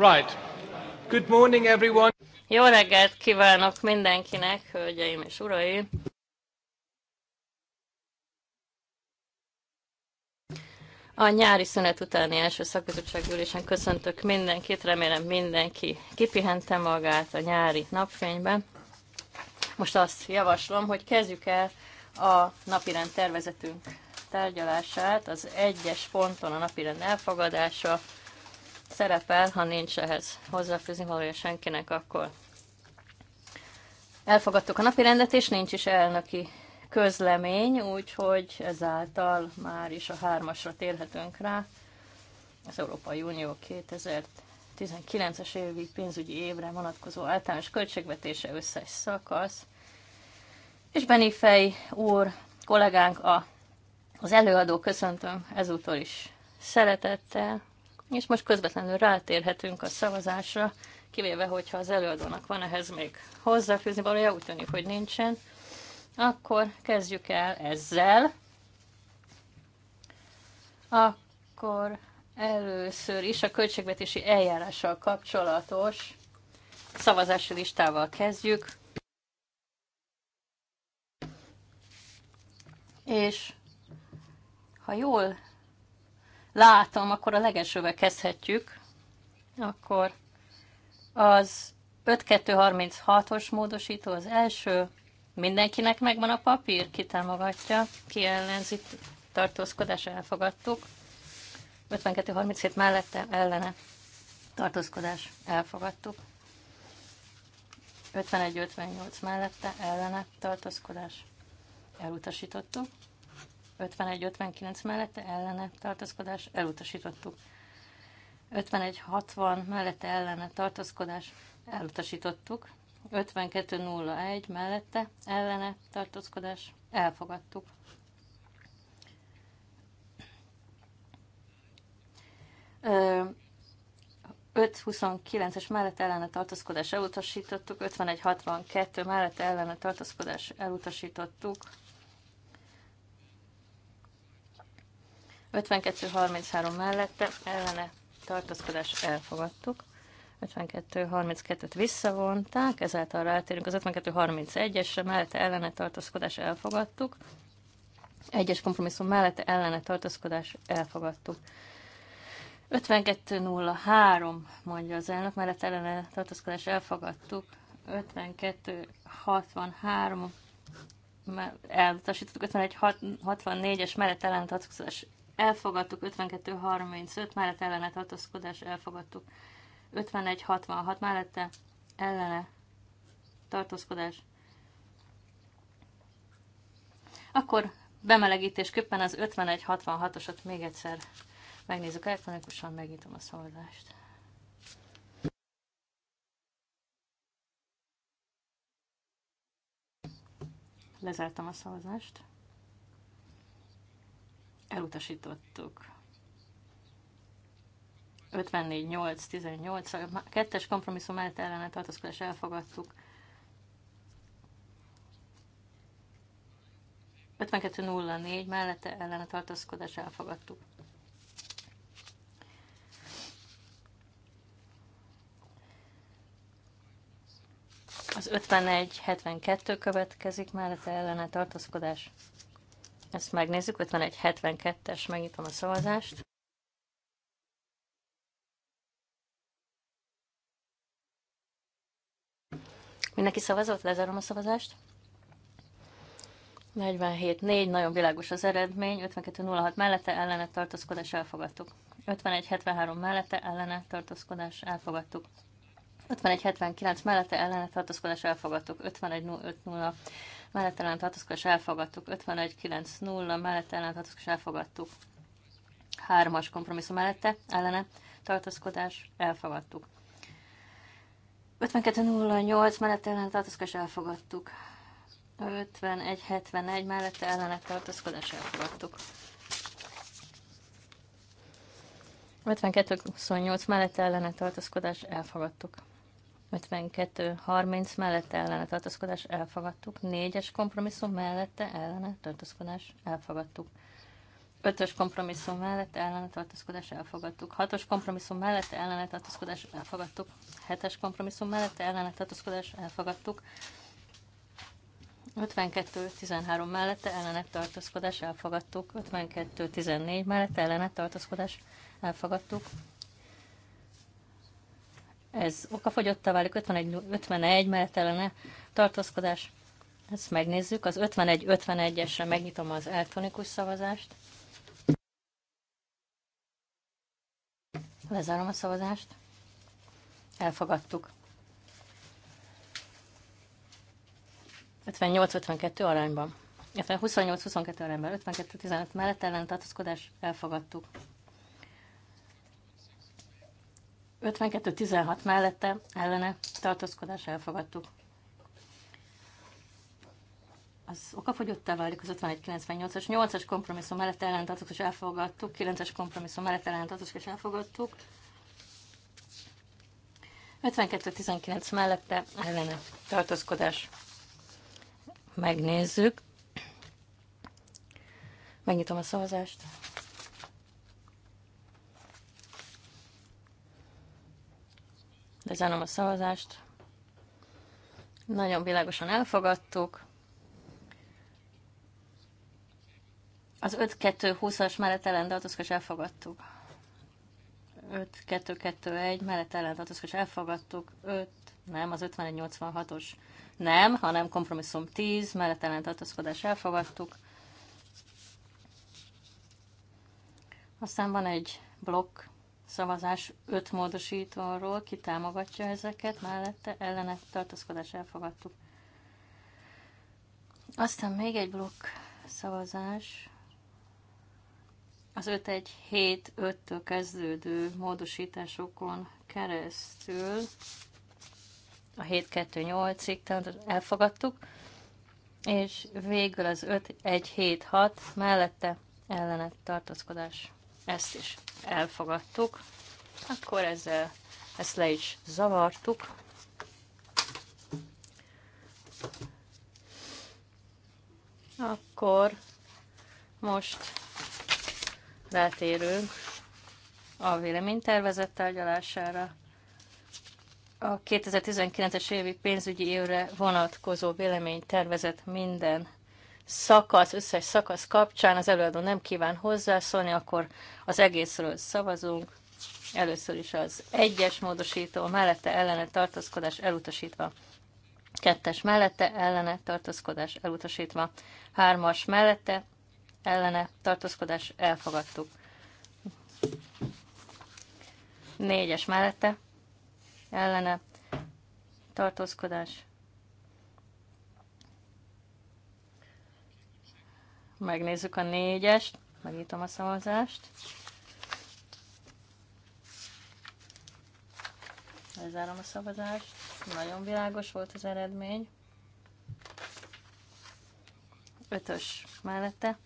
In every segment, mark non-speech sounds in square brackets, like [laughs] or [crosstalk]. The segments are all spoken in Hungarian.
Right. Good morning, everyone. Jó reggelt kívánok mindenkinek, hölgyeim és uraim! A nyári szünet utáni első szakbizottságülésen köszöntök mindenkit, remélem mindenki kipihente magát a nyári napfényben. Most azt javaslom, hogy kezdjük el a napirend tervezetünk tárgyalását, az egyes ponton a napirend elfogadása, szerepel, ha nincs ehhez hozzáfűzni valója senkinek, akkor elfogadtuk a napirendet, és nincs is elnöki közlemény, úgyhogy ezáltal már is a hármasra térhetünk rá. Az Európai Unió 2019-es évi pénzügyi évre vonatkozó általános költségvetése összes szakasz. És Fej úr, kollégánk, a, az előadó köszöntöm ezúttal is szeretettel. És most közvetlenül rátérhetünk a szavazásra, kivéve, hogyha az előadónak van ehhez még hozzáfűzni valójában úgy tűnik, hogy nincsen. Akkor kezdjük el ezzel. Akkor először is a költségvetési eljárással kapcsolatos szavazási listával kezdjük. És ha jól látom, akkor a legelsővel kezdhetjük. Akkor az 5236-os módosító az első. Mindenkinek megvan a papír, ki támogatja, ki ellenzi, tartózkodás elfogadtuk. 5237 mellette ellene tartózkodás elfogadtuk. 51-58 mellette ellene tartózkodás elutasítottuk. 51-59 mellette ellene tartózkodás elutasítottuk. 51-60 mellette ellene tartózkodás elutasítottuk. 52-01 mellette ellene tartózkodás elfogadtuk. Ö, 529 es mellett ellene tartózkodás elutasítottuk, 51-62 mellett ellene tartózkodás elutasítottuk, 52-33 mellette ellene tartózkodás elfogadtuk. 52-32-t visszavonták, ezáltal rátérünk az 52-31-esre, mellette ellene tartózkodás elfogadtuk. Egyes kompromisszum mellette ellene tartózkodás elfogadtuk. 52-03 mondja az elnök, mellette ellene tartózkodás elfogadtuk. 52-63 elutasítottuk, 51-64-es mellett ellene tartózkodás elfogadtuk, 52-35 mellett ellene tartózkodás, elfogadtuk, 51-66 mellette ellene tartózkodás. Akkor köppen az 51-66-osat még egyszer megnézzük elektronikusan, megnyitom a szavazást. Lezártam a szavazást elutasítottuk. 54-8-18, a kettes kompromisszum mellett ellene tartózkodás elfogadtuk. 52-04 mellette ellene tartózkodás elfogadtuk. Az 51-72 következik mellette ellene tartózkodás ezt megnézzük, 51-72-es, megnyitom a szavazást. Mindenki szavazott, lezárom a szavazást. 47-4, nagyon világos az eredmény, 52-06 mellette ellene tartózkodás elfogadtuk. 51-73 mellette ellene tartózkodás elfogadtuk. 51-79 mellette ellene tartózkodás elfogadtuk. 51-05-0 mellett ellen tartózkodás elfogadtuk, 51-9-0 mellett ellen tartózkodás elfogadtuk, Hármas kompromisszum mellette ellene tartózkodás elfogadtuk. 52-08 mellett ellen tartózkodás elfogadtuk. 51-71 mellette ellene tartózkodás elfogadtuk. 52-28 mellett ellene tartózkodás elfogadtuk. 52-30 mellette ellene tartózkodás elfogadtuk. 4-es kompromisszum mellette ellene tartózkodás elfogadtuk. 5-ös kompromisszum mellette ellene tartózkodás elfogadtuk. 6-os kompromisszum mellette ellene tartózkodás elfogadtuk. 7-es kompromisszum mellette ellene tartózkodás elfogadtuk. 52-13 mellette ellenek tartózkodás elfogadtuk. 52-14 mellette ellenek tartózkodás elfogadtuk ez okafogyottá válik, 51, 51 mellettellene tartózkodás. Ezt megnézzük. Az 51-51-esre megnyitom az elektronikus szavazást. Lezárom a szavazást. Elfogadtuk. 58-52 arányban. 28-22 arányban, 52-15 mellett ellen tartózkodás elfogadtuk. 52-16 mellette ellene tartózkodás elfogadtuk. Az okafogyottá válik az 51-98-as, 8-as kompromisszum mellett ellen tartózkodás elfogadtuk, 9-es kompromisszum mellett ellen tartózkodás elfogadtuk. 52-19 mellette ellene tartózkodás. Megnézzük. Megnyitom a szavazást. Lezárom a szavazást. Nagyon világosan elfogadtuk. Az 5-2-20-as mellett ellentartózkodás elfogadtuk. 5-2-2-1 mellett ellentartózkodás elfogadtuk. 5, nem, az 51-86-os nem, hanem kompromisszum 10 mellett ellentartózkodás elfogadtuk. Aztán van egy blokk szavazás öt módosítóról, ki támogatja ezeket, mellette ellene tartózkodás elfogadtuk. Aztán még egy blokk szavazás, az 5-1-7-5-től kezdődő módosításokon keresztül a 7-2-8-ig tehát elfogadtuk, és végül az 5-1-7-6 mellette ellenet tartózkodás ezt is elfogadtuk, akkor ezzel ezt le is zavartuk. Akkor most rátérünk a véleménytervezett tárgyalására. A 2019-es évi pénzügyi évre vonatkozó véleménytervezet minden szakasz, összes szakasz kapcsán az előadó nem kíván hozzászólni, akkor az egészről szavazunk. Először is az egyes módosító mellette ellene tartózkodás elutasítva. Kettes mellette ellene tartózkodás elutasítva. Hármas mellette ellene tartózkodás elfogadtuk. Négyes mellette ellene tartózkodás Megnézzük a négyest. megnyitom a szavazást. Lezárom a szavazást. Nagyon világos volt az eredmény. Ötös mellette.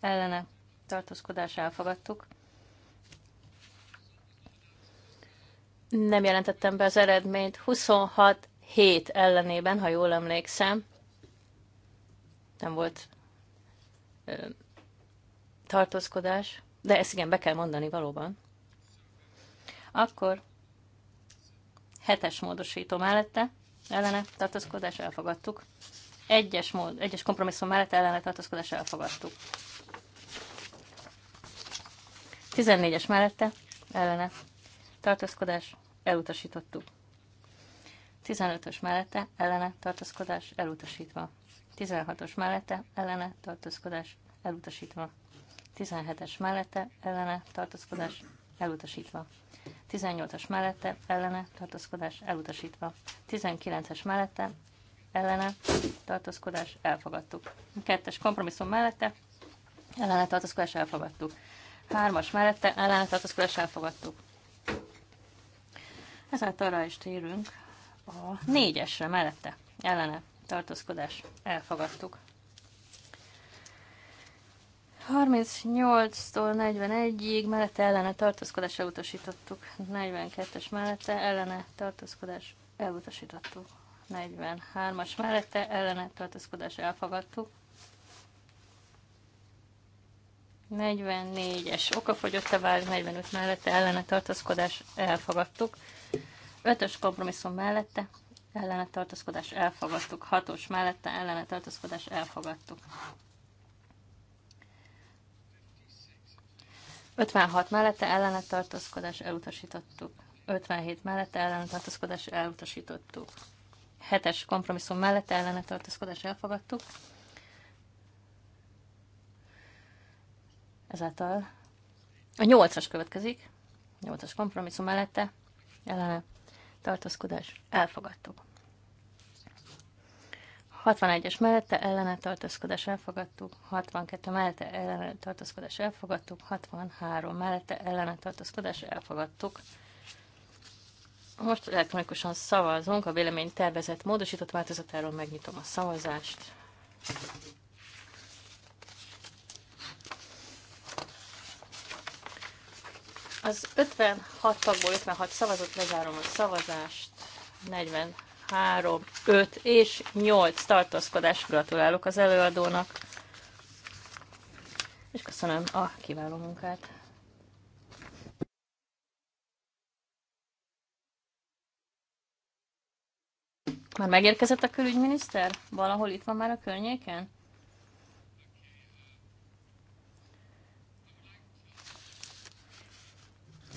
Ellene tartózkodás elfogadtuk. Nem jelentettem be az eredményt. 26 hét ellenében, ha jól emlékszem nem volt ö, tartózkodás, de ezt igen, be kell mondani valóban. Akkor hetes módosító mellette ellene tartózkodás elfogadtuk. Egyes, mód, egyes kompromisszum mellett ellene tartózkodás elfogadtuk. 14-es mellette ellene tartózkodás elutasítottuk. 15-ös mellette ellene tartózkodás elutasítva. 16-os mellette ellene tartózkodás elutasítva. 17-es mellette ellene tartózkodás elutasítva. 18-as mellette ellene tartózkodás elutasítva. 19-es mellette ellene tartózkodás elfogadtuk. 2-es kompromisszum mellette ellene tartózkodás elfogadtuk. 3-as mellette ellene tartózkodás elfogadtuk. Ezáltal rá is térünk a 4-esre mellette ellene tartózkodás elfogadtuk. 38-tól 41-ig mellette ellene tartózkodás elutasítottuk. 42-es mellette ellene tartózkodás elutasítottuk. 43-as mellette ellene tartózkodás elfogadtuk. 44-es okafogyott a vár, 45 mellette ellene tartózkodás elfogadtuk. 5-ös kompromisszum mellette ellene tartózkodás elfogadtuk. Hatos mellette ellene tartózkodás elfogadtuk. 56 mellette ellene tartózkodás elutasítottuk. 57 mellette ellene tartózkodás elutasítottuk. 7-es kompromisszum mellette ellene tartózkodás elfogadtuk. Ezáltal a 8-as következik. 8-as kompromisszum mellette ellene tartózkodás elfogadtuk. 61-es mellette ellene tartózkodás elfogadtuk, 62 mellette ellene tartózkodás elfogadtuk, 63 mellette ellene tartózkodás elfogadtuk. Most elektronikusan szavazunk a vélemény tervezett módosított változatáról, megnyitom a szavazást. Az 56 tagból 56 szavazott, lezárom a szavazást, 40 3, 5 és 8 tartózkodás. Gratulálok az előadónak, és köszönöm a kiváló munkát. Már megérkezett a külügyminiszter? Valahol itt van már a környéken?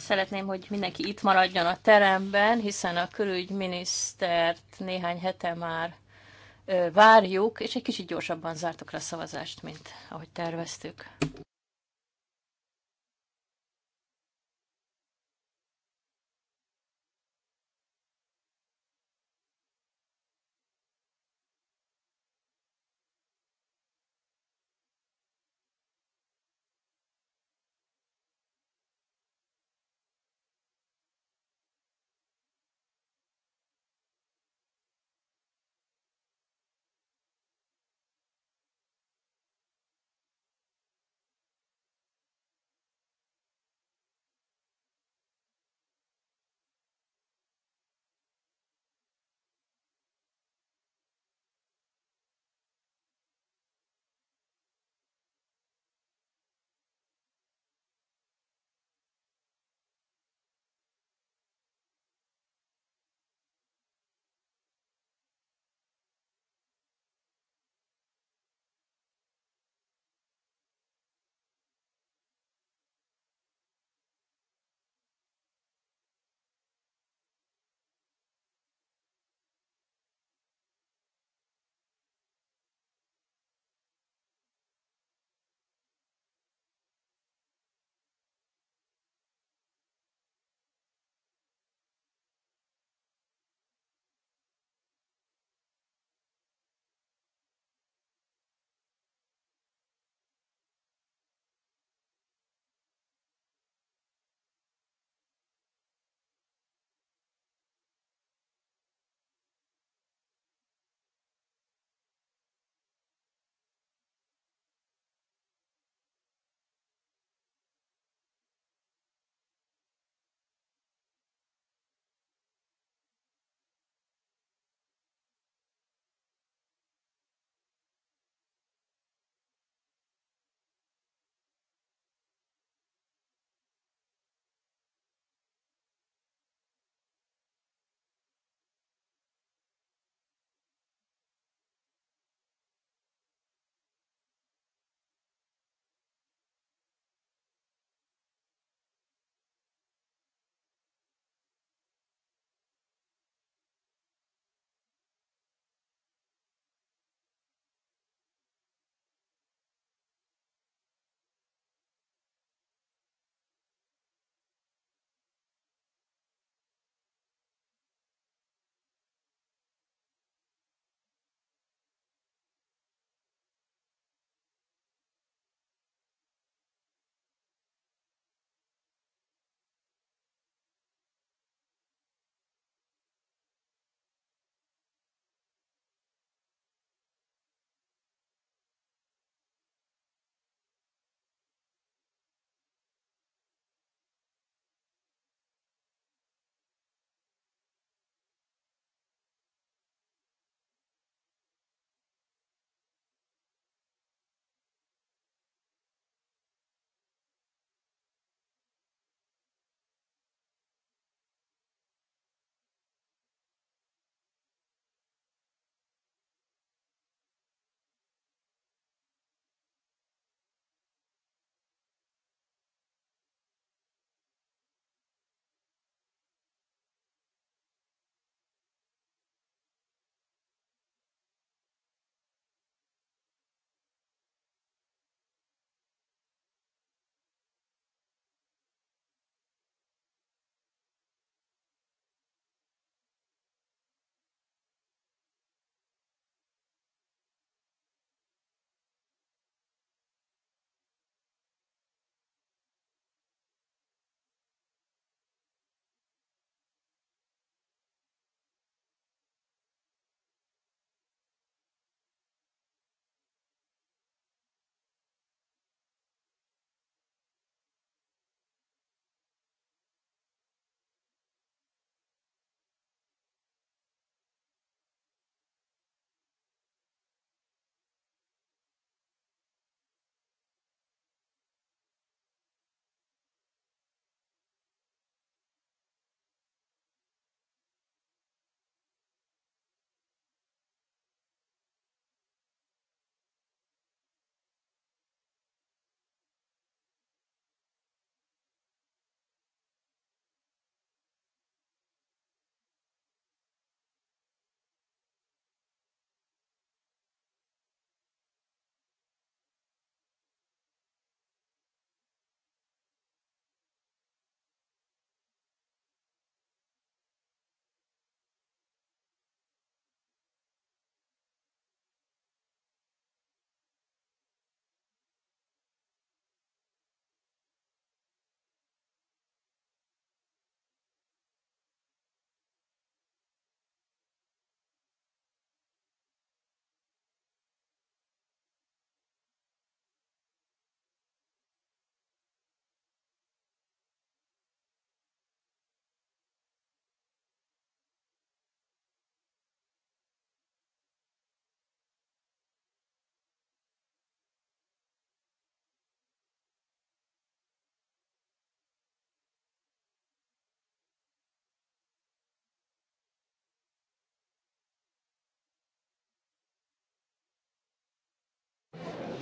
szeretném, hogy mindenki itt maradjon a teremben, hiszen a külügyminisztert néhány hete már várjuk, és egy kicsit gyorsabban zártuk le a szavazást, mint ahogy terveztük.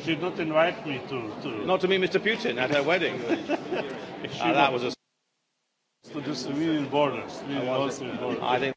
she did not invite me to, to... Not to meet Mr. Putin at her wedding. [laughs] she ah, that was a... To the civilian borders. Civilian I, borders. I think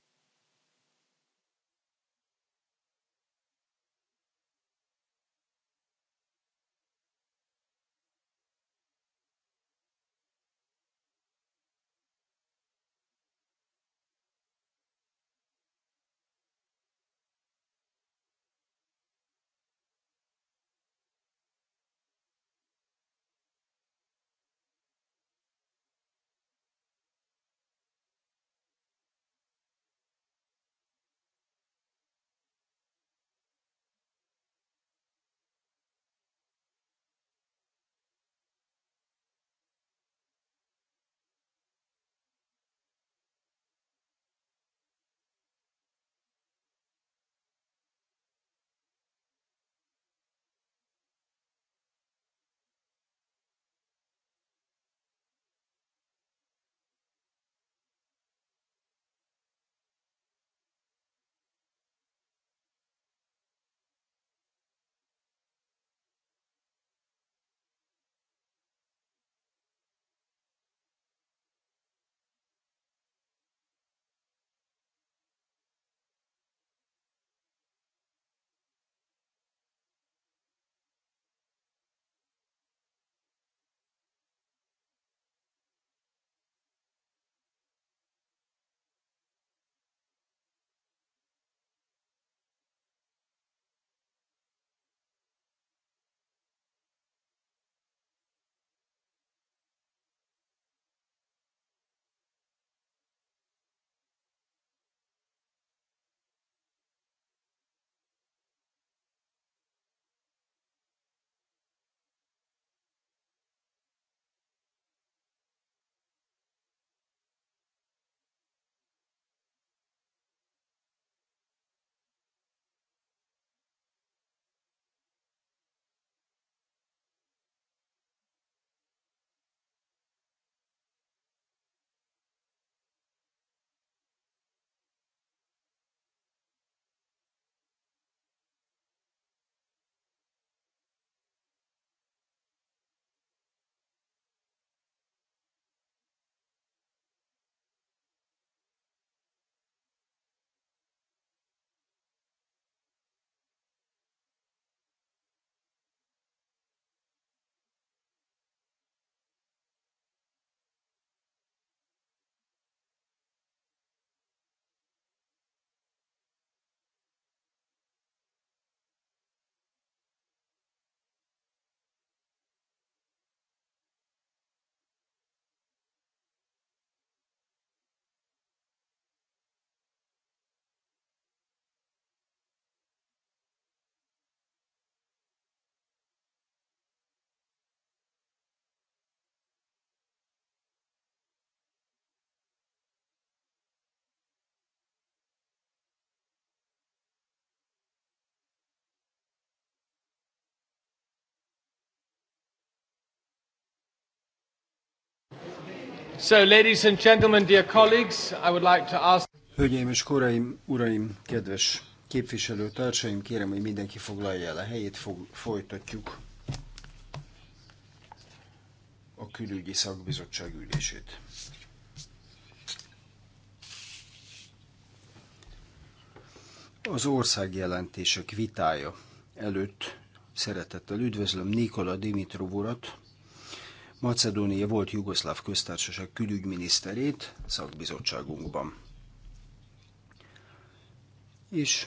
So, ladies and gentlemen, dear colleagues, I would like to ask... Hölgyeim és uraim, uraim, kedves képviselő társaim, kérem, hogy mindenki foglalja el a helyét, fog, folytatjuk a külügyi szakbizottság ülését. Az országjelentések vitája előtt szeretettel üdvözlöm Nikola Dimitrov urat, Macedónia volt Jugoszláv köztársaság külügyminiszterét szakbizottságunkban. És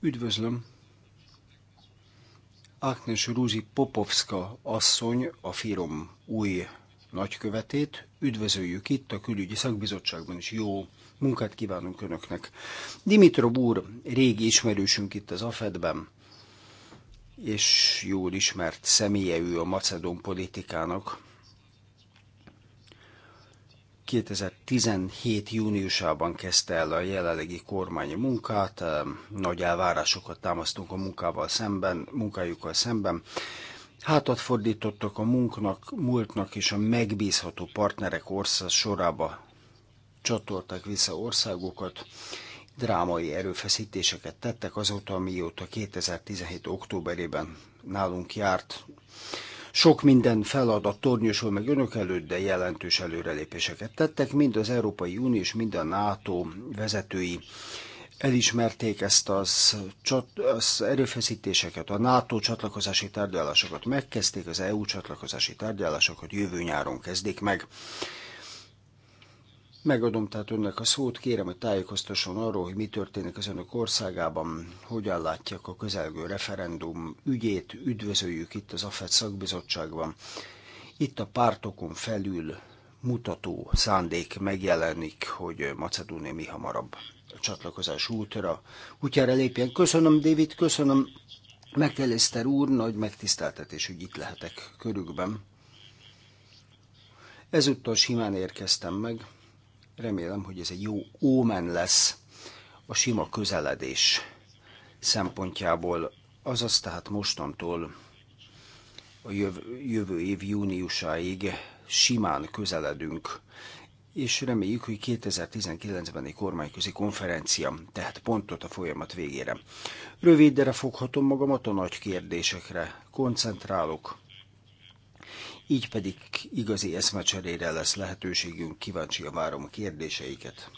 üdvözlöm Agnes Rúzi Popovska asszony, a Firom új nagykövetét. Üdvözöljük itt a külügyi szakbizottságban is. Jó munkát kívánunk Önöknek. Dimitrov úr, régi ismerősünk itt az AFED-ben, és jól ismert személye ő a macedón politikának. 2017. júniusában kezdte el a jelenlegi kormány munkát, nagy elvárásokat támasztunk a munkával szemben, munkájukkal szemben. Hátat fordítottak a munknak, múltnak és a megbízható partnerek ország sorába csatoltak vissza országokat, drámai erőfeszítéseket tettek azóta, mióta 2017. októberében nálunk járt. Sok minden feladat tornyosul meg önök előtt, de jelentős előrelépéseket tettek, mind az Európai Unió és mind a NATO vezetői elismerték ezt az, az erőfeszítéseket, a NATO csatlakozási tárgyalásokat megkezdték, az EU csatlakozási tárgyalásokat jövő nyáron kezdik meg. Megadom tehát önnek a szót, kérem, hogy tájékoztasson arról, hogy mi történik az önök országában, hogyan látják a közelgő referendum ügyét, üdvözöljük itt az AFET szakbizottságban. Itt a pártokon felül mutató szándék megjelenik, hogy Macedónia mi hamarabb a csatlakozás útra, útjára lépjen. Köszönöm, David, köszönöm, McAllister úr, nagy megtiszteltetés, hogy itt lehetek körükben. Ezúttal simán érkeztem meg, Remélem, hogy ez egy jó ómen lesz a sima közeledés szempontjából, azaz tehát mostantól a jövő év júniusáig simán közeledünk, és reméljük, hogy 2019-ben egy kormányközi konferencia, tehát pontot a folyamat végére. Rövidre foghatom magamat a nagy kérdésekre, koncentrálok, így pedig igazi eszmecserére lesz lehetőségünk, kíváncsi a várom a kérdéseiket.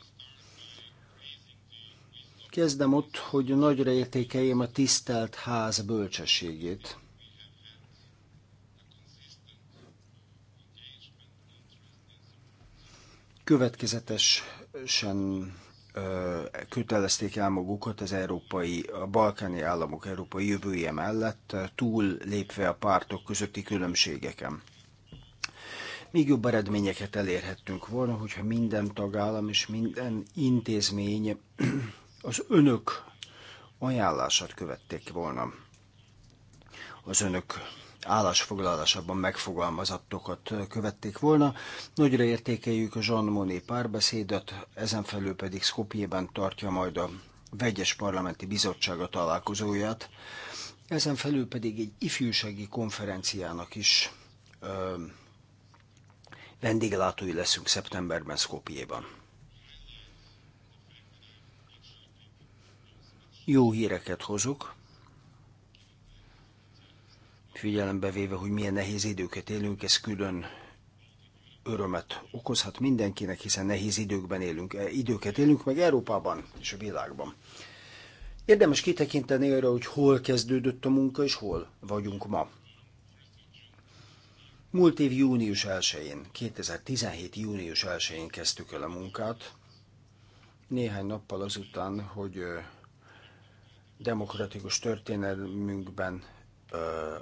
Kezdem ott, hogy nagyra értékeljem a tisztelt ház bölcsességét. Következetesen kötelezték el magukat az európai, a balkáni államok európai jövője mellett, túl lépve a pártok közötti különbségeken. Még jobb eredményeket elérhettünk volna, hogyha minden tagállam és minden intézmény [clears throat] az önök ajánlását követték volna. Az önök állásfoglalásában megfogalmazattokat követték volna. Nagyra értékeljük a Jean Monnet párbeszédet, ezen felül pedig Skopjében tartja majd a vegyes parlamenti bizottsága találkozóját. Ezen felül pedig egy ifjúsági konferenciának is ö, vendéglátói leszünk szeptemberben Skopjéban. Jó híreket hozok, figyelembe véve, hogy milyen nehéz időket élünk, ez külön örömet okozhat mindenkinek, hiszen nehéz időkben élünk, eh, időket élünk meg Európában és a világban. Érdemes kitekinteni arra, hogy hol kezdődött a munka és hol vagyunk ma. Múlt év június 1-én, 2017. június 1-én kezdtük el a munkát, néhány nappal azután, hogy demokratikus történelmünkben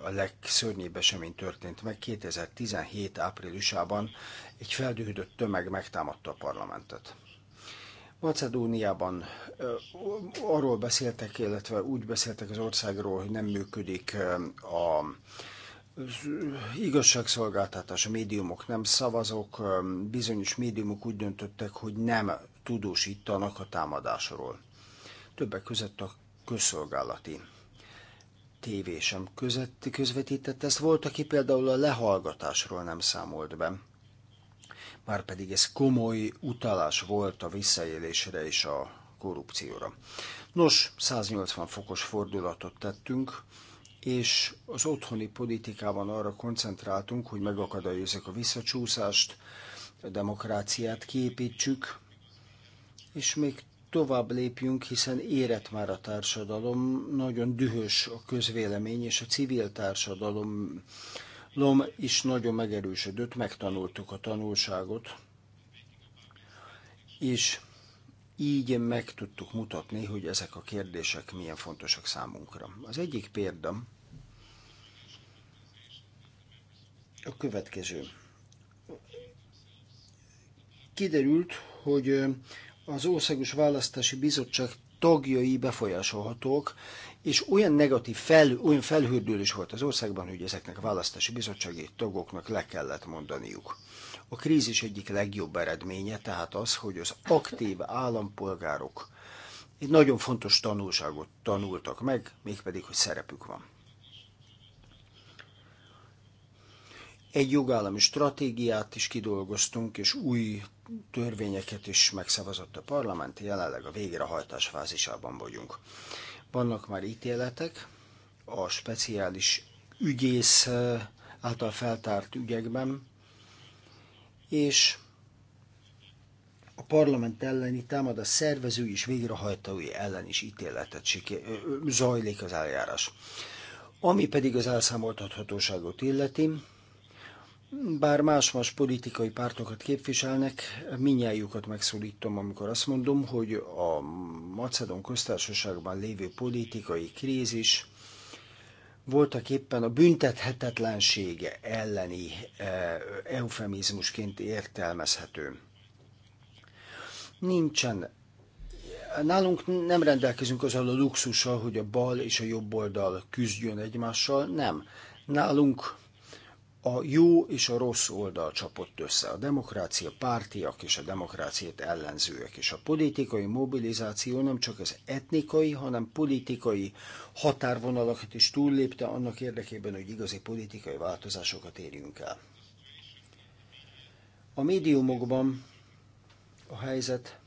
a legszörnyűbb esemény történt meg, 2017. áprilisában egy feldühödött tömeg megtámadta a parlamentet. Macedóniában arról beszéltek, illetve úgy beszéltek az országról, hogy nem működik a igazságszolgáltatás, a médiumok nem szavazok, bizonyos médiumok úgy döntöttek, hogy nem tudósítanak a támadásról. Többek között a közszolgálati tévé sem között, közvetített ezt, volt, aki például a lehallgatásról nem számolt be. Márpedig ez komoly utalás volt a visszaélésre és a korrupcióra. Nos, 180 fokos fordulatot tettünk, és az otthoni politikában arra koncentráltunk, hogy megakadályozzuk a visszacsúszást, a demokráciát képítsük, és még tovább lépjünk, hiszen érett már a társadalom, nagyon dühös a közvélemény, és a civil társadalom lom is nagyon megerősödött, megtanultuk a tanulságot, és így meg tudtuk mutatni, hogy ezek a kérdések milyen fontosak számunkra. Az egyik példa a következő. Kiderült, hogy az Országos Választási Bizottság tagjai befolyásolhatók, és olyan negatív fel, olyan felhődülés volt az országban, hogy ezeknek a választási bizottsági tagoknak le kellett mondaniuk. A krízis egyik legjobb eredménye tehát az, hogy az aktív állampolgárok egy nagyon fontos tanulságot tanultak meg, mégpedig, hogy szerepük van. Egy jogállami stratégiát is kidolgoztunk, és új törvényeket is megszavazott a parlament, jelenleg a végrehajtás fázisában vagyunk. Vannak már ítéletek a speciális ügyész eh, által feltárt ügyekben, és a parlament elleni támadás szervező és végrehajtói ellen is ítéletet siké- zajlik az eljárás. Ami pedig az elszámoltathatóságot illeti, bár más-más politikai pártokat képviselnek, minnyájukat megszólítom, amikor azt mondom, hogy a Macedon köztársaságban lévő politikai krízis voltak éppen a büntethetetlensége elleni eh, eufemizmusként értelmezhető. Nincsen nálunk nem rendelkezünk azzal a luxussal, hogy a bal és a jobb oldal küzdjön egymással, nem. Nálunk a jó és a rossz oldal csapott össze, a demokrácia pártiak és a demokráciát ellenzőek, és a politikai mobilizáció nem csak az etnikai, hanem politikai határvonalakat is túllépte annak érdekében, hogy igazi politikai változásokat érjünk el. A médiumokban a helyzet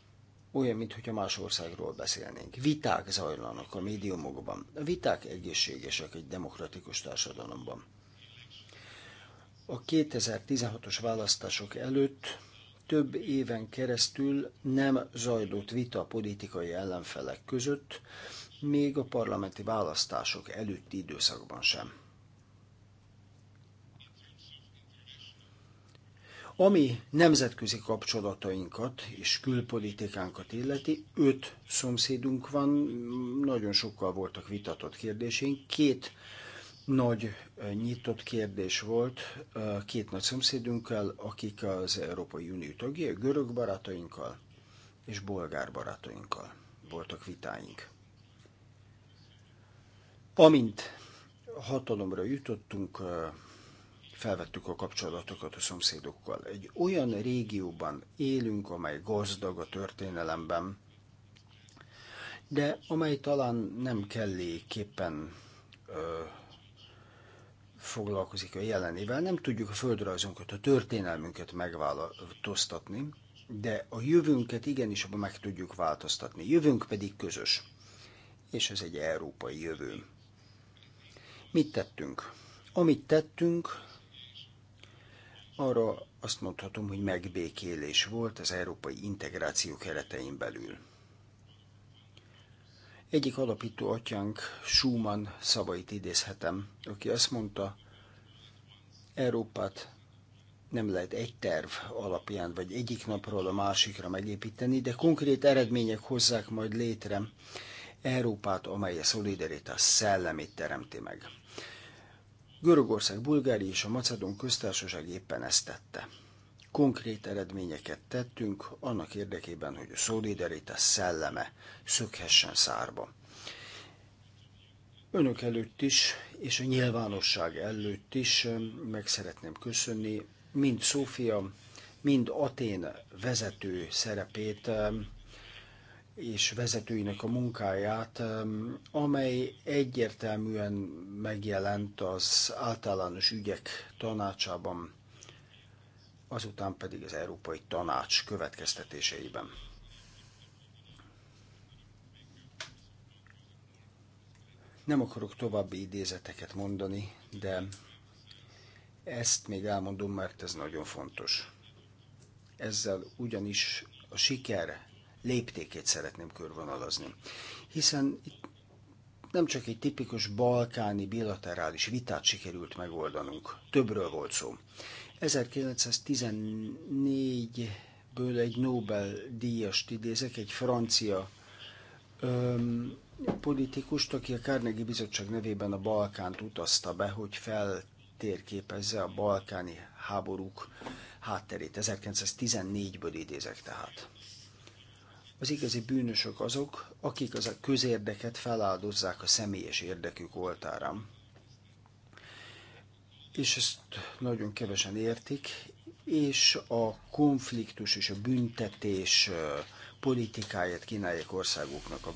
olyan, mintha más országról beszélnénk. Viták zajlanak a médiumokban. A viták egészségesek egy demokratikus társadalomban a 2016-os választások előtt több éven keresztül nem zajlott vita a politikai ellenfelek között, még a parlamenti választások előtti időszakban sem. Ami nemzetközi kapcsolatainkat és külpolitikánkat illeti, öt szomszédunk van, nagyon sokkal voltak vitatott kérdésén két nagy eh, nyitott kérdés volt eh, két nagy szomszédünkkel, akik az Európai Unió tagjai, görög barátainkkal és bolgár barátainkkal voltak vitáink. Amint hatalomra jutottunk, eh, felvettük a kapcsolatokat a szomszédokkal. Egy olyan régióban élünk, amely gazdag a történelemben, de amely talán nem kelléképpen foglalkozik a jelenével. Nem tudjuk a földrajzunkat, a történelmünket megváltoztatni, de a jövőnket igenis meg tudjuk változtatni. Jövőnk pedig közös, és ez egy európai jövő. Mit tettünk? Amit tettünk, arra azt mondhatom, hogy megbékélés volt az európai integráció keretein belül. Egyik alapító atyánk Schumann szavait idézhetem, aki azt mondta, Európát nem lehet egy terv alapján, vagy egyik napról a másikra megépíteni, de konkrét eredmények hozzák majd létre Európát, amely a szolidaritás szellemét teremti meg. Görögország, Bulgária és a Macedon köztársaság éppen ezt tette konkrét eredményeket tettünk annak érdekében, hogy a szolidaritás szelleme szökhessen szárba. Önök előtt is, és a nyilvánosság előtt is meg szeretném köszönni mind Szófia, mind Atén vezető szerepét és vezetőinek a munkáját, amely egyértelműen megjelent az általános ügyek tanácsában azután pedig az Európai Tanács következtetéseiben. Nem akarok további idézeteket mondani, de ezt még elmondom, mert ez nagyon fontos. Ezzel ugyanis a siker léptékét szeretném körvonalazni. Hiszen itt nem csak egy tipikus balkáni bilaterális vitát sikerült megoldanunk, többről volt szó. 1914-ből egy Nobel-díjast idézek, egy francia öm, politikust, aki a Carnegie Bizottság nevében a Balkánt utazta be, hogy feltérképezze a balkáni háborúk hátterét. 1914-ből idézek tehát. Az igazi bűnösök azok, akik az a közérdeket feláldozzák a személyes érdekük oltáram és ezt nagyon kevesen értik, és a konfliktus és a büntetés politikáját kínálják országoknak. A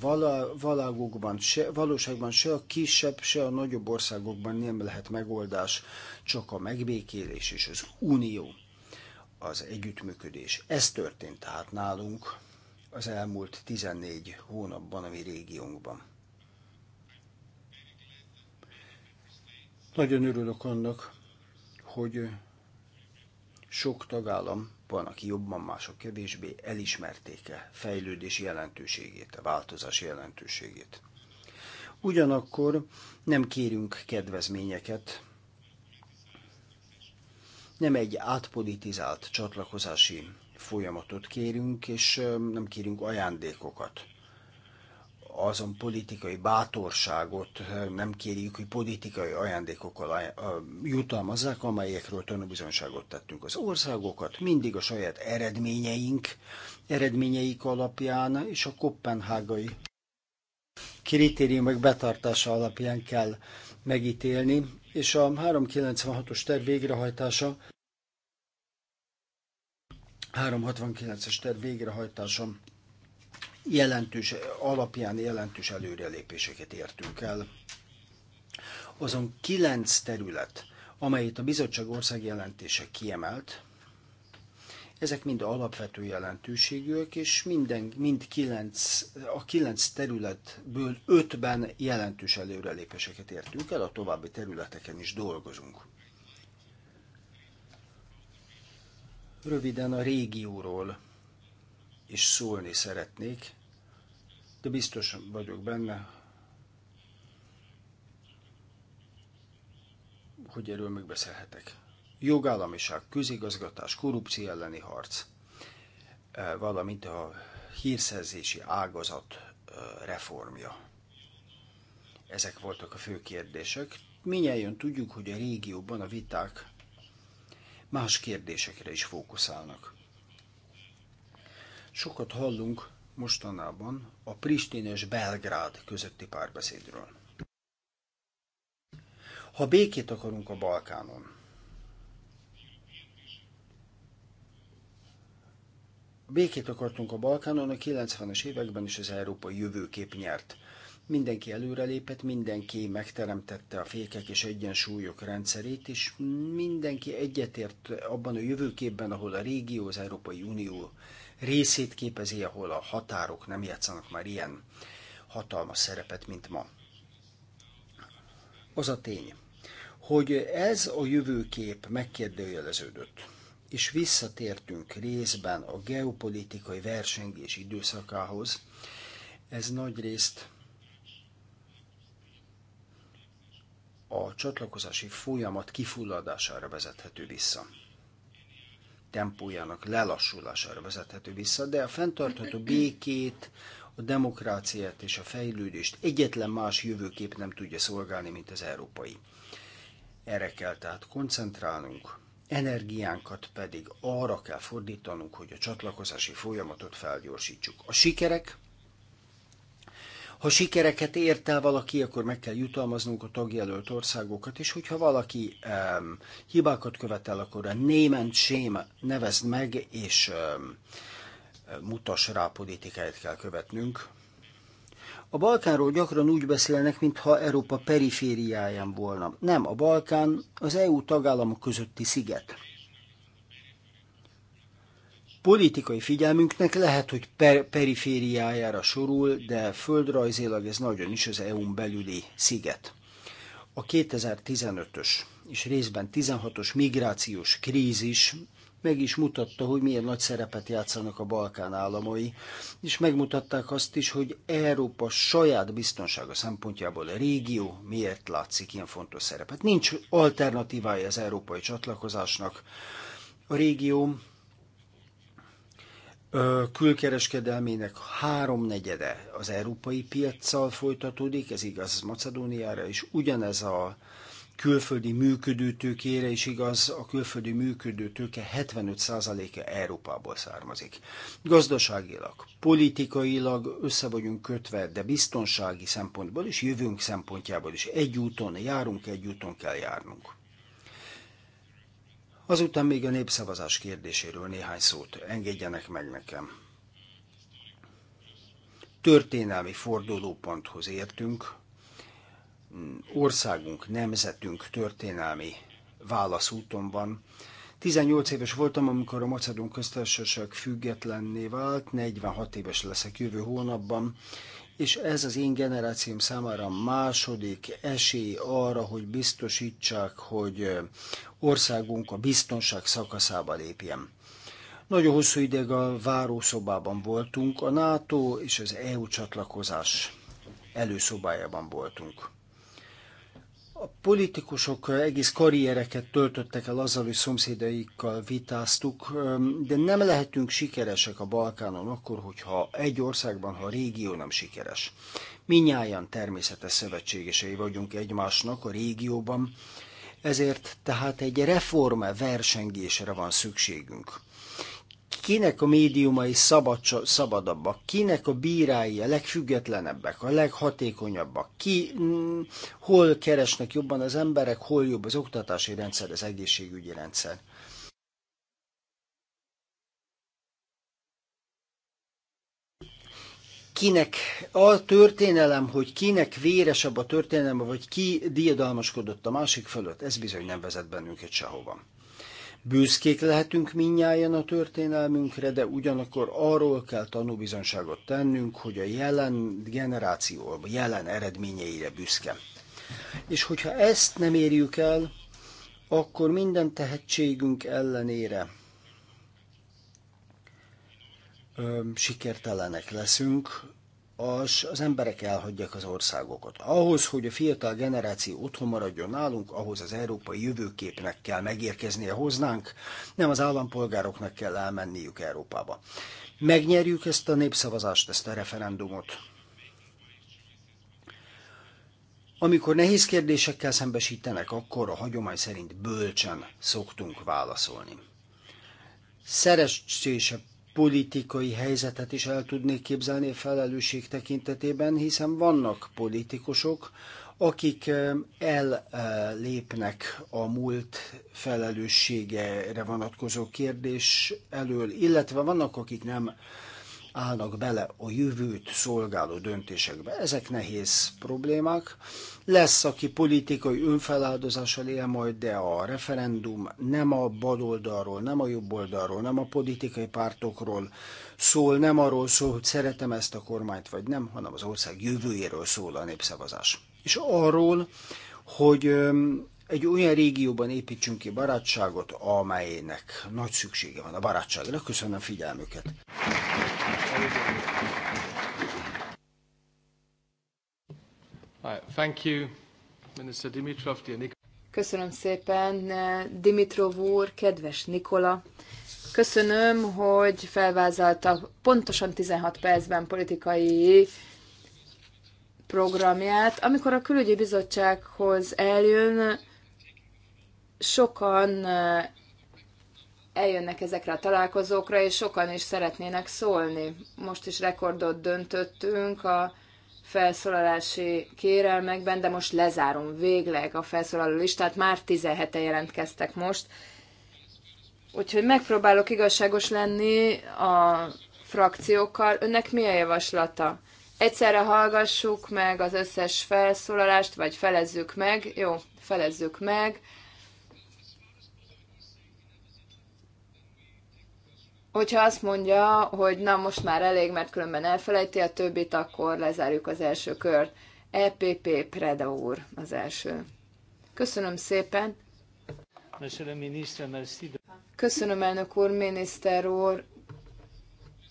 valágokban, se, valóságban se a kisebb, se a nagyobb országokban nem lehet megoldás, csak a megbékélés és az unió, az együttműködés. Ez történt tehát nálunk az elmúlt 14 hónapban a mi régiónkban. Nagyon örülök annak, hogy sok tagállam, van, aki jobban, mások kevésbé elismerték-e fejlődés jelentőségét, a változás jelentőségét. Ugyanakkor nem kérünk kedvezményeket, nem egy átpolitizált csatlakozási folyamatot kérünk, és nem kérünk ajándékokat azon politikai bátorságot eh, nem kérjük, hogy politikai ajándékokkal eh, jutalmazzák, amelyekről tanúbizonyságot tettünk. Az országokat mindig a saját eredményeink, eredményeik alapján és a kopenhágai kritériumok betartása alapján kell megítélni, és a 396-os terv végrehajtása 369-es terv végrehajtása jelentős, alapján jelentős előrelépéseket értünk el. Azon kilenc terület, amelyet a bizottság ország jelentése kiemelt, ezek mind alapvető jelentőségűek, és minden, mind kilenc, a kilenc területből ötben jelentős előrelépéseket értünk el, a további területeken is dolgozunk. Röviden a régióról is szólni szeretnék, de biztos vagyok benne, hogy erről megbeszélhetek. Jogállamiság, közigazgatás, korrupció elleni harc, eh, valamint a hírszerzési ágazat eh, reformja. Ezek voltak a fő kérdések. Minnyáján tudjuk, hogy a régióban a viták más kérdésekre is fókuszálnak. Sokat hallunk mostanában a Pristin és Belgrád közötti párbeszédről. Ha békét akarunk a Balkánon, békét akartunk a Balkánon, a 90-es években is az európai jövőkép nyert. Mindenki előrelépett, mindenki megteremtette a fékek és egyensúlyok rendszerét, és mindenki egyetért abban a jövőképben, ahol a régió, az Európai Unió részét képezi, ahol a határok nem játszanak már ilyen hatalmas szerepet, mint ma. Az a tény, hogy ez a jövőkép megkérdőjeleződött, és visszatértünk részben a geopolitikai versengés időszakához, ez nagy részt a csatlakozási folyamat kifulladására vezethető vissza tempójának lelassulására vezethető vissza, de a fenntartható békét, a demokráciát és a fejlődést egyetlen más jövőkép nem tudja szolgálni, mint az európai. Erre kell tehát koncentrálnunk, energiánkat pedig arra kell fordítanunk, hogy a csatlakozási folyamatot felgyorsítsuk. A sikerek ha sikereket ért el valaki, akkor meg kell jutalmaznunk a tagjelölt országokat, és hogyha valaki um, hibákat követel, akkor a német sém nevezd meg, és um, mutas rá politikáját kell követnünk. A Balkánról gyakran úgy beszélnek, mintha Európa perifériáján volna. Nem, a Balkán az EU tagállamok közötti sziget politikai figyelmünknek lehet, hogy per- perifériájára sorul, de földrajzilag ez nagyon is az EU-n belüli sziget. A 2015-ös és részben 16-os migrációs krízis meg is mutatta, hogy milyen nagy szerepet játszanak a Balkán államai, és megmutatták azt is, hogy Európa saját biztonsága szempontjából a régió miért látszik ilyen fontos szerepet. Nincs alternatívája az európai csatlakozásnak. A régió külkereskedelmének háromnegyede az európai piaccal folytatódik, ez igaz az Macedóniára, és ugyanez a külföldi működőtőkére is igaz, a külföldi működőtőke 75%-a Európából származik. Gazdaságilag, politikailag össze vagyunk kötve, de biztonsági szempontból és jövőnk szempontjából is egy úton járunk, egy úton kell járnunk. Azután még a népszavazás kérdéséről néhány szót engedjenek meg nekem. Történelmi fordulóponthoz értünk, országunk, nemzetünk történelmi válaszúton van. 18 éves voltam, amikor a Macedón köztársaság függetlenné vált, 46 éves leszek jövő hónapban, és ez az én generációm számára a második esély arra, hogy biztosítsák, hogy országunk a biztonság szakaszába lépjen. Nagyon hosszú ideig a várószobában voltunk, a NATO és az EU csatlakozás előszobájában voltunk. A politikusok egész karriereket töltöttek el azzal, hogy szomszédaikkal vitáztuk, de nem lehetünk sikeresek a Balkánon akkor, hogyha egy országban, ha a régió nem sikeres. Minnyáján természetes szövetségesei vagyunk egymásnak a régióban, ezért tehát egy reforme versengésre van szükségünk kinek a médiumai szabad, szabadabbak, kinek a bírái a legfüggetlenebbek, a leghatékonyabbak, ki mm, hol keresnek jobban az emberek, hol jobb az oktatási rendszer, az egészségügyi rendszer. kinek a történelem, hogy kinek véresebb a történelem, vagy ki diadalmaskodott a másik fölött, ez bizony nem vezet bennünket sehova. Büszkék lehetünk minnyáján a történelmünkre, de ugyanakkor arról kell tanúbizonságot tennünk, hogy a jelen generáció, a jelen eredményeire büszke. És hogyha ezt nem érjük el, akkor minden tehetségünk ellenére sikertelenek leszünk, az, az emberek elhagyják az országokat. Ahhoz, hogy a fiatal generáció otthon maradjon nálunk, ahhoz az európai jövőképnek kell megérkeznie hoznánk, nem az állampolgároknak kell elmenniük Európába. Megnyerjük ezt a népszavazást, ezt a referendumot. Amikor nehéz kérdésekkel szembesítenek, akkor a hagyomány szerint bölcsen szoktunk válaszolni. Szeressé politikai helyzetet is el tudnék képzelni a felelősség tekintetében, hiszen vannak politikusok, akik ellépnek a múlt felelősségére vonatkozó kérdés elől, illetve vannak, akik nem állnak bele a jövőt szolgáló döntésekbe. Ezek nehéz problémák. Lesz, aki politikai önfeláldozással él majd, de a referendum nem a bal oldalról, nem a jobb oldalról, nem a politikai pártokról szól, nem arról szól, hogy szeretem ezt a kormányt vagy nem, hanem az ország jövőjéről szól a népszavazás. És arról, hogy egy olyan régióban építsünk ki barátságot, amelynek nagy szüksége van a barátságra. Köszönöm figyelmüket! Thank you, Minister Dimitrov, Köszönöm szépen, eh, Dimitrov úr, kedves Nikola. Köszönöm, hogy felvázalta pontosan 16 percben politikai programját. Amikor a külügyi bizottsághoz eljön, sokan eljönnek ezekre a találkozókra, és sokan is szeretnének szólni. Most is rekordot döntöttünk a felszólalási kérelmekben, de most lezárom végleg a felszólaló listát, már 17-e jelentkeztek most. Úgyhogy megpróbálok igazságos lenni a frakciókkal. Önnek mi a javaslata? Egyszerre hallgassuk meg az összes felszólalást, vagy felezzük meg? Jó, felezzük meg hogyha azt mondja, hogy na most már elég, mert különben elfelejti a többit, akkor lezárjuk az első kört. EPP Preda úr az első. Köszönöm szépen. Köszönöm, elnök úr, miniszter úr.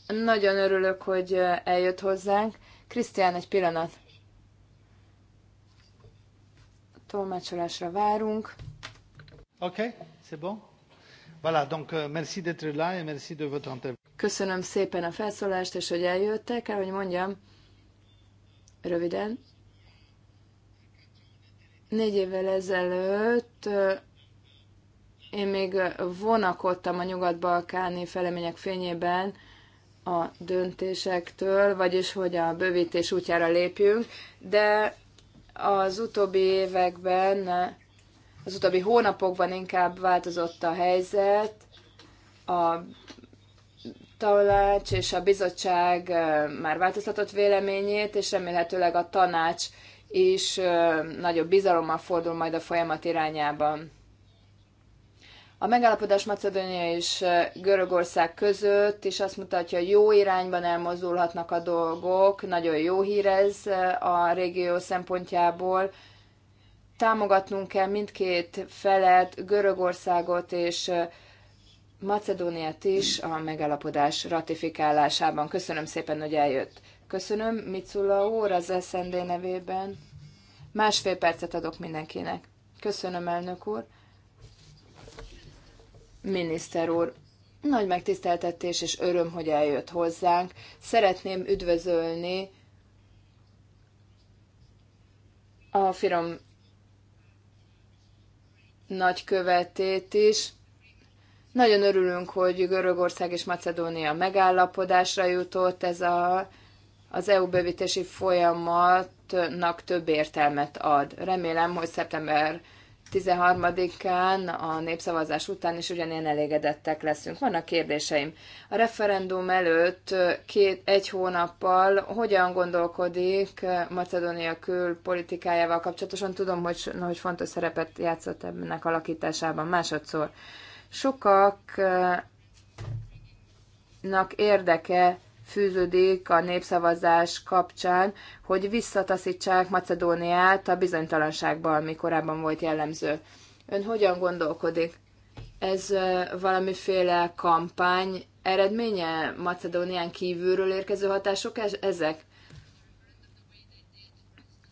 Nagyon örülök, hogy eljött hozzánk. Krisztián, egy pillanat. Tolmácsolásra várunk. Oké, okay, c'est bon. Voilà, donc euh, merci d'être là et merci de votre Köszönöm szépen a felszólást, és hogy eljöttek, el, hogy mondjam, röviden. Négy évvel ezelőtt én még vonakodtam a nyugat-balkáni felemények fényében a döntésektől, vagyis hogy a bővítés útjára lépjünk, de az utóbbi években az utóbbi hónapokban inkább változott a helyzet, a tanács és a bizottság már változtatott véleményét, és remélhetőleg a tanács is nagyobb bizalommal fordul majd a folyamat irányában. A megállapodás Macedónia és Görögország között is azt mutatja, hogy jó irányban elmozdulhatnak a dolgok, nagyon jó hír ez a régió szempontjából, Támogatnunk kell mindkét felet, Görögországot és Macedóniát is a megállapodás ratifikálásában. Köszönöm szépen, hogy eljött. Köszönöm, Micula úr, az SND nevében. Másfél percet adok mindenkinek. Köszönöm, elnök úr. Miniszter úr, nagy megtiszteltetés és öröm, hogy eljött hozzánk. Szeretném üdvözölni a Firom nagykövetét is. Nagyon örülünk, hogy Görögország és Macedónia megállapodásra jutott. Ez a, az EU bővítési folyamatnak több értelmet ad. Remélem, hogy szeptember 13-án a népszavazás után is ugyanilyen elégedettek leszünk. Vannak kérdéseim. A referendum előtt két, egy hónappal hogyan gondolkodik Macedónia külpolitikájával kapcsolatosan? Tudom, hogy, hogy fontos szerepet játszott ennek alakításában. Másodszor, sokaknak érdeke fűződik a népszavazás kapcsán, hogy visszataszítsák Macedóniát a bizonytalanságba, ami korábban volt jellemző. Ön hogyan gondolkodik? Ez valamiféle kampány eredménye Macedónián kívülről érkező hatások ezek?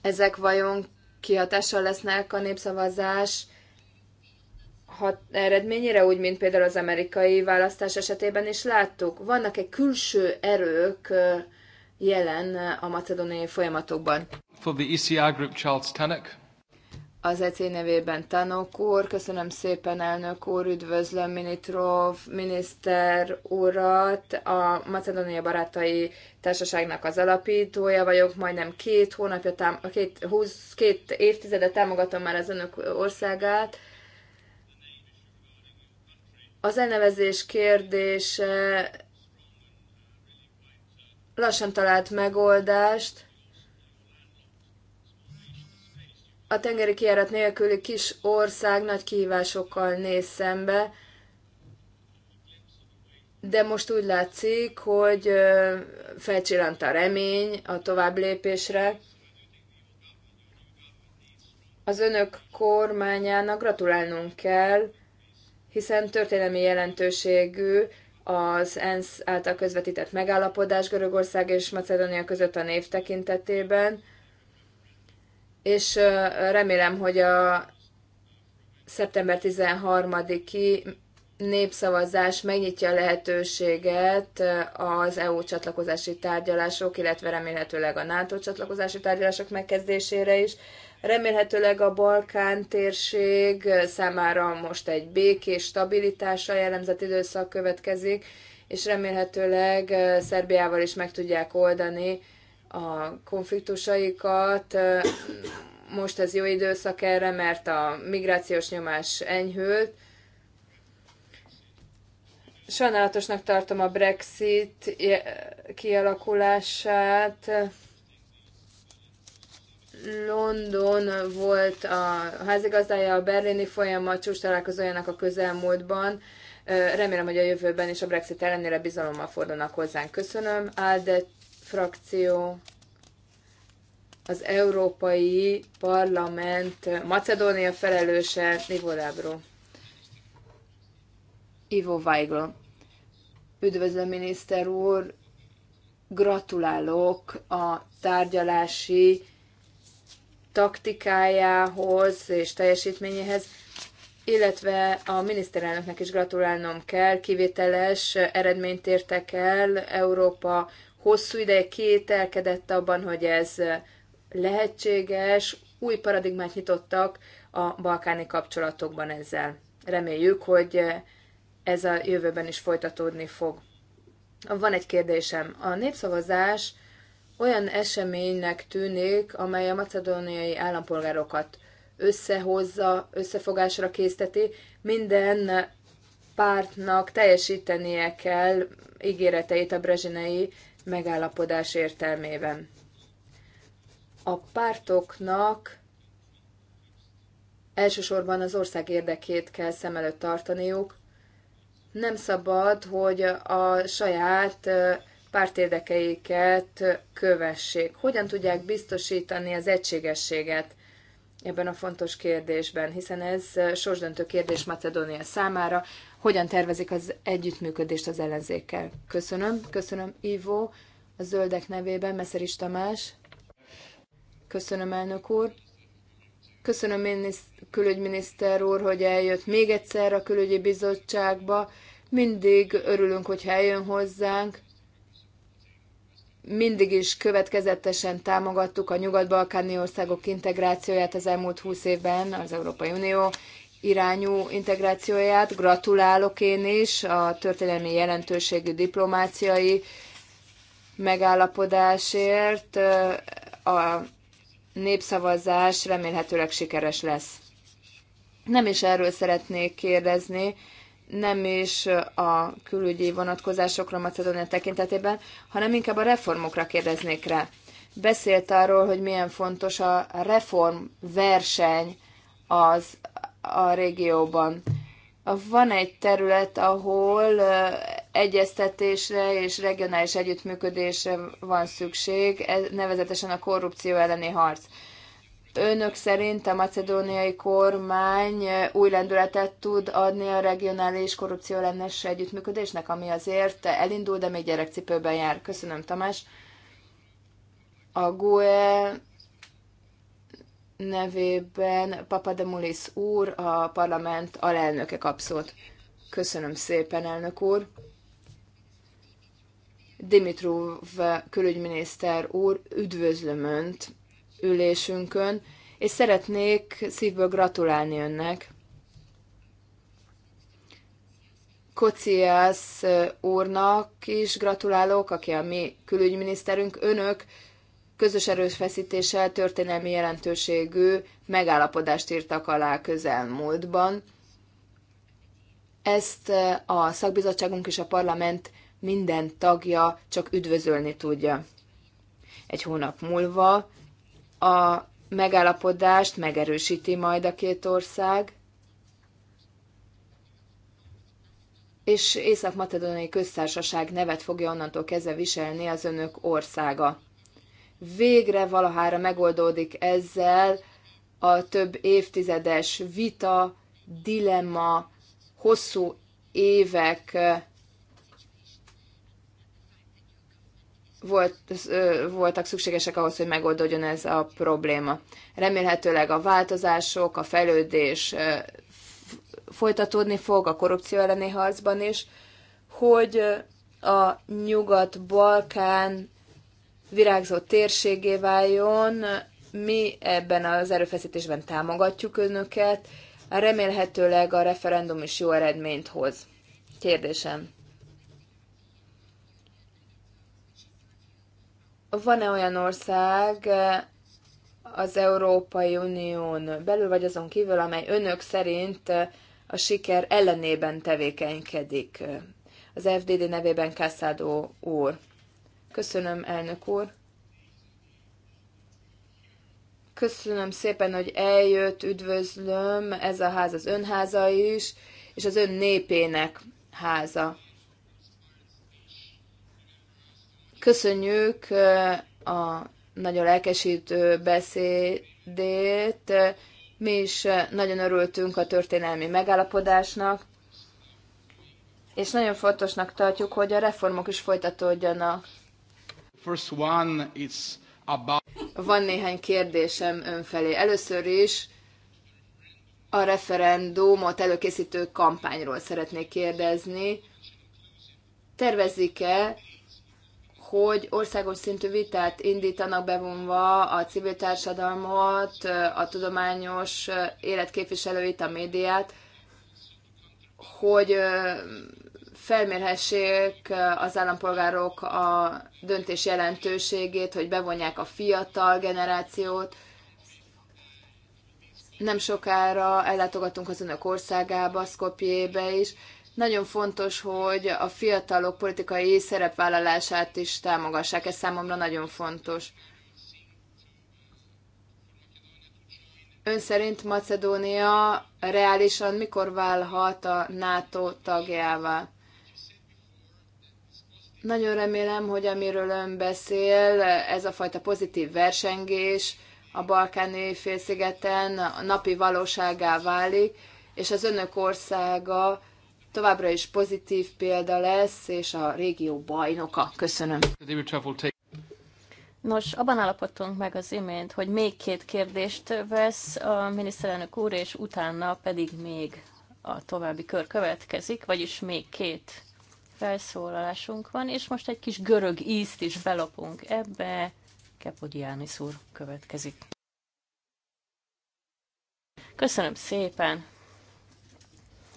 Ezek vajon kihatással lesznek a népszavazás hat eredményére, úgy, mint például az amerikai választás esetében is láttuk. Vannak-e külső erők jelen a macedóniai folyamatokban? For the ECR group, Charles Tannock. Az EC nevében Tanok úr, köszönöm szépen elnök úr, üdvözlöm Minitrov miniszter urat, a Macedónia Barátai Társaságnak az alapítója vagyok, majdnem két hónapja, tám- két, húsz, két évtizede támogatom már az önök országát, az elnevezés kérdése lassan talált megoldást. A tengeri kijárat nélküli kis ország nagy kihívásokkal néz szembe, de most úgy látszik, hogy felcsillant a remény a tovább lépésre. Az önök kormányának gratulálnunk kell, hiszen történelmi jelentőségű az ENSZ által közvetített megállapodás Görögország és Macedónia között a név tekintetében, és remélem, hogy a szeptember 13-i népszavazás megnyitja a lehetőséget az EU csatlakozási tárgyalások, illetve remélhetőleg a NATO csatlakozási tárgyalások megkezdésére is. Remélhetőleg a Balkán térség számára most egy békés stabilitása jellemzett időszak következik, és remélhetőleg Szerbiával is meg tudják oldani a konfliktusaikat. Most ez jó időszak erre, mert a migrációs nyomás enyhült, sajnálatosnak tartom a Brexit kialakulását. London volt a házigazdája a berlini folyamat csúcs találkozójának a közelmúltban. Remélem, hogy a jövőben is a Brexit ellenére bizalommal fordulnak hozzánk. Köszönöm. ALDE frakció az Európai Parlament Macedónia felelőse Ivo Lábró. Ivo Weigl. Üdvözlöm, miniszter úr! Gratulálok a tárgyalási taktikájához és teljesítményéhez, illetve a miniszterelnöknek is gratulálnom kell, kivételes eredményt értek el. Európa hosszú ideig kételkedett abban, hogy ez lehetséges, új paradigmát nyitottak a balkáni kapcsolatokban ezzel. Reméljük, hogy ez a jövőben is folytatódni fog. Van egy kérdésem. A népszavazás olyan eseménynek tűnik, amely a macedóniai állampolgárokat összehozza, összefogásra készteti. Minden pártnak teljesítenie kell ígéreteit a brezsinei megállapodás értelmében. A pártoknak elsősorban az ország érdekét kell szem előtt tartaniuk. Nem szabad, hogy a saját pártérdekeiket kövessék. Hogyan tudják biztosítani az egységességet ebben a fontos kérdésben, hiszen ez sorsdöntő kérdés Macedónia számára. Hogyan tervezik az együttműködést az ellenzékkel? Köszönöm, köszönöm Ivo, a zöldek nevében, Meszeris Tamás. Köszönöm, elnök úr. Köszönöm külügyminiszter úr, hogy eljött még egyszer a külügyi bizottságba. Mindig örülünk, hogy eljön hozzánk mindig is következetesen támogattuk a nyugat-balkáni országok integrációját az elmúlt húsz évben, az Európai Unió irányú integrációját. Gratulálok én is a történelmi jelentőségű diplomáciai megállapodásért. A népszavazás remélhetőleg sikeres lesz. Nem is erről szeretnék kérdezni, nem is a külügyi vonatkozásokra Macedónia tekintetében, hanem inkább a reformokra kérdeznék rá. Beszélt arról, hogy milyen fontos a reformverseny az a régióban. Van egy terület, ahol egyeztetésre és regionális együttműködésre van szükség, nevezetesen a korrupció elleni harc. Önök szerint a macedóniai kormány új lendületet tud adni a regionális korrupció ellenes együttműködésnek, ami azért elindul, de még gyerekcipőben jár. Köszönöm, Tamás. A GUE nevében Papademulis úr, a parlament alelnöke kap szót. Köszönöm szépen, elnök úr. Dimitrov külügyminiszter úr, üdvözlöm Önt ülésünkön, és szeretnék szívből gratulálni önnek. Kociász úrnak is gratulálok, aki a mi külügyminiszterünk. Önök közös erőfeszítéssel történelmi jelentőségű megállapodást írtak alá közelmúltban. Ezt a szakbizottságunk és a parlament minden tagja csak üdvözölni tudja. Egy hónap múlva a megállapodást megerősíti majd a két ország, és Észak-Macedóniai Köztársaság nevet fogja onnantól kezdve viselni az önök országa. Végre valahára megoldódik ezzel a több évtizedes vita, dilemma, hosszú évek volt, voltak szükségesek ahhoz, hogy megoldódjon ez a probléma. Remélhetőleg a változások, a fejlődés folytatódni fog a korrupció elleni harcban is, hogy a Nyugat-Balkán virágzó térségé váljon. Mi ebben az erőfeszítésben támogatjuk önöket, remélhetőleg a referendum is jó eredményt hoz. Kérdésem. van-e olyan ország az Európai Unión belül, vagy azon kívül, amely önök szerint a siker ellenében tevékenykedik? Az FDD nevében Kászádó úr. Köszönöm, elnök úr. Köszönöm szépen, hogy eljött, üdvözlöm, ez a ház az önháza is, és az ön népének háza. Köszönjük eh, a nagyon lelkesítő beszédét. Mi is eh, nagyon örültünk a történelmi megállapodásnak, és nagyon fontosnak tartjuk, hogy a reformok is folytatódjanak. Van néhány kérdésem önfelé. Először is a referendumot előkészítő kampányról szeretnék kérdezni. Tervezik-e hogy országos szintű vitát indítanak bevonva a civil társadalmat, a tudományos életképviselőit, a médiát, hogy felmérhessék az állampolgárok a döntés jelentőségét, hogy bevonják a fiatal generációt. Nem sokára ellátogatunk az önök országába, Szkopjébe is, nagyon fontos, hogy a fiatalok politikai szerepvállalását is támogassák, ez számomra nagyon fontos. Ön szerint Macedónia reálisan mikor válhat a NATO tagjává? Nagyon remélem, hogy amiről ön beszél, ez a fajta pozitív versengés a balkáni félszigeten napi valóságá válik, és az önök országa továbbra is pozitív példa lesz, és a régió bajnoka. Köszönöm. Nos, abban állapodtunk meg az imént, hogy még két kérdést vesz a miniszterelnök úr, és utána pedig még a további kör következik, vagyis még két felszólalásunk van, és most egy kis görög ízt is belopunk ebbe. Kepodiánis úr következik. Köszönöm szépen!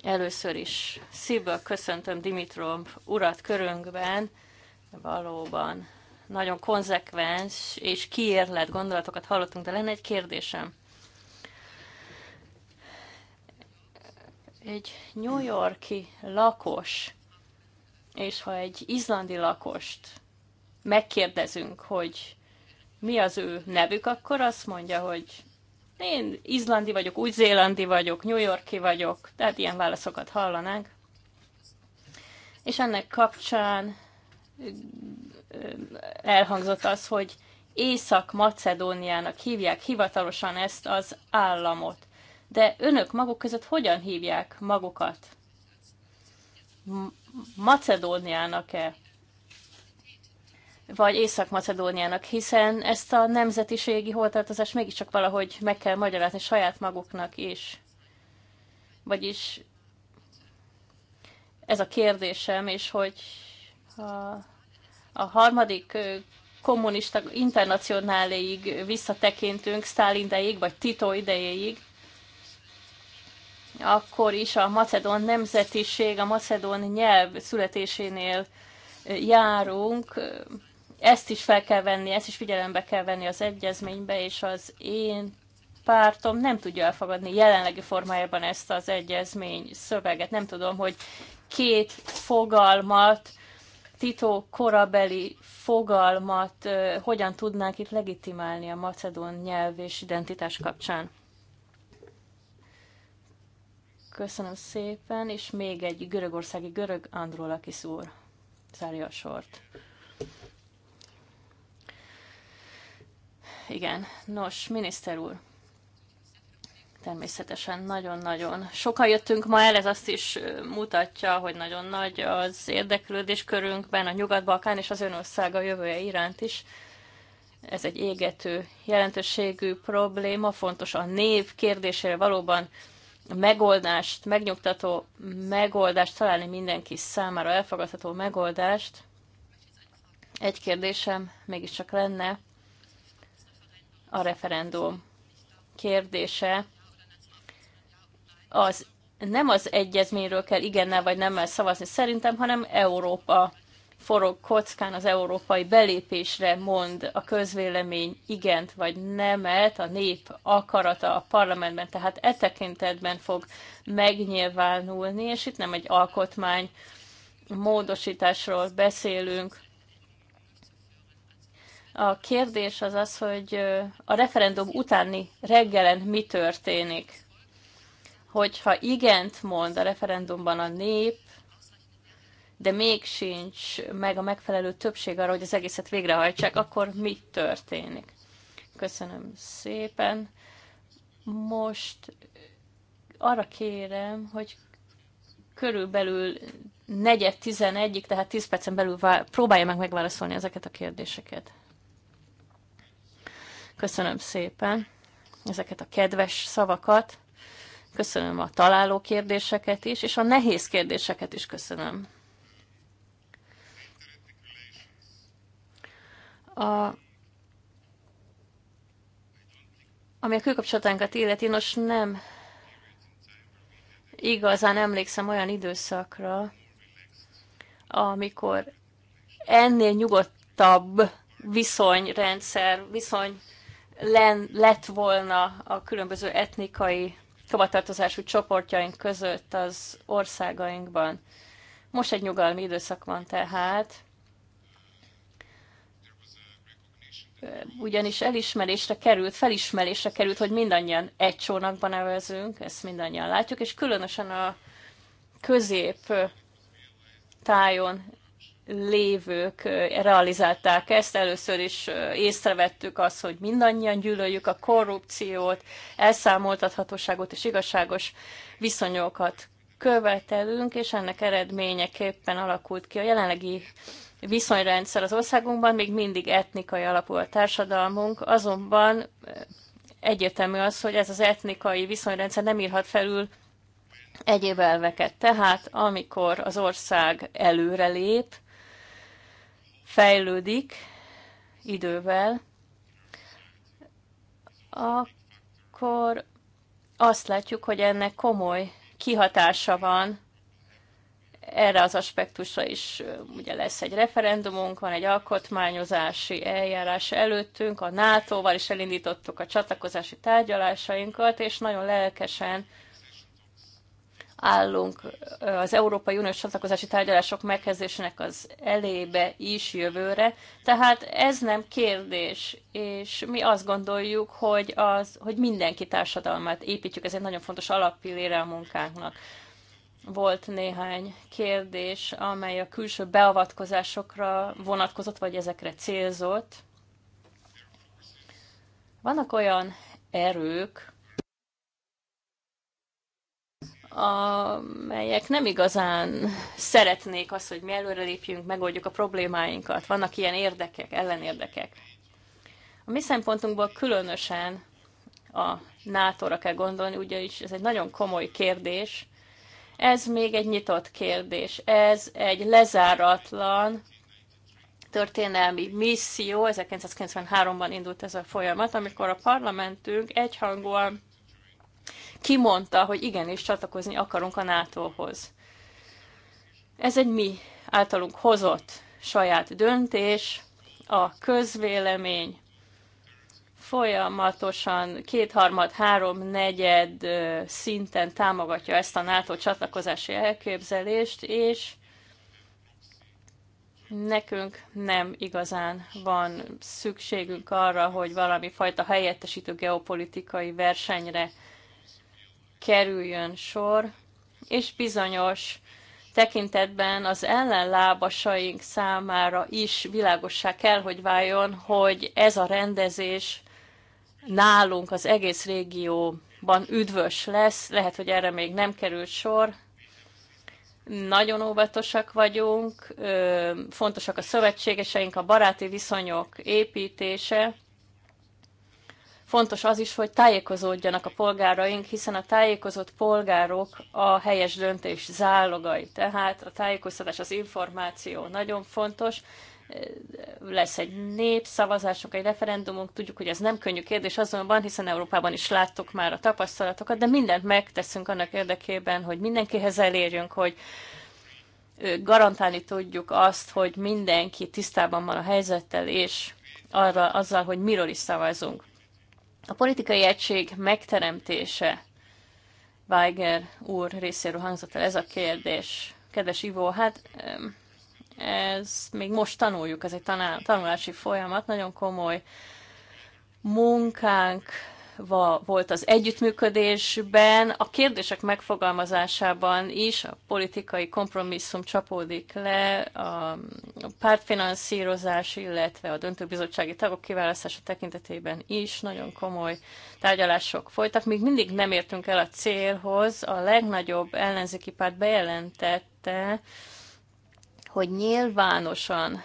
Először is szívből köszöntöm Dimitrov urat körünkben, valóban nagyon konzekvens és kiérlet gondolatokat hallottunk, de lenne egy kérdésem. Egy New Yorki lakos, és ha egy izlandi lakost megkérdezünk, hogy mi az ő nevük, akkor azt mondja, hogy én izlandi vagyok, új-zélandi vagyok, New Yorki vagyok, tehát ilyen válaszokat hallanánk. És ennek kapcsán elhangzott az, hogy Észak-Macedóniának hívják hivatalosan ezt az államot. De önök maguk között hogyan hívják magukat? Macedóniának-e? vagy Észak-Macedóniának, hiszen ezt a nemzetiségi holtartozást mégiscsak valahogy meg kell magyarázni saját maguknak is. Vagyis ez a kérdésem, és hogy a, a harmadik kommunista internacionáléig visszatekintünk, Sztálin idejéig, vagy Tito idejéig, akkor is a macedón nemzetiség, a macedón nyelv születésénél járunk, ezt is fel kell venni, ezt is figyelembe kell venni az egyezménybe, és az én pártom nem tudja elfogadni jelenlegi formájában ezt az egyezmény szöveget. Nem tudom, hogy két fogalmat, titó korabeli fogalmat hogyan tudnánk itt legitimálni a macedón nyelv és identitás kapcsán. Köszönöm szépen, és még egy görögországi görög Andról, aki szúr. Zárja a sort. igen. Nos, miniszter úr, természetesen nagyon-nagyon sokan jöttünk ma el, ez azt is mutatja, hogy nagyon nagy az érdeklődés körünkben, a Nyugat-Balkán és az önországa jövője iránt is. Ez egy égető jelentőségű probléma, fontos a név kérdésére valóban megoldást, megnyugtató megoldást találni mindenki számára, elfogadható megoldást. Egy kérdésem mégiscsak lenne, a referendum kérdése az nem az egyezményről kell igennel vagy nemmel szavazni szerintem, hanem Európa forog kockán az európai belépésre mond a közvélemény igent vagy nemet, a nép akarata a parlamentben, tehát e tekintetben fog megnyilvánulni, és itt nem egy alkotmány módosításról beszélünk, a kérdés az az, hogy a referendum utáni reggelen mi történik. Hogyha igent mond a referendumban a nép, de még sincs meg a megfelelő többség arra, hogy az egészet végrehajtsák, akkor mi történik? Köszönöm szépen. Most arra kérem, hogy körülbelül negyed tizenegyig, tehát tíz percen belül próbálja meg megválaszolni ezeket a kérdéseket. Köszönöm szépen ezeket a kedves szavakat, köszönöm a találó kérdéseket is, és a nehéz kérdéseket is köszönöm. A, ami a külkapcsolatánkat illeti, nos nem igazán emlékszem olyan időszakra, amikor ennél nyugodtabb viszonyrendszer, viszony len, lett volna a különböző etnikai hovatartozású csoportjaink között az országainkban. Most egy nyugalmi időszak van tehát, ugyanis elismerésre került, felismerésre került, hogy mindannyian egy csónakban nevezünk, ezt mindannyian látjuk, és különösen a közép tájon lévők realizálták ezt. Először is észrevettük azt, hogy mindannyian gyűlöljük a korrupciót, elszámoltathatóságot és igazságos viszonyokat követelünk, és ennek eredményeképpen alakult ki a jelenlegi viszonyrendszer az országunkban, még mindig etnikai alapú a társadalmunk, azonban egyértelmű az, hogy ez az etnikai viszonyrendszer nem írhat felül egyéb elveket. Tehát amikor az ország előrelép, fejlődik idővel, akkor azt látjuk, hogy ennek komoly kihatása van erre az aspektusra is ugye lesz egy referendumunk, van egy alkotmányozási eljárás előttünk, a NATO-val is elindítottuk a csatlakozási tárgyalásainkat, és nagyon lelkesen állunk az Európai Uniós csatlakozási tárgyalások megkezdésének az elébe is jövőre. Tehát ez nem kérdés, és mi azt gondoljuk, hogy, az, hogy mindenki társadalmát építjük, ez egy nagyon fontos alappillére a munkánknak. Volt néhány kérdés, amely a külső beavatkozásokra vonatkozott, vagy ezekre célzott. Vannak olyan erők, amelyek nem igazán szeretnék azt, hogy mi előrelépjünk, megoldjuk a problémáinkat. Vannak ilyen érdekek, ellenérdekek. A mi szempontunkból különösen a NATO-ra kell gondolni, ugyanis ez egy nagyon komoly kérdés. Ez még egy nyitott kérdés. Ez egy lezáratlan történelmi misszió. 1993-ban indult ez a folyamat, amikor a parlamentünk egyhangúan kimondta, hogy igenis csatlakozni akarunk a NATO-hoz. Ez egy mi általunk hozott saját döntés, a közvélemény folyamatosan kétharmad, háromnegyed szinten támogatja ezt a NATO csatlakozási elképzelést, és nekünk nem igazán van szükségünk arra, hogy valami fajta helyettesítő geopolitikai versenyre kerüljön sor, és bizonyos tekintetben az ellenlábasaink számára is világossá kell, hogy váljon, hogy ez a rendezés nálunk az egész régióban üdvös lesz, lehet, hogy erre még nem került sor, nagyon óvatosak vagyunk, fontosak a szövetségeseink, a baráti viszonyok építése, fontos az is, hogy tájékozódjanak a polgáraink, hiszen a tájékozott polgárok a helyes döntés zálogai. Tehát a tájékoztatás, az információ nagyon fontos. Lesz egy népszavazásunk, egy referendumunk, tudjuk, hogy ez nem könnyű kérdés azonban, hiszen Európában is láttuk már a tapasztalatokat, de mindent megteszünk annak érdekében, hogy mindenkihez elérjünk, hogy garantálni tudjuk azt, hogy mindenki tisztában van a helyzettel, és arra, azzal, hogy miről is szavazunk. A politikai egység megteremtése, Weiger úr részéről hangzott el ez a kérdés. Kedves Ivo, hát ez még most tanuljuk, ez egy tanulási folyamat, nagyon komoly munkánk volt az együttműködésben, a kérdések megfogalmazásában is a politikai kompromisszum csapódik le, a pártfinanszírozás, illetve a döntőbizottsági tagok kiválasztása tekintetében is nagyon komoly tárgyalások folytak. Még mindig nem értünk el a célhoz, a legnagyobb ellenzéki párt bejelentette, hogy nyilvánosan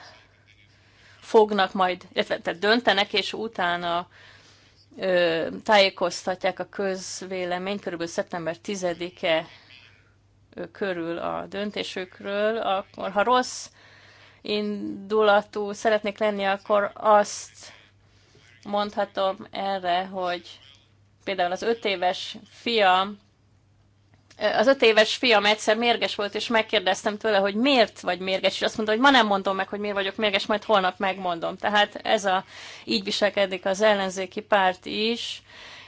fognak majd, illetve tehát döntenek, és utána tájékoztatják a közvélemény körülbelül szeptember 10-e körül a döntésükről, akkor ha rossz indulatú szeretnék lenni, akkor azt mondhatom erre, hogy például az öt éves fiam az öt éves fiam egyszer mérges volt, és megkérdeztem tőle, hogy miért vagy mérges, és azt mondta, hogy ma nem mondom meg, hogy miért vagyok mérges, majd holnap megmondom. Tehát ez a, így viselkedik az ellenzéki párt is.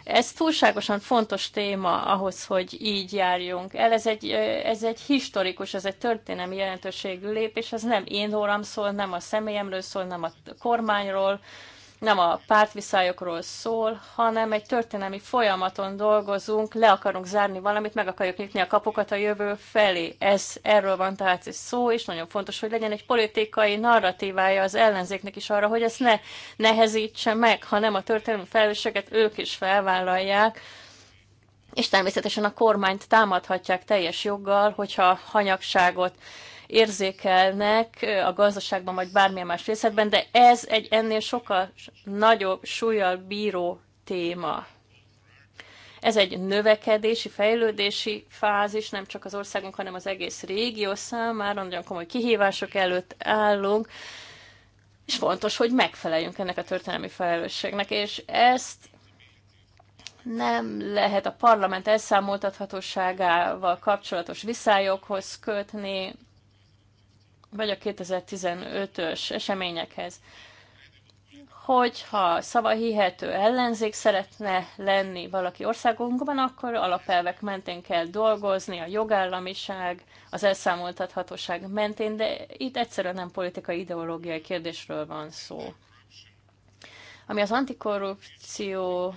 Ez túlságosan fontos téma ahhoz, hogy így járjunk el. Ez egy, ez egy historikus, ez egy történelmi jelentőségű lépés, ez nem én rólam szól, nem a személyemről szól, nem a kormányról nem a pártviszályokról szól, hanem egy történelmi folyamaton dolgozunk, le akarunk zárni valamit, meg akarjuk nyitni a kapukat a jövő felé. Ez, erről van tehát ez szó, és nagyon fontos, hogy legyen egy politikai narratívája az ellenzéknek is arra, hogy ezt ne nehezítse meg, hanem a történelmi felelősséget ők is felvállalják, és természetesen a kormányt támadhatják teljes joggal, hogyha hanyagságot érzékelnek a gazdaságban vagy bármilyen más részletben, de ez egy ennél sokkal nagyobb súlyal bíró téma. Ez egy növekedési, fejlődési fázis, nem csak az országunk, hanem az egész régió számára, nagyon komoly kihívások előtt állunk, és fontos, hogy megfeleljünk ennek a történelmi felelősségnek, és ezt nem lehet a parlament elszámoltathatóságával kapcsolatos viszályokhoz kötni, vagy a 2015-ös eseményekhez, hogyha hihető ellenzék szeretne lenni valaki országunkban, akkor alapelvek mentén kell dolgozni, a jogállamiság, az elszámoltathatóság mentén, de itt egyszerűen nem politikai ideológiai kérdésről van szó. Ami az antikorrupció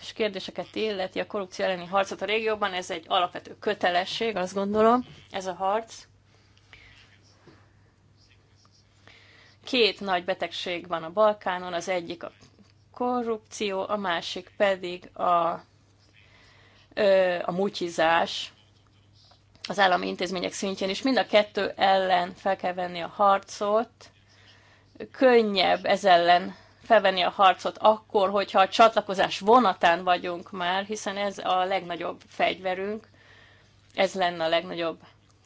és kérdéseket illeti, a korrupció elleni harcot a régióban, ez egy alapvető kötelesség, azt gondolom, ez a harc. Két nagy betegség van a Balkánon, az egyik a korrupció, a másik pedig a, a mutizás az állami intézmények szintjén is. Mind a kettő ellen fel kell venni a harcot. Könnyebb ez ellen felvenni a harcot akkor, hogyha a csatlakozás vonatán vagyunk már, hiszen ez a legnagyobb fegyverünk, ez lenne a legnagyobb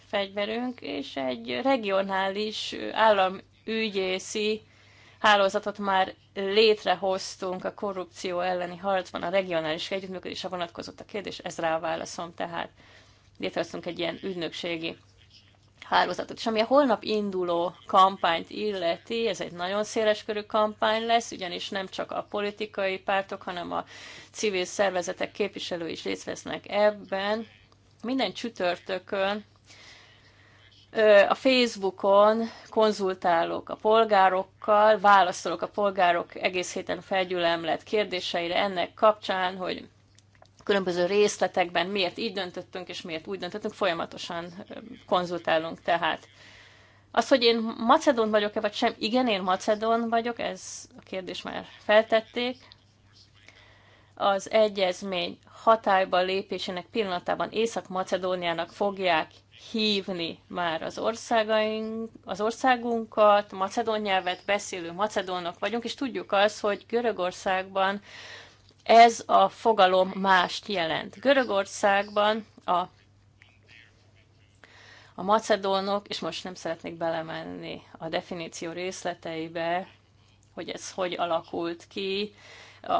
fegyverünk, és egy regionális állam ügyészi hálózatot már létrehoztunk a korrupció elleni harcban, a regionális együttműködésre vonatkozott a kérdés, ez rá válaszom tehát. Létrehoztunk egy ilyen ügynökségi hálózatot. És ami a holnap induló kampányt illeti, ez egy nagyon széleskörű kampány lesz, ugyanis nem csak a politikai pártok, hanem a civil szervezetek képviselői is részt vesznek ebben. Minden csütörtökön a Facebookon konzultálok a polgárokkal, válaszolok a polgárok egész héten felgyülemlett kérdéseire ennek kapcsán, hogy különböző részletekben miért így döntöttünk, és miért úgy döntöttünk, folyamatosan konzultálunk tehát. Az, hogy én macedon vagyok-e, vagy sem, igen, én macedon vagyok, ez a kérdés már feltették. Az egyezmény hatályba lépésének pillanatában Észak-Macedóniának fogják hívni már az, országaink, az országunkat, macedón nyelvet beszélő macedónok vagyunk, és tudjuk azt, hogy Görögországban ez a fogalom mást jelent. Görögországban a, a macedónok, és most nem szeretnék belemenni a definíció részleteibe, hogy ez hogy alakult ki, a,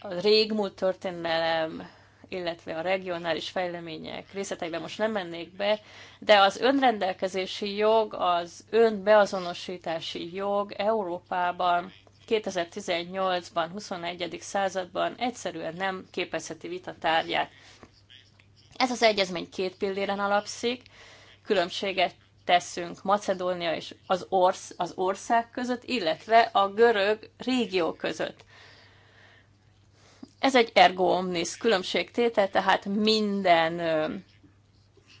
a régmúlt történelem illetve a regionális fejlemények részletekbe most nem mennék be, de az önrendelkezési jog, az önbeazonosítási jog Európában 2018-ban, 21. században egyszerűen nem képezheti vita tárgyát. Ez az egyezmény két pilléren alapszik, különbséget teszünk Macedónia és az, orsz, az ország között, illetve a görög régió között. Ez egy ergo omnis különbségtétel, tehát minden ö,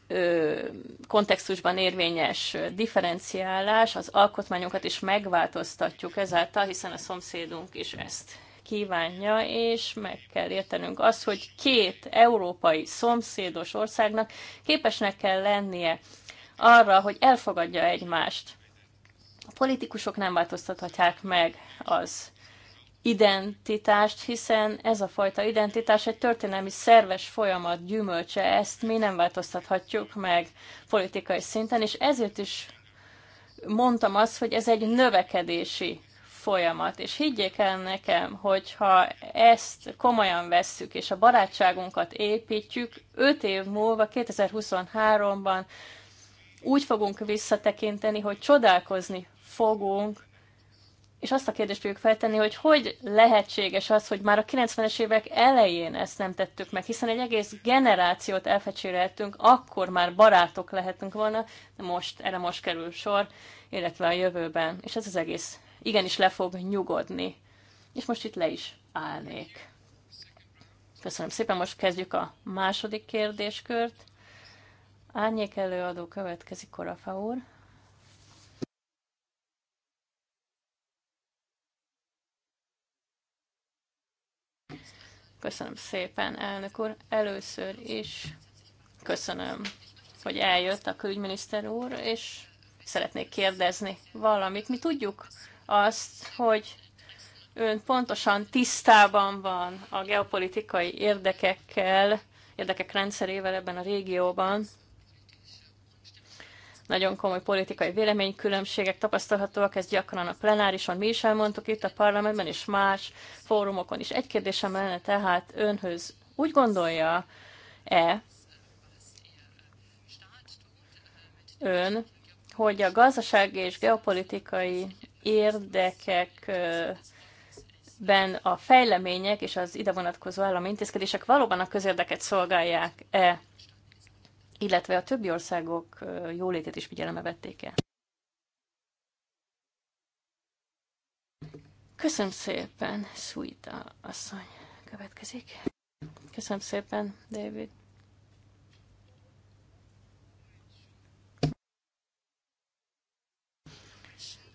ö, kontextusban érvényes differenciálás, az alkotmányokat is megváltoztatjuk ezáltal, hiszen a szomszédunk is ezt kívánja, és meg kell értenünk azt, hogy két európai szomszédos országnak képesnek kell lennie arra, hogy elfogadja egymást. A politikusok nem változtathatják meg az identitást, hiszen ez a fajta identitás egy történelmi szerves folyamat gyümölcse, ezt mi nem változtathatjuk meg politikai szinten, és ezért is mondtam azt, hogy ez egy növekedési folyamat, és higgyék el nekem, hogyha ezt komolyan vesszük, és a barátságunkat építjük, öt év múlva, 2023-ban úgy fogunk visszatekinteni, hogy csodálkozni fogunk és azt a kérdést fogjuk feltenni, hogy hogy lehetséges az, hogy már a 90-es évek elején ezt nem tettük meg, hiszen egy egész generációt elfecséreltünk, akkor már barátok lehetünk volna, de most, erre most kerül sor, illetve a jövőben. És ez az egész igenis le fog nyugodni. És most itt le is állnék. Köszönöm szépen, most kezdjük a második kérdéskört. Árnyék előadó következik, Korafa úr. Köszönöm szépen, elnök úr. Először is köszönöm, hogy eljött a külügyminiszter úr, és szeretnék kérdezni valamit. Mi tudjuk azt, hogy ön pontosan tisztában van a geopolitikai érdekekkel, érdekek rendszerével ebben a régióban, nagyon komoly politikai véleménykülönbségek tapasztalhatóak, ez gyakran a plenárison mi is elmondtuk itt a parlamentben és más fórumokon is. Egy kérdésem lenne tehát önhöz, úgy gondolja-e ön, hogy a gazdasági és geopolitikai érdekek ben a fejlemények és az ide vonatkozó állami intézkedések valóban a közérdeket szolgálják-e illetve a többi országok jólétét is figyelembe vették e Köszönöm szépen, Szuita asszony következik. Köszönöm szépen, David.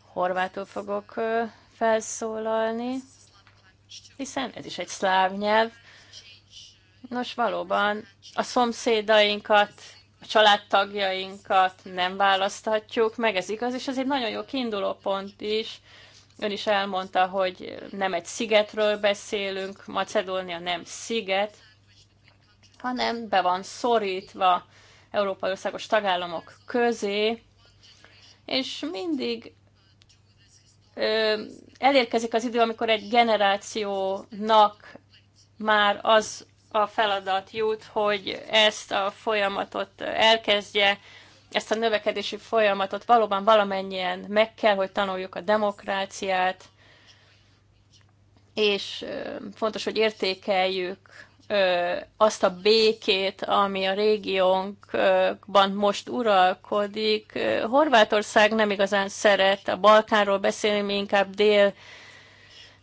Horvátul fogok felszólalni, hiszen ez is egy szláv nyelv. Nos, valóban a szomszédainkat a családtagjainkat nem választhatjuk meg, ez igaz, és ez egy nagyon jó kiinduló pont is. Ön is elmondta, hogy nem egy szigetről beszélünk, Macedónia nem sziget, hanem be van szorítva Európai Országos tagállamok közé, és mindig ö, elérkezik az idő, amikor egy generációnak már az a feladat jut, hogy ezt a folyamatot elkezdje, ezt a növekedési folyamatot valóban valamennyien meg kell, hogy tanuljuk a demokráciát, és fontos, hogy értékeljük azt a békét, ami a régiónkban most uralkodik. Horvátország nem igazán szeret a Balkánról beszélni, mi inkább dél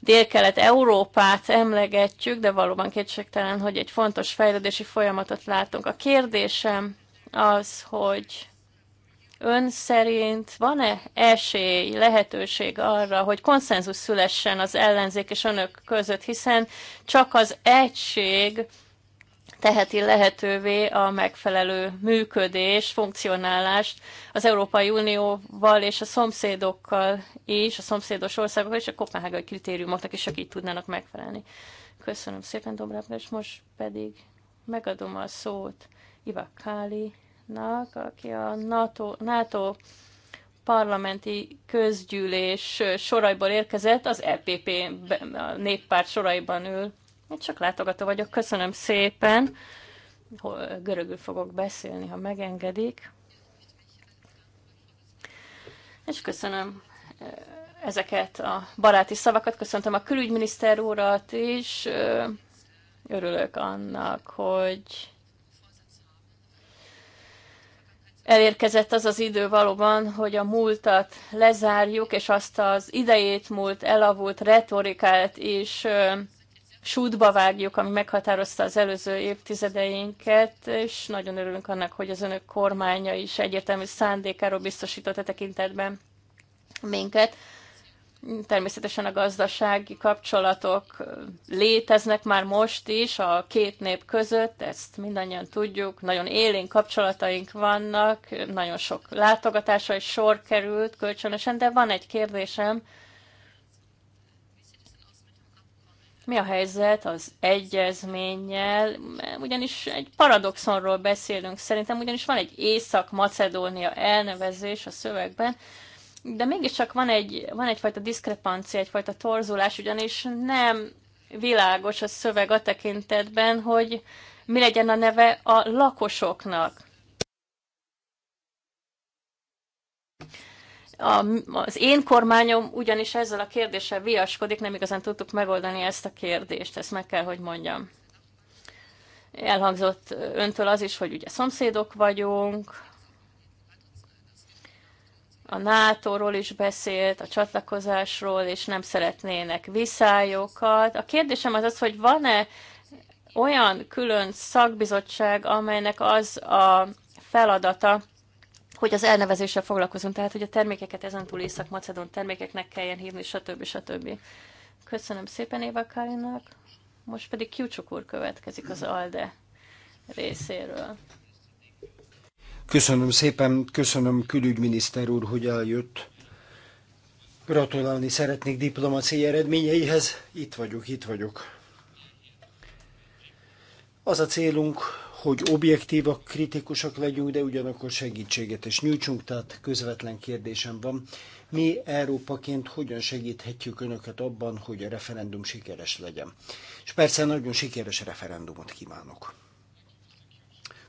Dél-Kelet-Európát emlegetjük, de valóban kétségtelen, hogy egy fontos fejlődési folyamatot látunk. A kérdésem az, hogy ön szerint van-e esély, lehetőség arra, hogy konszenzus szülessen az ellenzék és önök között, hiszen csak az egység teheti lehetővé a megfelelő működés, funkcionálást az Európai Unióval és a szomszédokkal is, a szomszédos országokkal és a kopenhágai kritériumoknak is, akik tudnának megfelelni. Köszönöm szépen, Dobrábra, és most pedig megadom a szót Iva Kálinak, aki a NATO, NATO parlamenti közgyűlés soraiból érkezett, az EPP a néppárt soraiban ül én csak látogató vagyok. Köszönöm szépen. Görögül fogok beszélni, ha megengedik. És köszönöm ezeket a baráti szavakat. Köszöntöm a külügyminiszter urat is. Örülök annak, hogy elérkezett az az idő valóban, hogy a múltat lezárjuk, és azt az idejét múlt, elavult retorikát is sútba vágjuk, ami meghatározta az előző évtizedeinket, és nagyon örülünk annak, hogy az önök kormánya is egyértelmű szándékáról biztosított a e tekintetben minket. Természetesen a gazdasági kapcsolatok léteznek már most is a két nép között, ezt mindannyian tudjuk. Nagyon élénk kapcsolataink vannak, nagyon sok látogatásra is sor került kölcsönösen, de van egy kérdésem, mi a helyzet az egyezménnyel, ugyanis egy paradoxonról beszélünk szerintem, ugyanis van egy Észak-Macedónia elnevezés a szövegben, de mégiscsak van, egy, van egyfajta diszkrepancia, egyfajta torzulás, ugyanis nem világos a szöveg a tekintetben, hogy mi legyen a neve a lakosoknak. A, az én kormányom ugyanis ezzel a kérdéssel viaskodik, nem igazán tudtuk megoldani ezt a kérdést, ezt meg kell, hogy mondjam. Elhangzott öntől az is, hogy ugye szomszédok vagyunk, a NATO-ról is beszélt, a csatlakozásról, és nem szeretnének viszályokat. A kérdésem az az, hogy van-e olyan külön szakbizottság, amelynek az a feladata, hogy az elnevezéssel foglalkozunk, tehát hogy a termékeket ezentúl észak-macedon termékeknek kelljen hívni, stb. stb. Köszönöm szépen Éva Karinnak. Most pedig Kyucsuk úr következik az ALDE részéről. Köszönöm szépen, köszönöm külügyminiszter úr, hogy eljött. Gratulálni szeretnék diplomáciai eredményeihez. Itt vagyok, itt vagyok. Az a célunk, hogy objektívak, kritikusak legyünk, de ugyanakkor segítséget is nyújtsunk, tehát közvetlen kérdésem van. Mi Európaként hogyan segíthetjük Önöket abban, hogy a referendum sikeres legyen? És persze nagyon sikeres referendumot kívánok.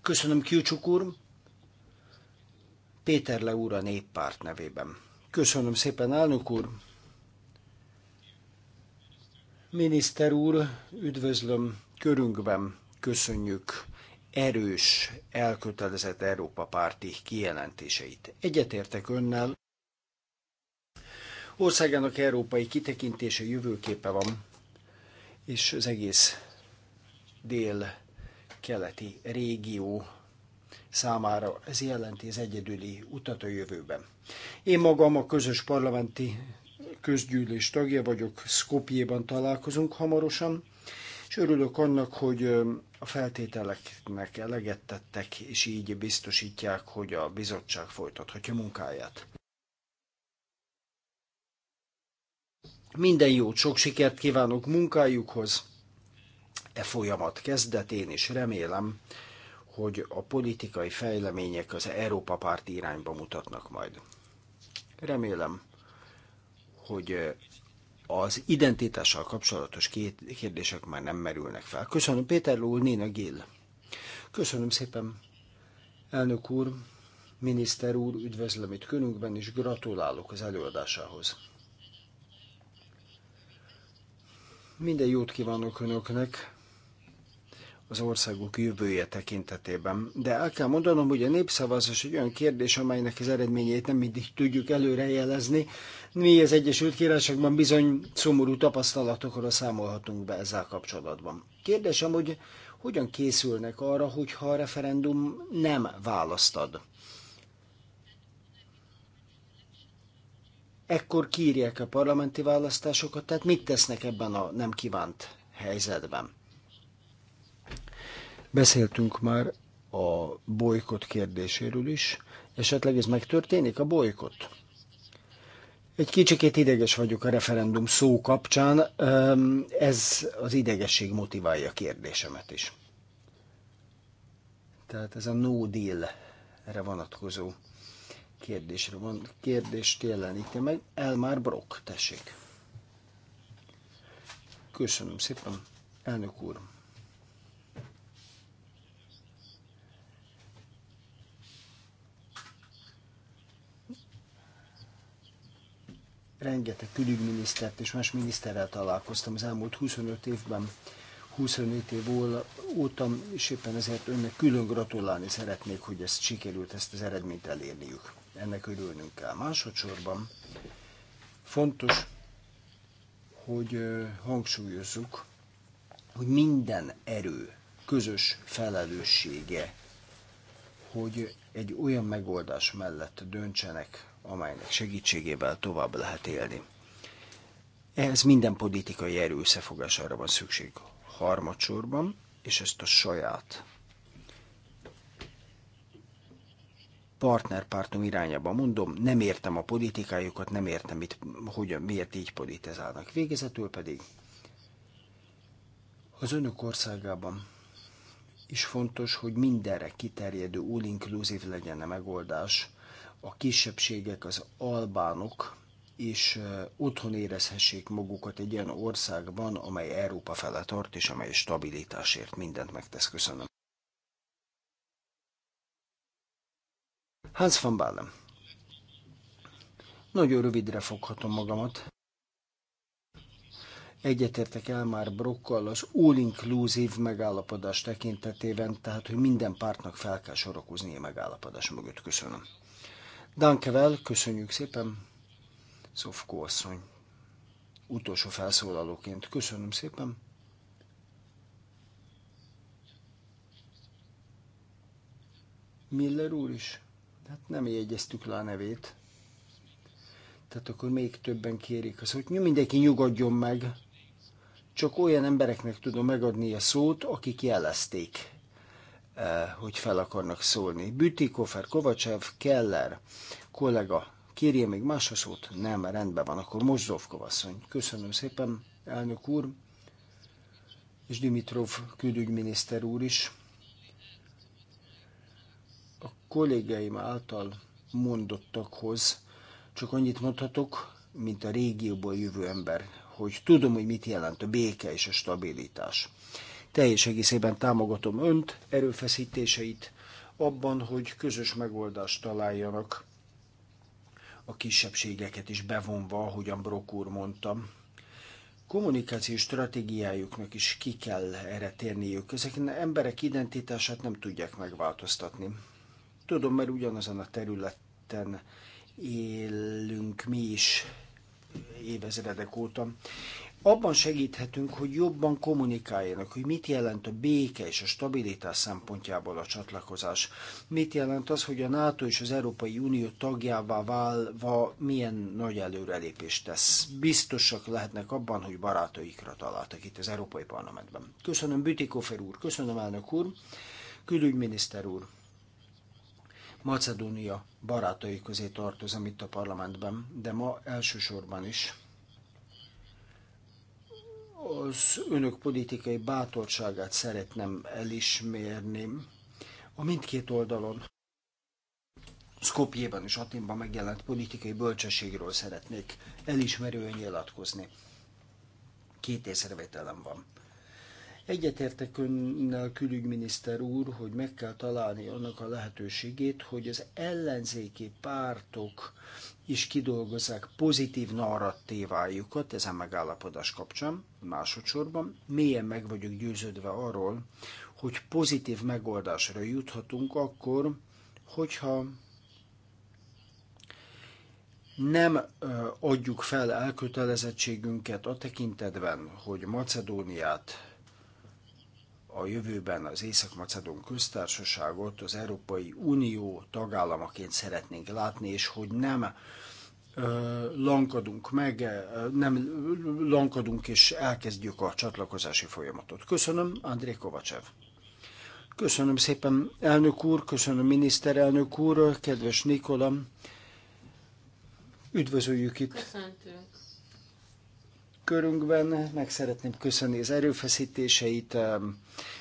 Köszönöm Kiucsuk úr, Péter Le úr a néppárt nevében. Köszönöm szépen, elnök úr! Miniszter úr, üdvözlöm körünkben, köszönjük erős, elkötelezett Európa párti kijelentéseit. Egyetértek önnel, országának európai kitekintése jövőképe van, és az egész dél-keleti régió számára ez jelenti az egyedüli utat a jövőben. Én magam a közös parlamenti közgyűlés tagja vagyok, Skopjéban találkozunk hamarosan, és örülök annak, hogy a feltételeknek eleget tettek, és így biztosítják, hogy a bizottság folytathatja munkáját. Minden jót, sok sikert kívánok munkájukhoz. E folyamat kezdetén is remélem, hogy a politikai fejlemények az Európa párt irányba mutatnak majd. Remélem, hogy az identitással kapcsolatos két kérdések már nem merülnek fel. Köszönöm Péter Lúl, Néna Gill. Köszönöm szépen, elnök úr, miniszter úr, üdvözlöm itt körünkben, és gratulálok az előadásához. Minden jót kívánok Önöknek, az országok jövője tekintetében. De el kell mondanom, hogy a népszavazás egy olyan kérdés, amelynek az eredményét nem mindig tudjuk előrejelezni. Mi az Egyesült Királyságban bizony szomorú tapasztalatokra számolhatunk be ezzel kapcsolatban. Kérdésem, hogy hogyan készülnek arra, hogyha a referendum nem választad? Ekkor kírják a parlamenti választásokat, tehát mit tesznek ebben a nem kívánt helyzetben? Beszéltünk már a bolykot kérdéséről is. Esetleg ez megtörténik, a bolykot? Egy kicsikét ideges vagyok a referendum szó kapcsán, ez az idegesség motiválja a kérdésemet is. Tehát ez a no deal-re vonatkozó kérdésre van, kérdést jelenítje meg. Elmar Brock, tessék. Köszönöm szépen, elnök úr. rengeteg külügyminisztert és más miniszterrel találkoztam az elmúlt 25 évben, 25 év óta, és éppen ezért önnek külön gratulálni szeretnék, hogy ezt sikerült, ezt az eredményt elérniük. Ennek örülnünk kell. Másodszorban fontos, hogy hangsúlyozzuk, hogy minden erő közös felelőssége, hogy egy olyan megoldás mellett döntsenek, amelynek segítségével tovább lehet élni. Ez minden politikai erő összefogására van szükség. Harmadsorban, és ezt a saját partnerpártom irányába mondom, nem értem a politikájukat, nem értem, mit, hogy, miért így politizálnak. Végezetül pedig az önök országában is fontos, hogy mindenre kiterjedő all-inclusive legyen a megoldás, a kisebbségek, az albánok és otthon érezhessék magukat egy olyan országban, amely Európa fele tart, és amely stabilitásért mindent megtesz. Köszönöm. Hans van Bálem. Nagyon rövidre foghatom magamat. Egyetértek el már Brokkal az all-inclusive megállapodás tekintetében, tehát hogy minden pártnak fel kell sorakozni a megállapodás mögött. Köszönöm. Dankevel, köszönjük szépen, Szofkó asszony. Utolsó felszólalóként köszönöm szépen. Miller úr is? Hát nem jegyeztük le a nevét. Tehát akkor még többen kérik az, hogy mindenki nyugodjon meg. Csak olyan embereknek tudom megadni a szót, akik jelezték. Eh, hogy fel akarnak szólni. Kofer, Kovacsev, Keller, kollega, kérje még más a szót? Nem, rendben van, akkor most asszony. Köszönöm szépen, elnök úr, és Dimitrov külügyminiszter úr is. A kollégeim által mondottakhoz csak annyit mondhatok, mint a régióból jövő ember, hogy tudom, hogy mit jelent a béke és a stabilitás. Teljes egészében támogatom önt, erőfeszítéseit abban, hogy közös megoldást találjanak a kisebbségeket is bevonva, ahogyan Brok úr mondta. Kommunikációs stratégiájuknak is ki kell erre térniük. Ezek emberek identitását nem tudják megváltoztatni. Tudom, mert ugyanazon a területen élünk mi is évezredek óta abban segíthetünk, hogy jobban kommunikáljanak, hogy mit jelent a béke és a stabilitás szempontjából a csatlakozás. Mit jelent az, hogy a NATO és az Európai Unió tagjává válva milyen nagy előrelépést tesz. Biztosak lehetnek abban, hogy barátaikra találtak itt az Európai Parlamentben. Köszönöm Bütikofer úr, köszönöm elnök úr, külügyminiszter úr. Macedónia barátai közé tartozom itt a parlamentben, de ma elsősorban is az önök politikai bátorságát szeretném elismerni a mindkét oldalon. Skopjében és Atinban megjelent politikai bölcsességről szeretnék elismerően nyilatkozni. Két észrevételem van. Egyetértek önnel, külügyminiszter úr, hogy meg kell találni annak a lehetőségét, hogy az ellenzéki pártok is kidolgozzák pozitív narratívájukat ezen megállapodás kapcsán. Másodszorban mélyen meg vagyok győződve arról, hogy pozitív megoldásra juthatunk akkor, hogyha nem adjuk fel elkötelezettségünket a tekintetben, hogy Macedóniát a jövőben az észak macedon köztársaságot az Európai Unió tagállamaként szeretnénk látni, és hogy nem lankadunk meg, nem lankadunk és elkezdjük a csatlakozási folyamatot. Köszönöm, André Kovacsev. Köszönöm szépen, elnök úr, köszönöm, miniszterelnök úr, kedves Nikola. Üdvözöljük itt. Köszöntünk körünkben. Meg szeretném köszönni az erőfeszítéseit,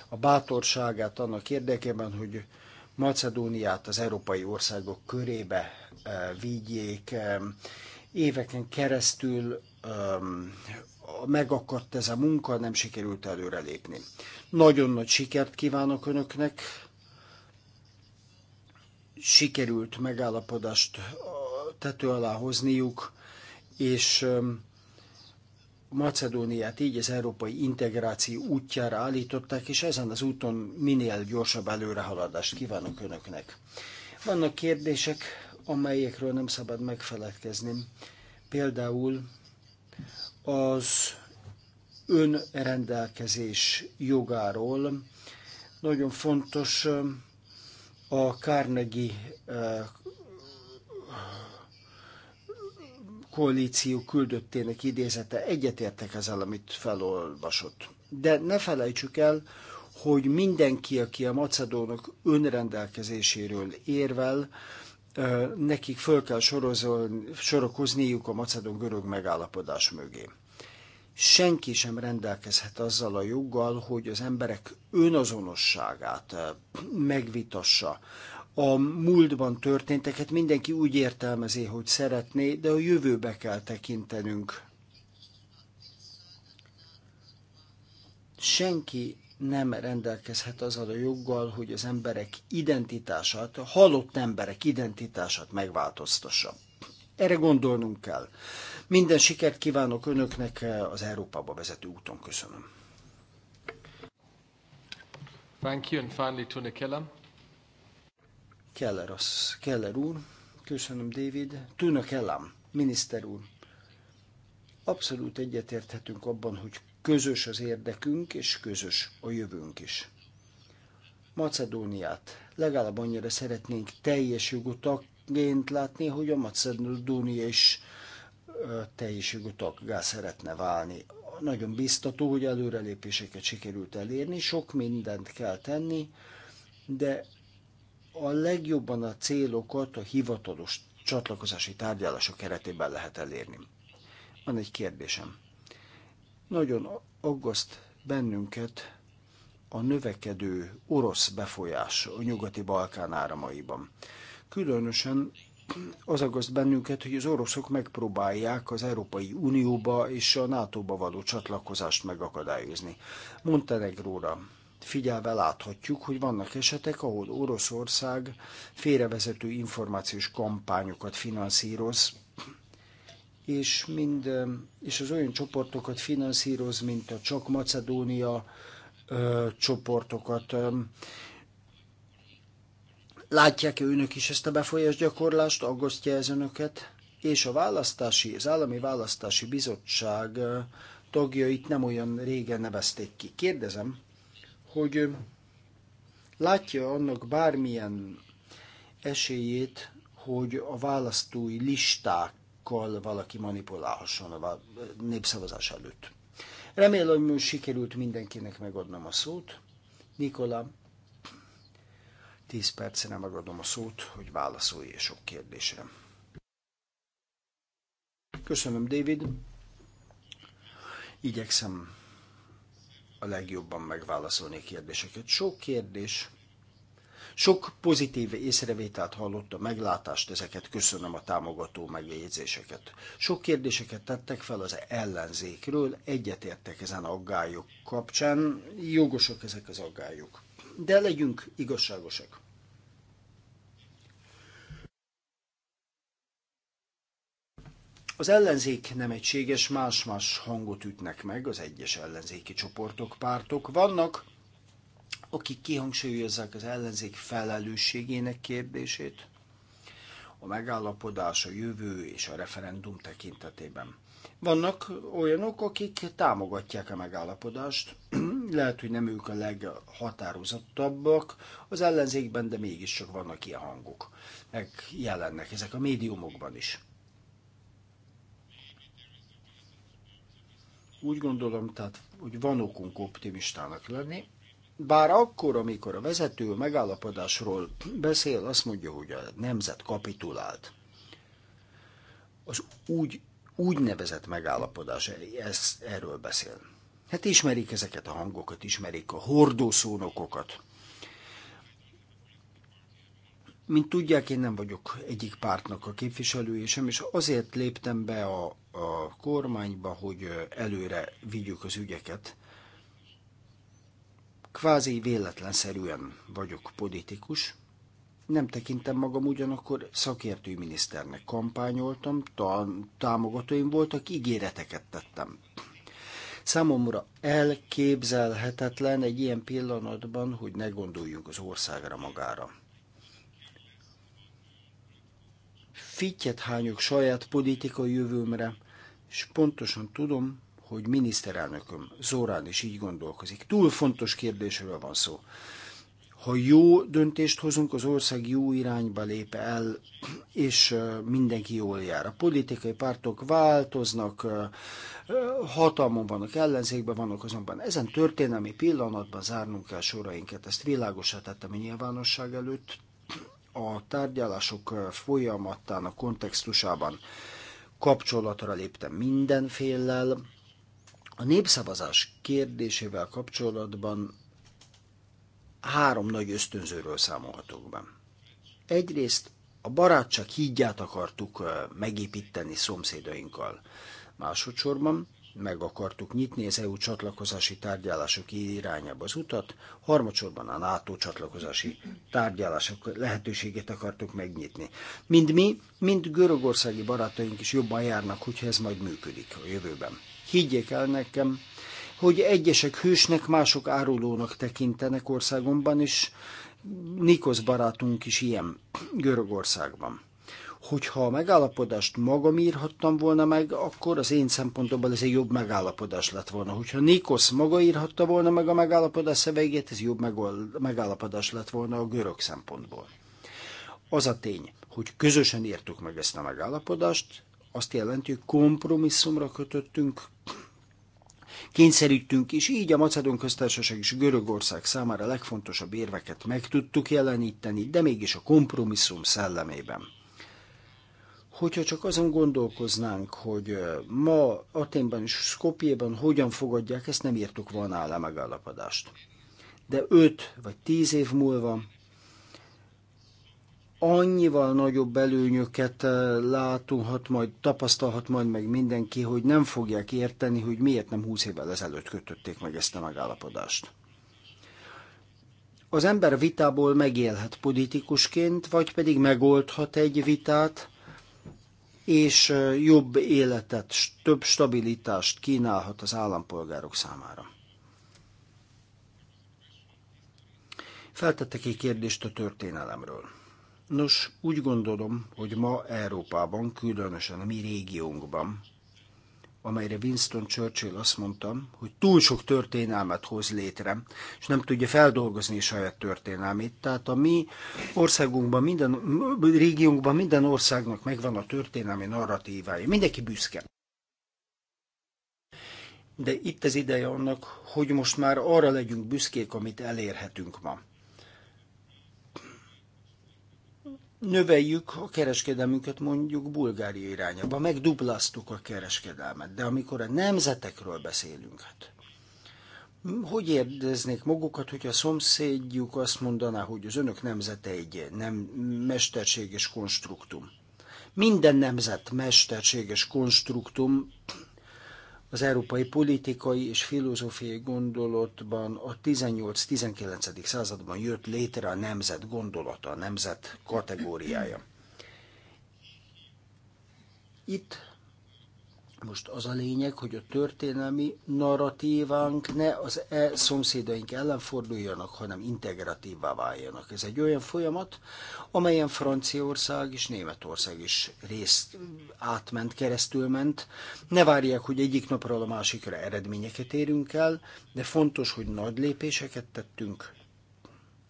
a bátorságát annak érdekében, hogy Macedóniát az európai országok körébe eh, vigyék. Éveken keresztül megakadt ez a munka, nem sikerült előrelépni. Nagyon nagy sikert kívánok Önöknek. Sikerült megállapodást tető alá hozniuk, és Macedóniát így az európai integráció útjára állították, és ezen az úton minél gyorsabb előrehaladást kívánok Önöknek. Vannak kérdések, amelyekről nem szabad megfeledkezni. Például az önrendelkezés jogáról. Nagyon fontos a Carnegie koalíció küldöttének idézete. Egyetértek ezzel, amit felolvasott. De ne felejtsük el, hogy mindenki, aki a macedónok önrendelkezéséről érvel, nekik föl kell sorokozniuk a macedon-görög megállapodás mögé. Senki sem rendelkezhet azzal a joggal, hogy az emberek önazonosságát megvitassa, a múltban történteket mindenki úgy értelmezi, hogy szeretné, de a jövőbe kell tekintenünk. Senki nem rendelkezhet azzal a joggal, hogy az emberek identitását, a halott emberek identitását megváltoztassa. Erre gondolnunk kell. Minden sikert kívánok Önöknek az Európába vezető úton. Köszönöm. Thank you, and finally to Kellam. Keller, az, Keller úr, köszönöm David, Tuna kellam, miniszter úr. Abszolút egyetérthetünk abban, hogy közös az érdekünk, és közös a jövőnk is. Macedóniát legalább annyira szeretnénk teljes jogú tagként látni, hogy a Macedónia is teljes jogú taggá szeretne válni. Nagyon biztató, hogy előrelépéseket sikerült elérni, sok mindent kell tenni, de a legjobban a célokat a hivatalos csatlakozási tárgyalások keretében lehet elérni. Van egy kérdésem. Nagyon aggaszt bennünket a növekedő orosz befolyás a nyugati Balkán áramaiban. Különösen az aggaszt bennünket, hogy az oroszok megpróbálják az Európai Unióba és a NATO-ba való csatlakozást megakadályozni. Montenegróra figyelve láthatjuk, hogy vannak esetek, ahol Oroszország félrevezető információs kampányokat finanszíroz, és, mind, és az olyan csoportokat finanszíroz, mint a Csak Macedónia ö, csoportokat. Ö, Látják-e önök is ezt a gyakorlást? aggasztja ez önöket? És a választási, az Állami Választási Bizottság tagjait nem olyan régen nevezték ki. Kérdezem, hogy látja annak bármilyen esélyét, hogy a választói listákkal valaki manipulálhasson a népszavazás előtt. Remélem, hogy sikerült mindenkinek megadnom a szót. Nikola, 10 percre megadom a szót, hogy válaszolj és sok kérdésre. Köszönöm, David. Igyekszem a legjobban megválaszolni a kérdéseket. Sok kérdés, sok pozitív észrevételt a meglátást, ezeket köszönöm a támogató megjegyzéseket. Sok kérdéseket tettek fel az ellenzékről, egyetértek ezen aggályok kapcsán, jogosak ezek az aggályok. De legyünk igazságosak. Az ellenzék nem egységes, más-más hangot ütnek meg az egyes ellenzéki csoportok, pártok. Vannak, akik kihangsúlyozzák az ellenzék felelősségének kérdését, a megállapodás, a jövő és a referendum tekintetében. Vannak olyanok, akik támogatják a megállapodást, [clears throat] lehet, hogy nem ők a leghatározottabbak az ellenzékben, de mégiscsak vannak ilyen hangok, meg jelennek ezek a médiumokban is. Úgy gondolom, tehát, hogy van okunk optimistának lenni, bár akkor, amikor a vezető megállapodásról beszél, azt mondja, hogy a nemzet kapitulált. Az úgy, úgynevezett megállapodás, e- ez, erről beszél. Hát ismerik ezeket a hangokat, ismerik a hordószónokokat. Mint tudják, én nem vagyok egyik pártnak a képviselője sem, és azért léptem be a, a kormányba, hogy előre vigyük az ügyeket. Kvázi véletlenszerűen vagyok politikus, nem tekintem magam ugyanakkor szakértői miniszternek. Kampányoltam, támogatóim voltak, ígéreteket tettem. Számomra elképzelhetetlen egy ilyen pillanatban, hogy ne gondoljunk az országra magára. fittyet hányok saját politikai jövőmre, és pontosan tudom, hogy miniszterelnököm Zórán is így gondolkozik. Túl fontos kérdésről van szó. Ha jó döntést hozunk, az ország jó irányba lép el, és mindenki jól jár. A politikai pártok változnak, hatalmon vannak, ellenzékben vannak, azonban ezen történelmi pillanatban zárnunk kell sorainkat. Ezt világosá tettem a nyilvánosság előtt, a tárgyalások a kontextusában kapcsolatra léptem mindenféllel. A népszavazás kérdésével kapcsolatban három nagy ösztönzőről számolhatok be. Egyrészt a barátság hídját akartuk megépíteni szomszédainkkal. Másodszorban meg akartuk nyitni az EU csatlakozási tárgyalások irányába az utat, harmadsorban a NATO csatlakozási tárgyalások lehetőségét akartuk megnyitni. Mind mi, mind görögországi barátaink is jobban járnak, hogyha ez majd működik a jövőben. Higgyék el nekem, hogy egyesek hősnek, mások árulónak tekintenek országomban, és Nikos barátunk is ilyen Görögországban. Hogyha a megállapodást magam írhattam volna meg, akkor az én szempontomból ez egy jobb megállapodás lett volna. Hogyha Nikos maga írhatta volna meg a megállapodás szövegét, ez jobb megállapodás lett volna a görög szempontból. Az a tény, hogy közösen írtuk meg ezt a megállapodást, azt jelenti, hogy kompromisszumra kötöttünk, kényszerítünk, és így a Macedon köztársaság és Görögország számára legfontosabb érveket meg tudtuk jeleníteni, de mégis a kompromisszum szellemében. Hogyha csak azon gondolkoznánk, hogy ma Aténban és Skopjében hogyan fogadják, ezt nem írtuk volna a megállapodást. De öt vagy tíz év múlva annyival nagyobb előnyöket látunk, majd, tapasztalhat majd meg mindenki, hogy nem fogják érteni, hogy miért nem húsz évvel ezelőtt kötötték meg ezt a megállapodást. Az ember vitából megélhet politikusként, vagy pedig megoldhat egy vitát, és jobb életet, több stabilitást kínálhat az állampolgárok számára. Feltettek egy kérdést a történelemről. Nos, úgy gondolom, hogy ma Európában, különösen a mi régiónkban, amelyre Winston Churchill azt mondta, hogy túl sok történelmet hoz létre, és nem tudja feldolgozni a saját történelmét. Tehát a mi országunkban, minden régiónkban, minden országnak megvan a történelmi narratívája. Mindenki büszke. De itt az ideje annak, hogy most már arra legyünk büszkék, amit elérhetünk ma. növeljük a kereskedelmünket mondjuk Bulgária irányába, megdupláztuk a kereskedelmet, de amikor a nemzetekről beszélünk, hát hogy érdeznék magukat, hogy a szomszédjuk azt mondaná, hogy az önök nemzete egy nem mesterséges konstruktum. Minden nemzet mesterséges konstruktum, az európai politikai és filozófiai gondolatban a 18-19. században jött létre a nemzet gondolata, a nemzet kategóriája. Itt most az a lényeg, hogy a történelmi narratívánk ne az e szomszédaink ellen forduljanak, hanem integratívvá váljanak. Ez egy olyan folyamat, amelyen Franciaország és Németország is részt átment, keresztül ment. Ne várják, hogy egyik napról a másikra eredményeket érünk el, de fontos, hogy nagy lépéseket tettünk,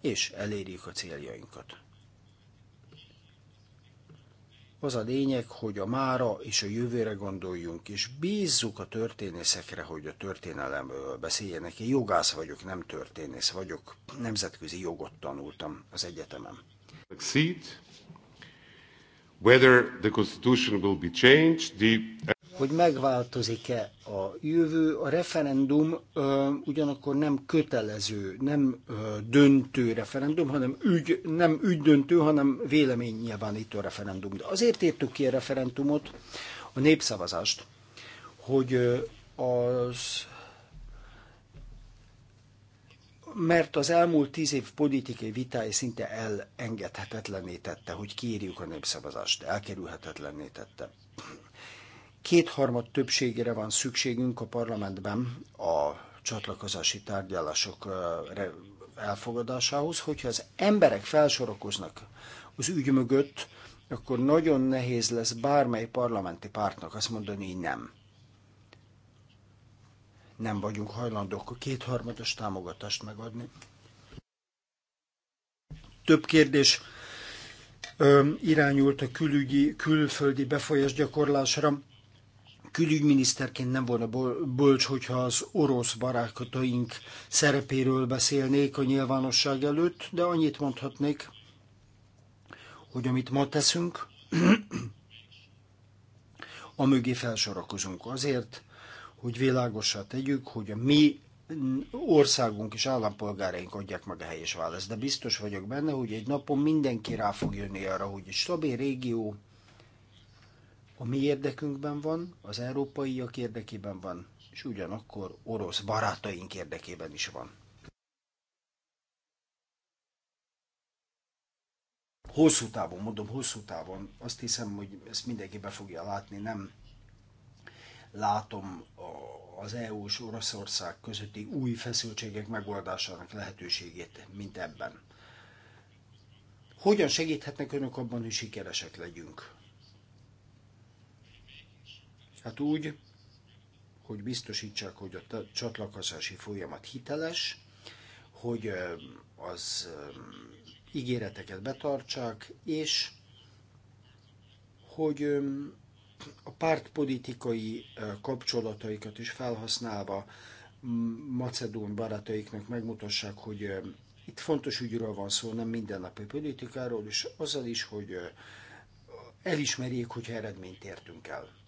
és elérjük a céljainkat. Az a lényeg, hogy a mára és a jövőre gondoljunk, és bízzuk a történészekre, hogy a történelemről beszéljenek. Én jogász vagyok, nem történész vagyok. Nemzetközi jogot tanultam az egyetemen. Whether the constitution will be changed, the hogy megváltozik-e a jövő. A referendum ö, ugyanakkor nem kötelező, nem ö, döntő referendum, hanem ügy, nem ügydöntő, hanem nyilvánító referendum. De azért írtuk ki a referendumot, a népszavazást, hogy az mert az elmúlt tíz év politikai vitája szinte elengedhetetlenné tette, hogy kiírjuk a népszavazást, elkerülhetetlenné tette kétharmad többségére van szükségünk a parlamentben a csatlakozási tárgyalások elfogadásához, hogyha az emberek felsorokoznak az ügy mögött, akkor nagyon nehéz lesz bármely parlamenti pártnak azt mondani, hogy nem. Nem vagyunk hajlandók a kétharmados támogatást megadni. Több kérdés irányult a külügyi, külföldi befolyás gyakorlásra külügyminiszterként nem volna bölcs, hogyha az orosz barátaink szerepéről beszélnék a nyilvánosság előtt, de annyit mondhatnék, hogy amit ma teszünk, [clears throat] a mögé felsorakozunk azért, hogy világosá tegyük, hogy a mi országunk és állampolgáraink adják meg a helyes választ. De biztos vagyok benne, hogy egy napon mindenki rá fog jönni arra, hogy egy stabil régió, a mi érdekünkben van, az európaiak érdekében van, és ugyanakkor orosz barátaink érdekében is van. Hosszú távon, mondom, hosszú távon, azt hiszem, hogy ezt mindenki be fogja látni, nem látom az EU és Oroszország közötti új feszültségek megoldásának lehetőségét, mint ebben. Hogyan segíthetnek önök abban, hogy sikeresek legyünk? Hát úgy, hogy biztosítsák, hogy a csatlakozási folyamat hiteles, hogy az ígéreteket betartsák, és hogy a pártpolitikai kapcsolataikat is felhasználva macedón barátaiknak megmutassák, hogy itt fontos ügyről van szó, nem mindennapi politikáról, és azzal is, hogy elismerjék, hogy eredményt értünk el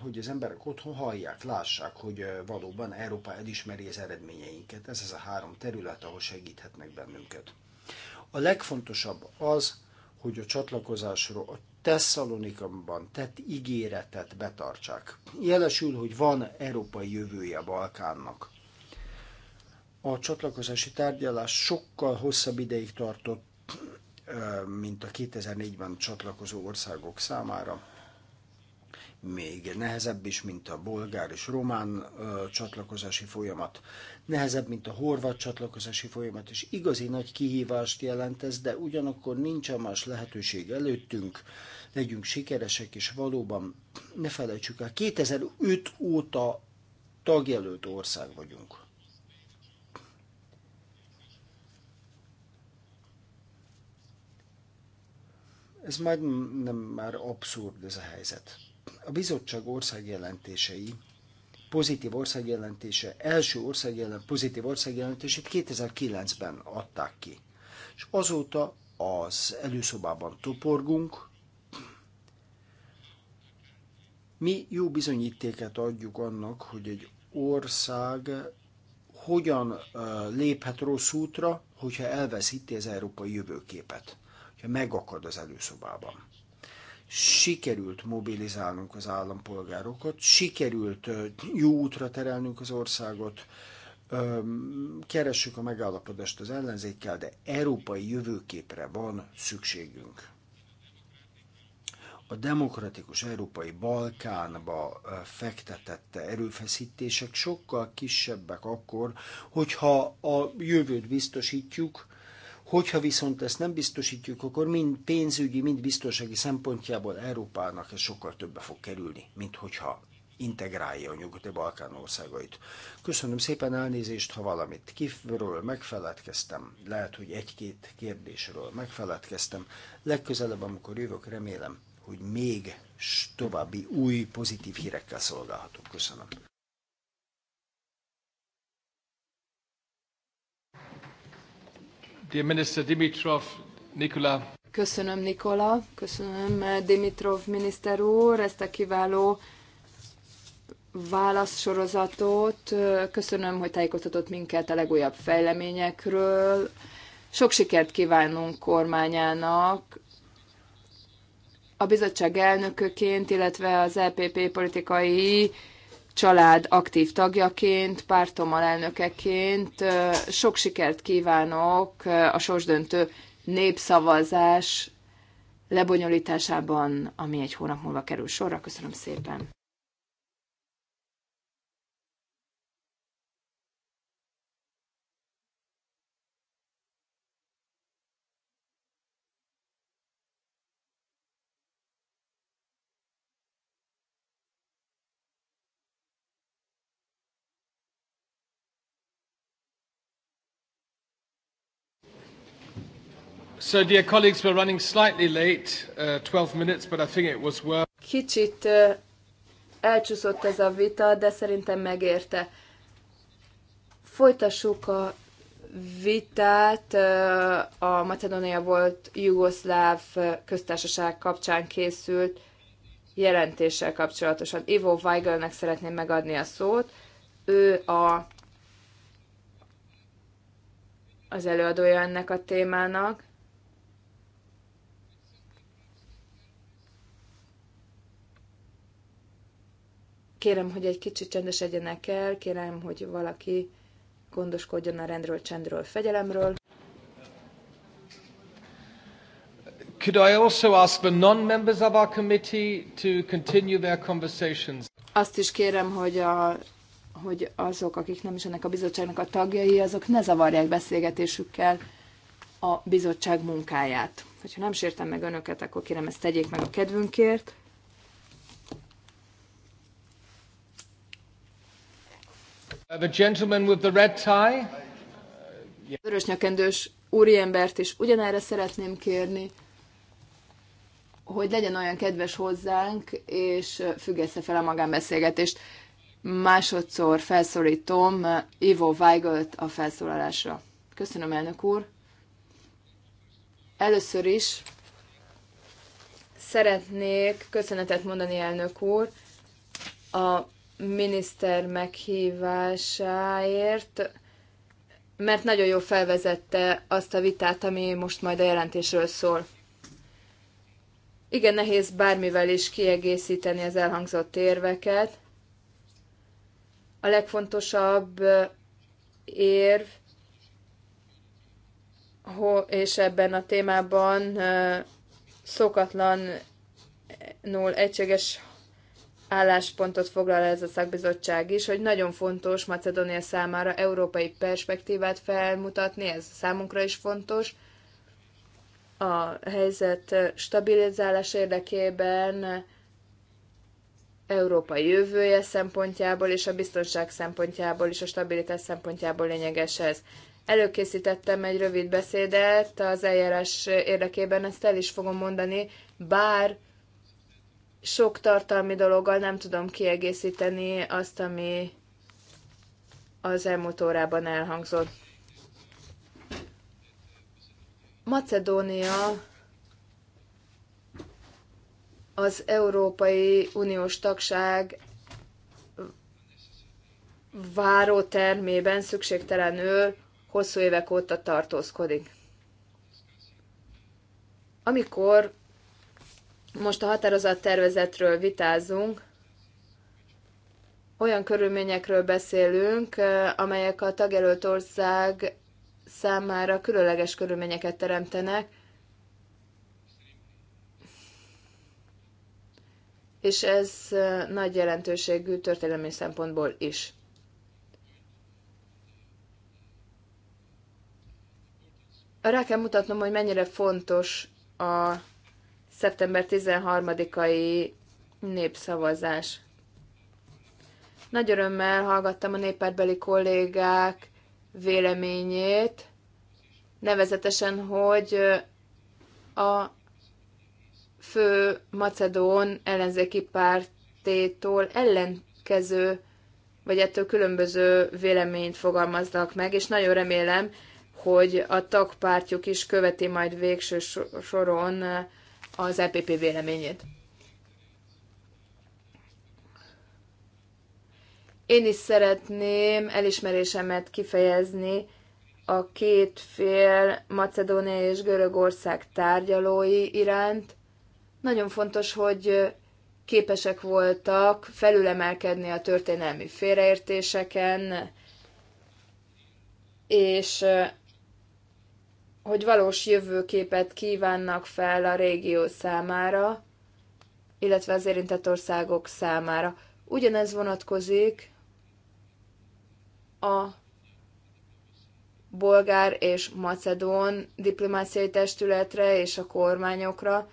hogy az emberek otthon hallják, lássák, hogy valóban Európa elismeri az eredményeinket. Ez az a három terület, ahol segíthetnek bennünket. A legfontosabb az, hogy a csatlakozásról a Tesszalonikamban tett ígéretet betartsák. Jelesül, hogy van európai jövője a Balkánnak. A csatlakozási tárgyalás sokkal hosszabb ideig tartott, mint a 2004-ben csatlakozó országok számára még nehezebb is, mint a bolgár és román ö, csatlakozási folyamat, nehezebb, mint a horvát csatlakozási folyamat, és igazi nagy kihívást jelent ez, de ugyanakkor nincs más lehetőség előttünk, legyünk sikeresek, és valóban ne felejtsük el, 2005 óta tagjelölt ország vagyunk. ez már nem már abszurd ez a helyzet. A bizottság országjelentései, pozitív országjelentése, első országjelent pozitív országjelentését 2009-ben adták ki. És azóta az előszobában toporgunk, mi jó bizonyítéket adjuk annak, hogy egy ország hogyan léphet rossz útra, hogyha elveszíti az európai jövőképet, hogyha megakad az előszobában sikerült mobilizálnunk az állampolgárokat, sikerült jó útra terelnünk az országot, keressük a megállapodást az ellenzékkel, de európai jövőképre van szükségünk. A demokratikus európai Balkánba fektetette erőfeszítések sokkal kisebbek akkor, hogyha a jövőt biztosítjuk, Hogyha viszont ezt nem biztosítjuk, akkor mind pénzügyi, mind biztonsági szempontjából Európának ez sokkal többe fog kerülni, mint hogyha integrálja a nyugati Balkán országait. Köszönöm szépen elnézést, ha valamit kifről megfeledkeztem, lehet, hogy egy-két kérdésről megfeledkeztem. Legközelebb, amikor jövök, remélem, hogy még további új pozitív hírekkel szolgálhatok. Köszönöm. Dear Minister Dimitrov, Nikola. Köszönöm, Nikola, köszönöm, Dimitrov miniszter úr, ezt a kiváló válaszsorozatot. Köszönöm, hogy tájékoztatott minket a legújabb fejleményekről. Sok sikert kívánunk kormányának. A bizottság elnököként, illetve az EPP politikai család aktív tagjaként, pártom alelnökeként sok sikert kívánok a sorsdöntő népszavazás lebonyolításában, ami egy hónap múlva kerül sorra. Köszönöm szépen! So, dear colleagues, we're running slightly late, uh, 12 minutes, but I think it was worth... Kicsit uh, elcsúszott ez a vita, de szerintem megérte. Folytassuk a vitát uh, a Macedónia volt Jugoszláv uh, köztársaság kapcsán készült jelentéssel kapcsolatosan. Ivo Weigelnek szeretném megadni a szót. Ő a az előadója ennek a témának. Kérem, hogy egy kicsit csendesedjenek el, kérem, hogy valaki gondoskodjon a rendről, csendről, fegyelemről. Could I also ask the non-members of our committee to continue their conversations? Azt is kérem, hogy, a, hogy azok, akik nem is ennek a bizottságnak a tagjai, azok ne zavarják beszélgetésükkel a bizottság munkáját. Hogyha nem sértem meg önöket, akkor kérem ezt tegyék meg a kedvünkért. Uh, uh, Vörös nyakendős úriembert is ugyanerre szeretném kérni, hogy legyen olyan kedves hozzánk, és uh, függesse fel a magánbeszélgetést. Másodszor felszólítom Ivo Weigelt a felszólalásra. Köszönöm, elnök úr. Először is szeretnék köszönetet mondani, elnök úr, a miniszter meghívásáért, mert nagyon jól felvezette azt a vitát, ami most majd a jelentésről szól. Igen, nehéz bármivel is kiegészíteni az elhangzott érveket. A legfontosabb érv, és ebben a témában szokatlanul egységes álláspontot foglal ez a szakbizottság is, hogy nagyon fontos Macedónia számára európai perspektívát felmutatni, ez számunkra is fontos. A helyzet stabilizálás érdekében, európai jövője szempontjából és a biztonság szempontjából és a stabilitás szempontjából lényeges ez. Előkészítettem egy rövid beszédet az eljárás érdekében, ezt el is fogom mondani, bár sok tartalmi dologgal nem tudom kiegészíteni azt, ami az elmúlt órában elhangzott. Macedónia az Európai Uniós tagság váró termében szükségtelenül hosszú évek óta tartózkodik. Amikor most a határozattervezetről vitázunk, olyan körülményekről beszélünk, amelyek a tagjelölt ország számára különleges körülményeket teremtenek, és ez nagy jelentőségű történelmi szempontból is. Rá kell mutatnom, hogy mennyire fontos a szeptember 13-ai népszavazás. Nagy örömmel hallgattam a néppártbeli kollégák véleményét, nevezetesen, hogy a fő macedón ellenzéki pártétól ellenkező, vagy ettől különböző véleményt fogalmaznak meg, és nagyon remélem, hogy a tagpártjuk is követi majd végső soron az EPP véleményét. Én is szeretném elismerésemet kifejezni a két fél Macedónia és Görögország tárgyalói iránt. Nagyon fontos, hogy képesek voltak felülemelkedni a történelmi félreértéseken, és hogy valós jövőképet kívánnak fel a régió számára, illetve az érintett országok számára. Ugyanez vonatkozik a bolgár és macedón diplomáciai testületre és a kormányokra.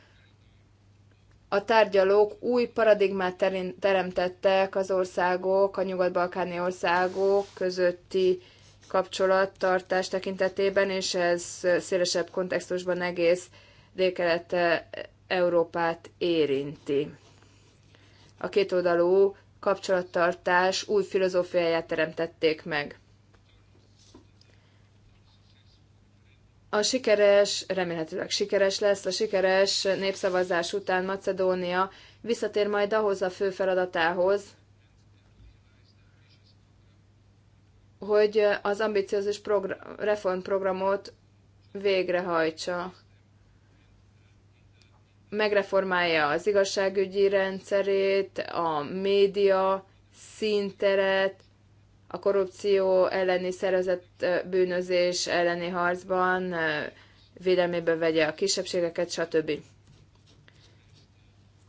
A tárgyalók új paradigmát teremtettek az országok, a nyugat-balkáni országok közötti kapcsolattartás tekintetében, és ez szélesebb kontextusban egész délkelet Európát érinti. A kétoldalú kapcsolattartás új filozófiáját teremtették meg. A sikeres, remélhetőleg sikeres lesz, a sikeres népszavazás után Macedónia visszatér majd ahhoz a fő feladatához, hogy az ambiciózus program, reformprogramot végrehajtsa. Megreformálja az igazságügyi rendszerét, a média szinteret, a korrupció elleni szervezett bűnözés elleni harcban, védelmébe vegye a kisebbségeket, stb.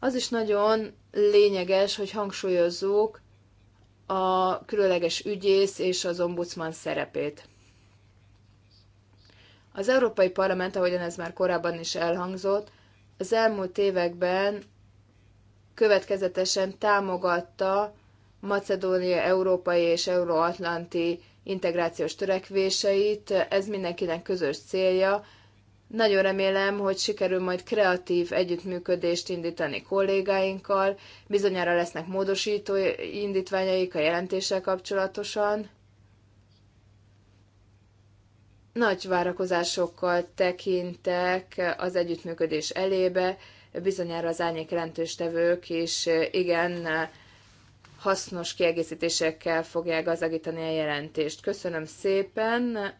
Az is nagyon lényeges, hogy hangsúlyozzuk, a különleges ügyész és az ombudsman szerepét. Az Európai Parlament, ahogyan ez már korábban is elhangzott, az elmúlt években következetesen támogatta Macedónia európai és euróatlanti integrációs törekvéseit. Ez mindenkinek közös célja, nagyon remélem, hogy sikerül majd kreatív együttműködést indítani kollégáinkkal, bizonyára lesznek módosító indítványaik a jelentéssel kapcsolatosan. Nagy várakozásokkal tekintek az együttműködés elébe, bizonyára az árnyék jelentőstevők is igen hasznos kiegészítésekkel fogják gazdagítani a jelentést. Köszönöm szépen!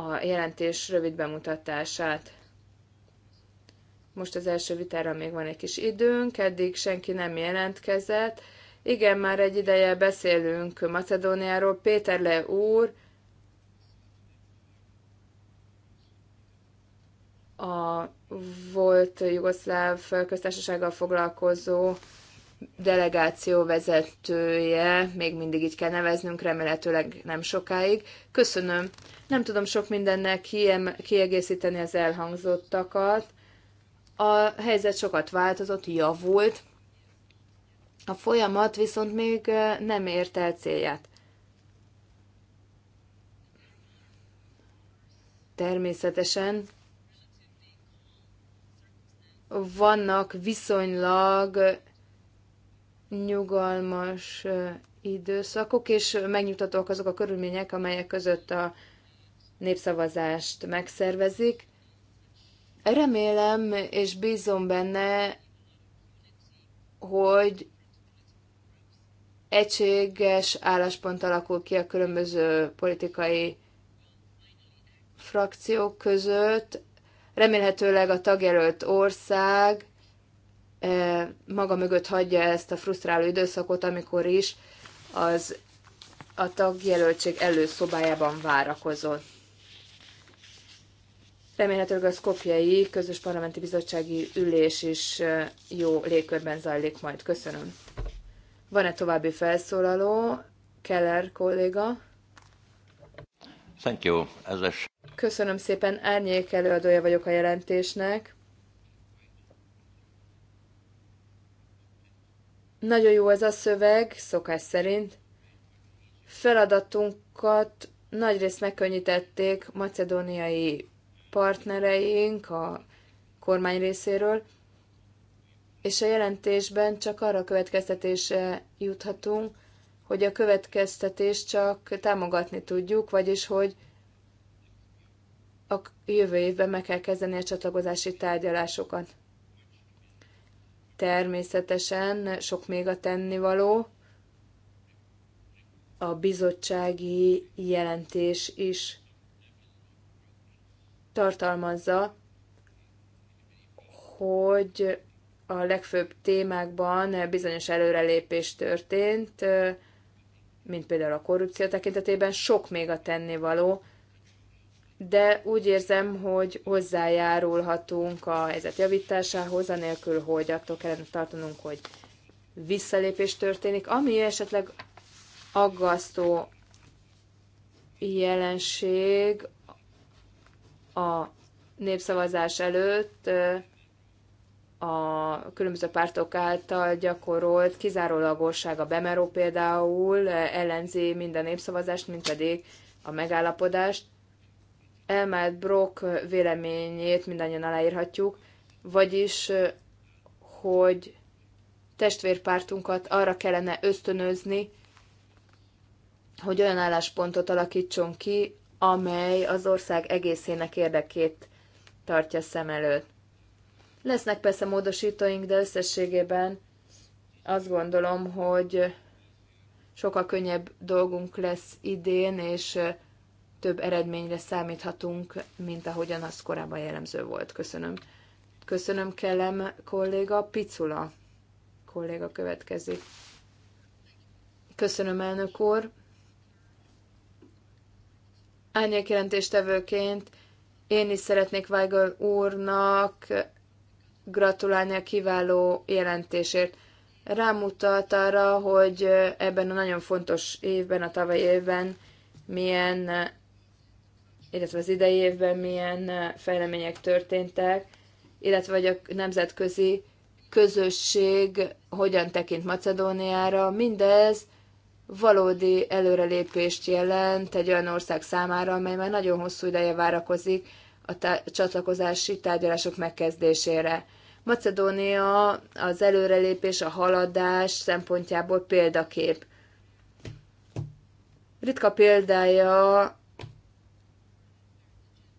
a jelentés rövid bemutatását. Most az első vitára még van egy kis időnk, eddig senki nem jelentkezett. Igen, már egy ideje beszélünk Macedóniáról. Péter Le úr, a volt jugoszláv köztársasággal foglalkozó delegáció vezetője, még mindig így kell neveznünk, remélhetőleg nem sokáig. Köszönöm. Nem tudom sok mindennel kiegészíteni az elhangzottakat. A helyzet sokat változott, javult, a folyamat viszont még nem ért el célját. Természetesen vannak viszonylag nyugalmas időszakok, és megnyugtatóak azok a körülmények, amelyek között a népszavazást megszervezik. Remélem és bízom benne, hogy egységes álláspont alakul ki a különböző politikai frakciók között. Remélhetőleg a tagjelölt ország maga mögött hagyja ezt a frusztráló időszakot, amikor is az a tagjelöltség előszobájában várakozott. Remélhetőleg a Skopjai Közös Parlamenti Bizottsági Ülés is jó légkörben zajlik majd. Köszönöm. Van-e további felszólaló? Keller kolléga. Thank you. Ez Köszönöm szépen. Árnyék előadója vagyok a jelentésnek. Nagyon jó ez a szöveg, szokás szerint. Feladatunkat nagyrészt megkönnyítették macedóniai partnereink a kormány részéről, és a jelentésben csak arra következtetése juthatunk, hogy a következtetést csak támogatni tudjuk, vagyis hogy a jövő évben meg kell kezdeni a csatlakozási tárgyalásokat. Természetesen sok még a tennivaló. A bizottsági jelentés is tartalmazza, hogy a legfőbb témákban bizonyos előrelépés történt, mint például a korrupció tekintetében, sok még a tennivaló, de úgy érzem, hogy hozzájárulhatunk a helyzet javításához, anélkül, hogy attól kellene tartanunk, hogy visszalépés történik. Ami esetleg aggasztó jelenség a népszavazás előtt a különböző pártok által gyakorolt kizárólagosság a Bemeró például ellenzi minden a népszavazást, mint pedig a megállapodást, Elmát Brock véleményét mindannyian aláírhatjuk, vagyis, hogy testvérpártunkat arra kellene ösztönözni, hogy olyan álláspontot alakítson ki, amely az ország egészének érdekét tartja szem előtt. Lesznek persze módosítóink, de összességében azt gondolom, hogy sokkal könnyebb dolgunk lesz idén, és több eredményre számíthatunk, mint ahogyan az korábban jellemző volt. Köszönöm. Köszönöm, Kellem kolléga. Picula kolléga következik. Köszönöm, elnök úr. Ányék jelentéstevőként én is szeretnék Weigel úrnak gratulálni a kiváló jelentésért. Rámutat arra, hogy ebben a nagyon fontos évben, a tavalyi évben milyen illetve az idei évben milyen eh, fejlemények történtek, illetve hogy a nemzetközi közösség hogyan tekint Macedóniára, mindez valódi előrelépést jelent egy olyan ország számára, amely már nagyon hosszú ideje várakozik a tá- csatlakozási tárgyalások megkezdésére. Macedónia az előrelépés, a haladás szempontjából példakép. Ritka példája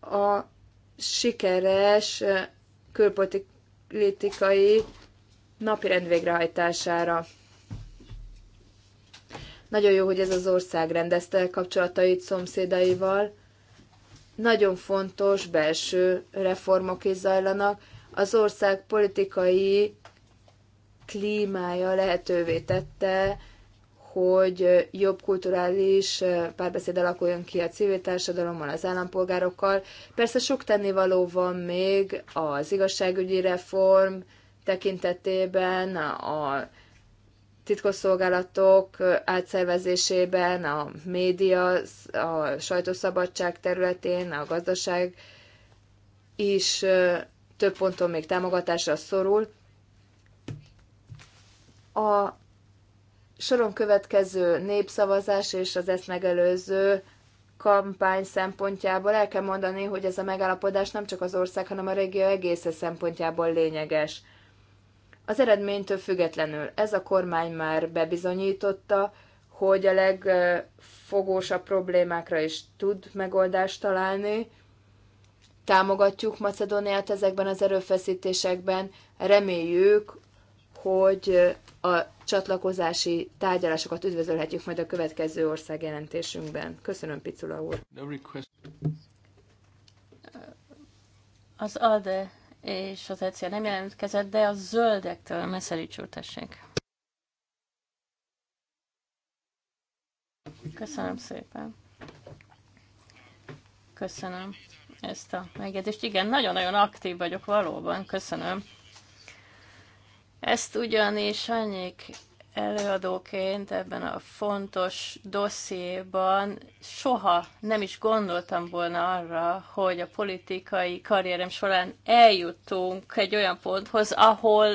a sikeres külpolitikai napirend végrehajtására. Nagyon jó, hogy ez az ország rendezte kapcsolatait szomszédaival. Nagyon fontos belső reformok is zajlanak. Az ország politikai klímája lehetővé tette hogy jobb kulturális párbeszéd alakuljon ki a civil társadalommal, az állampolgárokkal. Persze sok tennivaló van még az igazságügyi reform tekintetében, a titkosszolgálatok átszervezésében, a média, a sajtószabadság területén, a gazdaság is több ponton még támogatásra szorul. A soron következő népszavazás és az ezt megelőző kampány szempontjából el kell mondani, hogy ez a megállapodás nem csak az ország, hanem a régió egésze szempontjából lényeges. Az eredménytől függetlenül ez a kormány már bebizonyította, hogy a legfogósabb problémákra is tud megoldást találni. Támogatjuk Macedóniát ezekben az erőfeszítésekben, reméljük, hogy a csatlakozási tárgyalásokat üdvözölhetjük majd a következő ország jelentésünkben. Köszönöm, Picula úr. Uh, az ALDE és az ECIA e nem jelentkezett, de a zöldektől Meszelics csúrtessék. Köszönöm szépen. Köszönöm ezt a megjegyzést. Igen, nagyon-nagyon aktív vagyok valóban, köszönöm ezt ugyanis annyik előadóként ebben a fontos dossziéban soha nem is gondoltam volna arra, hogy a politikai karrierem során eljutunk egy olyan ponthoz, ahol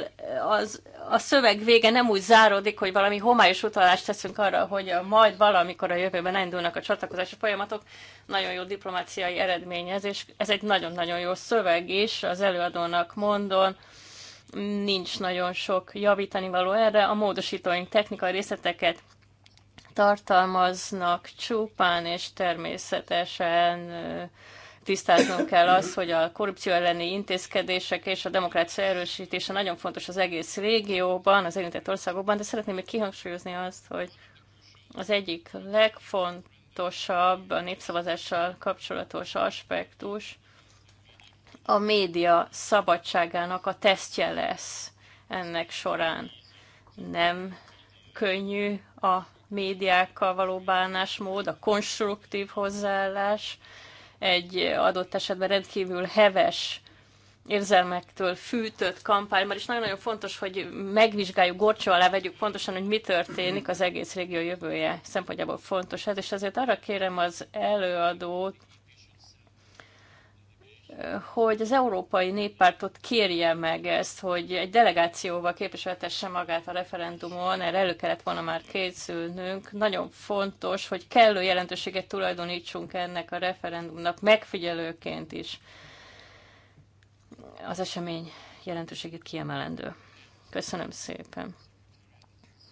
az, a szöveg vége nem úgy záródik, hogy valami homályos utalást teszünk arra, hogy a, majd valamikor a jövőben indulnak a csatlakozási folyamatok. Nagyon jó diplomáciai eredmény ez, és ez egy nagyon-nagyon jó szöveg is, az előadónak mondom nincs nagyon sok javítani való erre. A módosítóink technikai részleteket tartalmaznak csupán, és természetesen tisztáznunk kell az, hogy a korrupció elleni intézkedések és a demokrácia erősítése nagyon fontos az egész régióban, az érintett országokban, de szeretném még kihangsúlyozni azt, hogy az egyik legfontosabb a népszavazással kapcsolatos aspektus a média szabadságának a tesztje lesz ennek során. Nem könnyű a médiákkal való bánásmód, a konstruktív hozzáállás egy adott esetben rendkívül heves érzelmektől fűtött kampányban, és nagyon-nagyon fontos, hogy megvizsgáljuk, gorcsó alá vegyük pontosan, hogy mi történik az egész régió jövője szempontjából fontos ez, és azért arra kérem az előadót, hogy az Európai Néppártot kérje meg ezt, hogy egy delegációval képviseltesse magát a referendumon, erre elő kellett volna már készülnünk. Nagyon fontos, hogy kellő jelentőséget tulajdonítsunk ennek a referendumnak megfigyelőként is. Az esemény jelentőségét kiemelendő. Köszönöm szépen.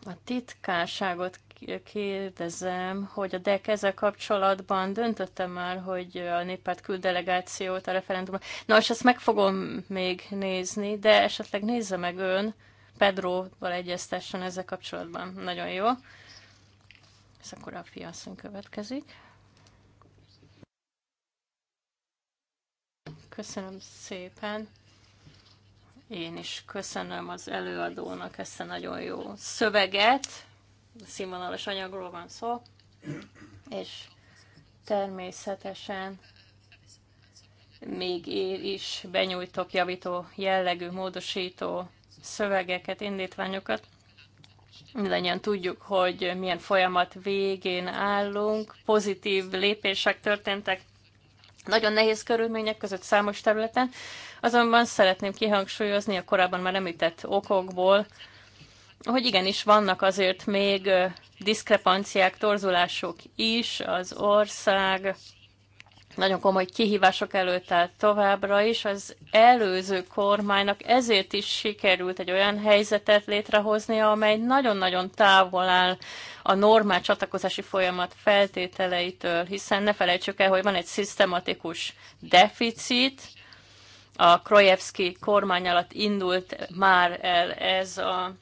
A titkárságot kérdezem, hogy a DEC ezzel kapcsolatban döntöttem már, hogy a néppárt küld delegációt a referendumra. Nos, ezt meg fogom még nézni, de esetleg nézze meg ön, Pedroval egyeztessen ezzel kapcsolatban. Nagyon jó. És akkor a fiasszony következik. Köszönöm szépen. Én is köszönöm az előadónak ezt a nagyon jó szöveget színvonalas anyagról van szó, és természetesen még én is benyújtok javító jellegű, módosító szövegeket, indítványokat. Mindannyian tudjuk, hogy milyen folyamat végén állunk, pozitív lépések történtek nagyon nehéz körülmények között számos területen, azonban szeretném kihangsúlyozni a korábban már említett okokból, hogy igenis vannak azért még diszkrepanciák, torzulások is, az ország nagyon komoly kihívások előtt áll továbbra is. Az előző kormánynak ezért is sikerült egy olyan helyzetet létrehoznia, amely nagyon-nagyon távol áll a normál csatlakozási folyamat feltételeitől, hiszen ne felejtsük el, hogy van egy szisztematikus deficit, a Krojevski kormány alatt indult már el ez a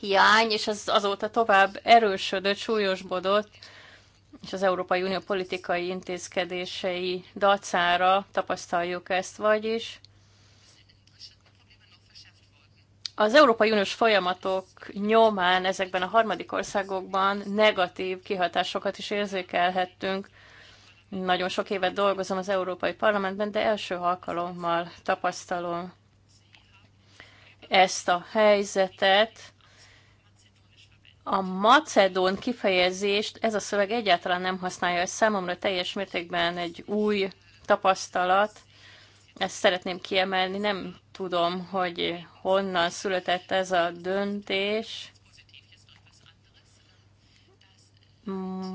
hiány, és ez azóta tovább erősödött, súlyosbodott, és az Európai Unió politikai intézkedései dacára tapasztaljuk ezt, vagyis az Európai Uniós folyamatok nyomán ezekben a harmadik országokban negatív kihatásokat is érzékelhettünk. Nagyon sok évet dolgozom az Európai Parlamentben, de első alkalommal tapasztalom ezt a helyzetet, a macedón kifejezést ez a szöveg egyáltalán nem használja, ez számomra teljes mértékben egy új tapasztalat, ezt szeretném kiemelni, nem tudom, hogy honnan született ez a döntés.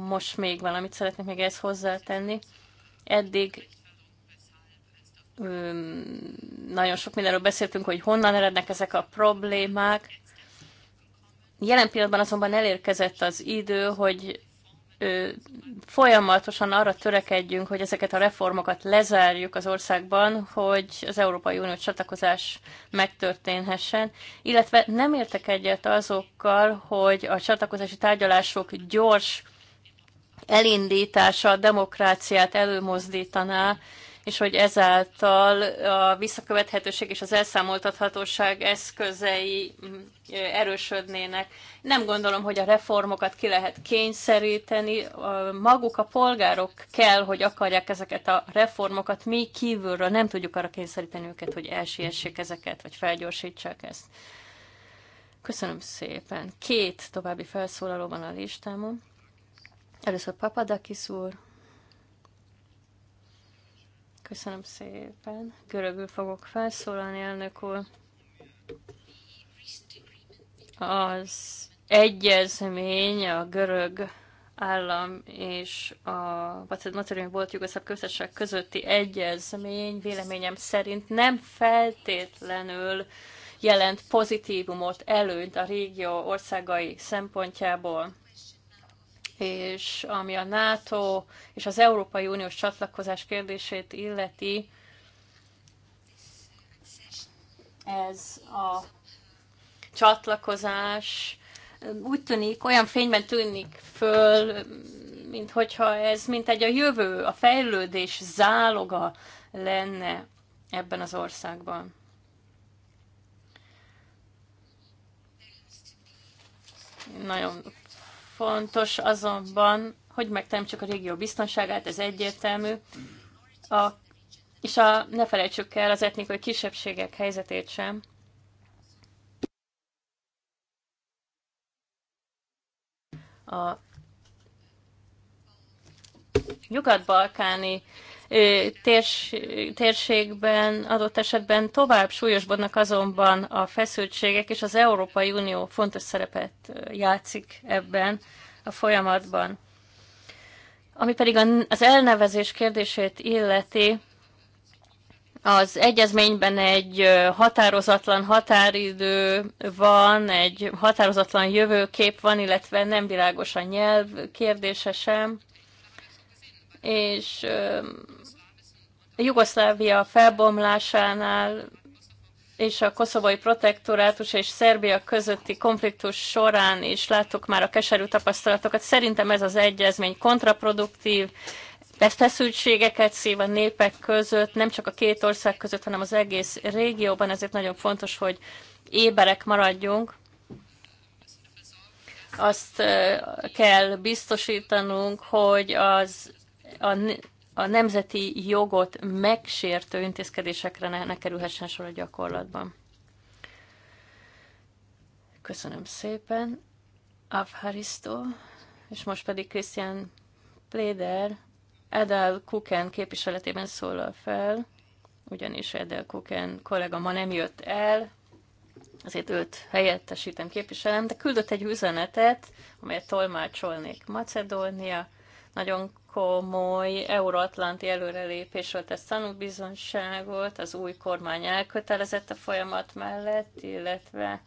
Most még valamit szeretnék még ezt hozzátenni. Eddig nagyon sok mindenről beszéltünk, hogy honnan erednek ezek a problémák, Jelen pillanatban azonban elérkezett az idő, hogy folyamatosan arra törekedjünk, hogy ezeket a reformokat lezárjuk az országban, hogy az Európai Unió csatlakozás megtörténhessen, illetve nem értek egyet azokkal, hogy a csatlakozási tárgyalások gyors elindítása a demokráciát előmozdítaná, és hogy ezáltal a visszakövethetőség és az elszámoltathatóság eszközei mm, erősödnének. Nem gondolom, hogy a reformokat ki lehet kényszeríteni. Maguk a polgárok kell, hogy akarják ezeket a reformokat, mi kívülről nem tudjuk arra kényszeríteni őket, hogy elsiessék ezeket, vagy felgyorsítsák ezt. Köszönöm szépen. Két további felszólaló van a listámon. Először Papadakis úr, Köszönöm szépen. Görögül fogok felszólalni, elnök úr. Az egyezmény a görög állam és a Macedonia volt Jugoszláv Köztársaság közötti egyezmény véleményem szerint nem feltétlenül jelent pozitívumot, előnyt a régió országai szempontjából és ami a NATO és az Európai Uniós csatlakozás kérdését illeti, ez a csatlakozás úgy tűnik, olyan fényben tűnik föl, mint hogyha ez mint egy a jövő, a fejlődés záloga lenne ebben az országban. Nagyon Fontos azonban, hogy megteremtsük a régió biztonságát, ez egyértelmű. A, és a, ne felejtsük el az etnikai kisebbségek helyzetét sem. A nyugat-balkáni térs, térségben adott esetben tovább súlyosbodnak azonban a feszültségek, és az Európai Unió fontos szerepet játszik ebben a folyamatban. Ami pedig az elnevezés kérdését illeti, az egyezményben egy határozatlan határidő van, egy határozatlan jövőkép van, illetve nem világos a nyelv kérdése sem és Jugoszlávia felbomlásánál és a koszovói protektorátus és Szerbia közötti konfliktus során is láttuk már a keserű tapasztalatokat. Szerintem ez az egyezmény kontraproduktív, ez feszültségeket szív a népek között, nem csak a két ország között, hanem az egész régióban, ezért nagyon fontos, hogy éberek maradjunk. Azt kell biztosítanunk, hogy az a, a nemzeti jogot megsértő intézkedésekre ne, ne kerülhessen sor a gyakorlatban. Köszönöm szépen. Avharisto, és most pedig Christian Pléder Edel Kuken képviseletében szólal fel, ugyanis Edel Kuken kollega ma nem jött el, azért őt helyettesítem, képviselem, de küldött egy üzenetet, amelyet tolmácsolnék. Macedónia nagyon komoly euróatlanti előrelépésről tesz tanúbizonságot, az új kormány elkötelezett a folyamat mellett, illetve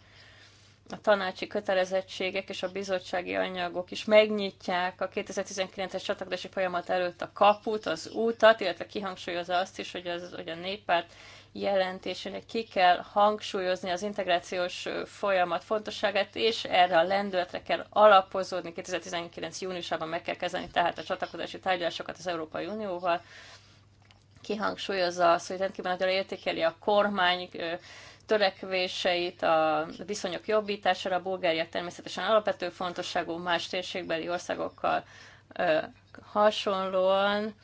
a tanácsi kötelezettségek és a bizottsági anyagok is megnyitják a 2019-es csatlakozási folyamat előtt a kaput, az útat, illetve kihangsúlyozza azt is, hogy, az, hogy a néppárt jelentésének ki kell hangsúlyozni az integrációs folyamat fontosságát, és erre a lendületre kell alapozódni. 2019. júniusában meg kell kezdeni tehát a csatlakozási tárgyalásokat az Európai Unióval. Kihangsúlyozza azt, hogy rendkívül nagyon értékeli a kormány törekvéseit, a viszonyok jobbítására. A Bulgária természetesen alapvető fontosságú más térségbeli országokkal hasonlóan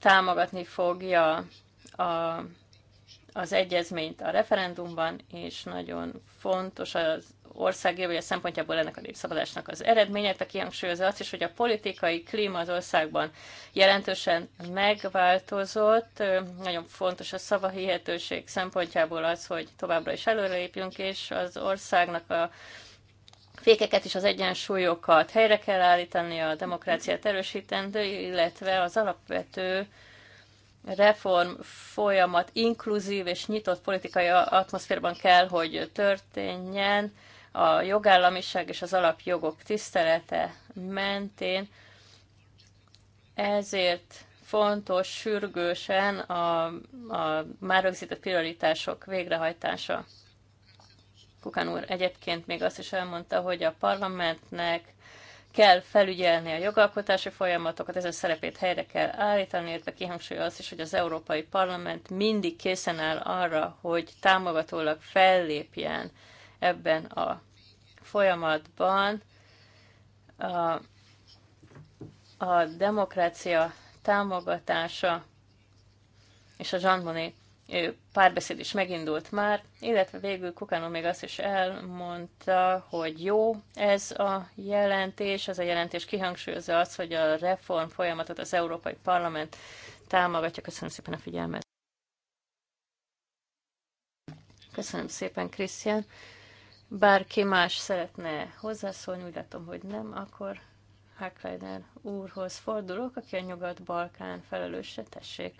támogatni fogja a az egyezményt a referendumban, és nagyon fontos az ország jövője szempontjából ennek a népszavazásnak az eredménye, tehát kihangsúlyozza azt is, hogy a politikai klíma az országban jelentősen megváltozott. Nagyon fontos a szavahihetőség szempontjából az, hogy továbbra is előrelépjünk, és az országnak a fékeket és az egyensúlyokat helyre kell állítani, a demokráciát erősítendő, illetve az alapvető reform folyamat inkluzív és nyitott politikai atmoszférban kell, hogy történjen a jogállamiság és az alapjogok tisztelete mentén. Ezért fontos sürgősen a, a már rögzített prioritások végrehajtása. Kukán úr egyébként még azt is elmondta, hogy a parlamentnek kell felügyelni a jogalkotási folyamatokat, ezen szerepét helyre kell állítani, illetve kihangsúlyozza azt is, hogy az Európai Parlament mindig készen áll arra, hogy támogatólag fellépjen ebben a folyamatban. A, a demokrácia támogatása és a Jean Monnet párbeszéd is megindult már, illetve végül Kukano még azt is elmondta, hogy jó ez a jelentés, ez a jelentés kihangsúlyozza azt, hogy a reform folyamatot az Európai Parlament támogatja. Köszönöm szépen a figyelmet. Köszönöm szépen, Krisztián. Bárki más szeretne hozzászólni, úgy látom, hogy nem, akkor Hackleider úrhoz fordulok, aki a Nyugat-Balkán felelőse, tessék.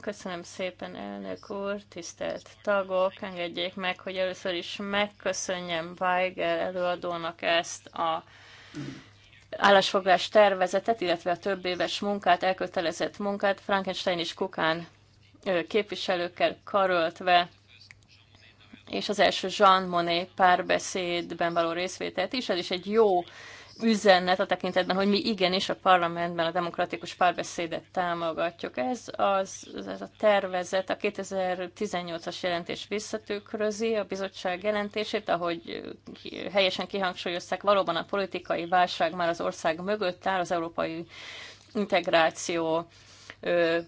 Köszönöm szépen, elnök úr, tisztelt tagok, engedjék meg, hogy először is megköszönjem Weiger előadónak ezt a állásfoglás tervezetet, illetve a több éves munkát, elkötelezett munkát Frankenstein és Kukán képviselőkkel karöltve, és az első Jean Monnet párbeszédben való részvételt is. Ez is egy jó üzenet a tekintetben, hogy mi igenis a parlamentben a demokratikus párbeszédet támogatjuk. Ez, az, ez a tervezet a 2018-as jelentés visszatükrözi a bizottság jelentését, ahogy helyesen kihangsúlyozták, valóban a politikai válság már az ország mögött áll, az európai integráció ö,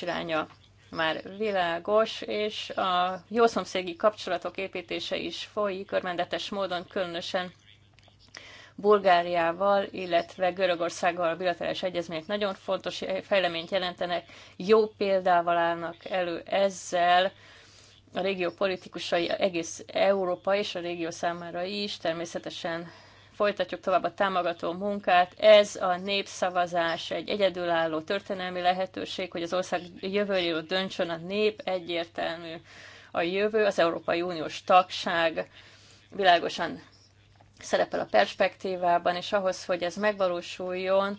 iránya már világos, és a jószomszégi kapcsolatok építése is folyik örvendetes módon, különösen Bulgáriával, illetve Görögországgal a bilaterális egyezmények nagyon fontos fejleményt jelentenek, jó példával állnak elő ezzel, a régió politikusai, egész Európa és a régió számára is természetesen folytatjuk tovább a támogató munkát. Ez a népszavazás egy egyedülálló történelmi lehetőség, hogy az ország jövőjéről döntsön a nép, egyértelmű a jövő, az Európai Uniós tagság világosan szerepel a perspektívában, és ahhoz, hogy ez megvalósuljon,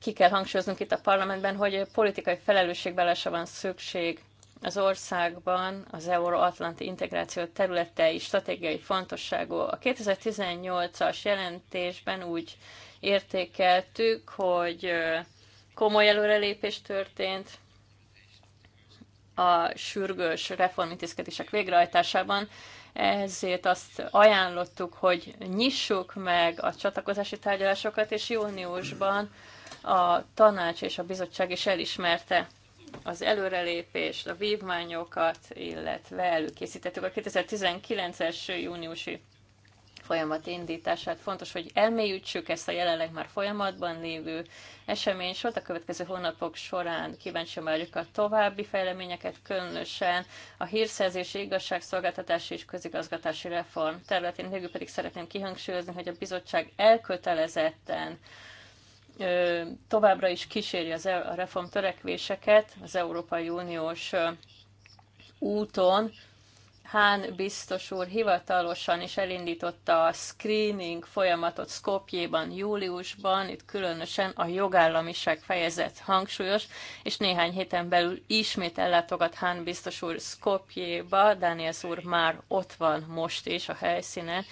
ki kell hangsúlyoznunk itt a parlamentben, hogy politikai felelősségvállásra van szükség az országban az euróatlanti integráció területei stratégiai fontosságú. A 2018-as jelentésben úgy értékeltük, hogy komoly előrelépés történt a sürgős reformintézkedések végrehajtásában, ezért azt ajánlottuk, hogy nyissuk meg a csatlakozási tárgyalásokat, és júniusban a tanács és a bizottság is elismerte az előrelépést, a vívmányokat, illetve előkészítettük a 2019-es júniusi folyamat indítását. Fontos, hogy elmélyítsük ezt a jelenleg már folyamatban lévő esemény volt A következő hónapok során kíváncsi várjuk a további fejleményeket, különösen a hírszerzési igazságszolgáltatási és közigazgatási reform területén. Végül pedig szeretném kihangsúlyozni, hogy a bizottság elkötelezetten továbbra is kíséri az, e- a reform törekvéseket az Európai Uniós úton, Hán biztos úr hivatalosan is elindította a screening folyamatot Skopjéban júliusban, itt különösen a jogállamiság fejezet hangsúlyos, és néhány héten belül ismét ellátogat Hán biztos úr Skopjéba, Dániel úr már ott van most is a helyszíne.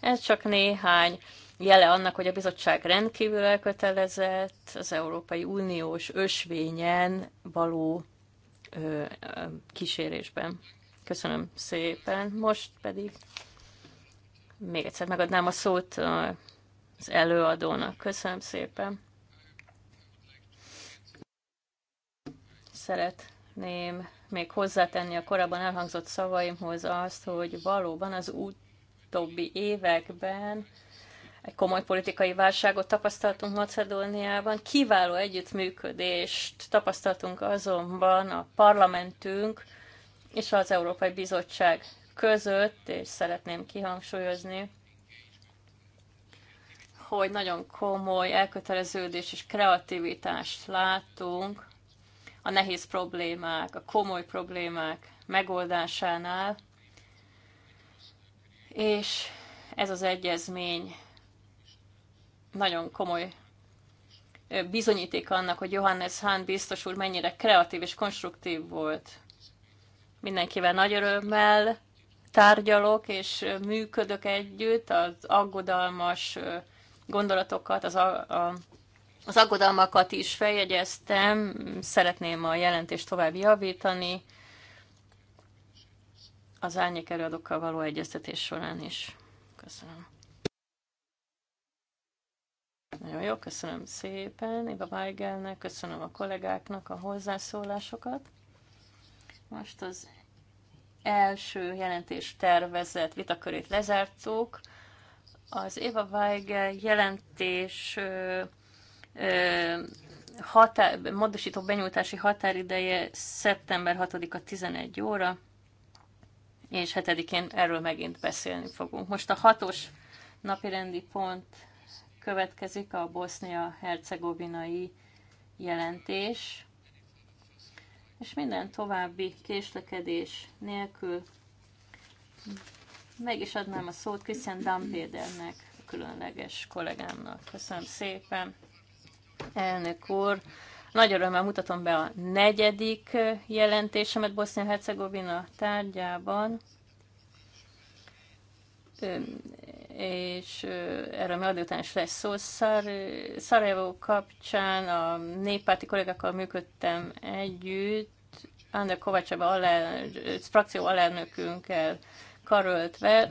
Ez csak néhány jele annak, hogy a bizottság rendkívül elkötelezett az Európai Uniós ösvényen való ö, ö, kísérésben. Köszönöm szépen. Most pedig még egyszer megadnám a szót az előadónak. Köszönöm szépen. Szeretném még hozzátenni a korábban elhangzott szavaimhoz azt, hogy valóban az utóbbi években egy komoly politikai válságot tapasztaltunk Macedóniában. Kiváló együttműködést tapasztaltunk azonban a parlamentünk, és az Európai Bizottság között, és szeretném kihangsúlyozni, hogy nagyon komoly elköteleződés és kreativitást látunk a nehéz problémák, a komoly problémák megoldásánál, és ez az egyezmény nagyon komoly bizonyíték annak, hogy Johannes Hahn biztos úr mennyire kreatív és konstruktív volt mindenkivel nagy örömmel tárgyalok és működök együtt az aggodalmas gondolatokat, az, a, a, az aggodalmakat is feljegyeztem, szeretném a jelentést tovább javítani az árnyék előadókkal való egyeztetés során is. Köszönöm. Nagyon jó, köszönöm szépen Éva Weigelnek, köszönöm a kollégáknak a hozzászólásokat. Most az első jelentés tervezett vitakörét lezártuk. Az Eva Weigel jelentés ö, ö, határ, módosító benyújtási határideje szeptember 6-a 11 óra, és 7-én erről megint beszélni fogunk. Most a hatos napirendi pont következik a bosznia-hercegovinai jelentés és minden további késlekedés nélkül meg is adnám a szót Christian Dampédernek, a különleges kollégámnak. Köszönöm szépen, elnök úr. Nagy örömmel mutatom be a negyedik jelentésemet Bosznia-Hercegovina tárgyában és erre ma után is lesz szó. Szar, Szarajevó kapcsán a néppárti kollégákkal működtem együtt, Ander Kovácsába alel, frakció alelnökünkkel karöltve.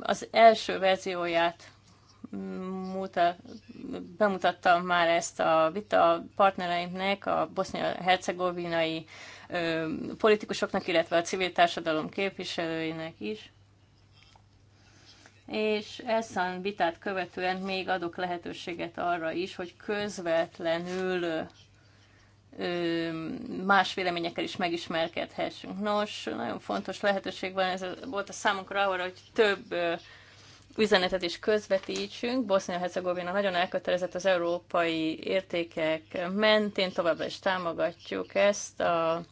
Az első verzióját muta, bemutattam már ezt a vita partnereimnek, a bosznia-hercegovinai politikusoknak, illetve a civil társadalom képviselőinek is és ezt a vitát követően még adok lehetőséget arra is, hogy közvetlenül más véleményekkel is megismerkedhessünk. Nos, nagyon fontos lehetőség van, ez volt a számunkra arra, hogy több üzenetet is közvetítsünk. Bosznia-Hercegovina nagyon elkötelezett az európai értékek mentén, továbbra is támogatjuk ezt. A,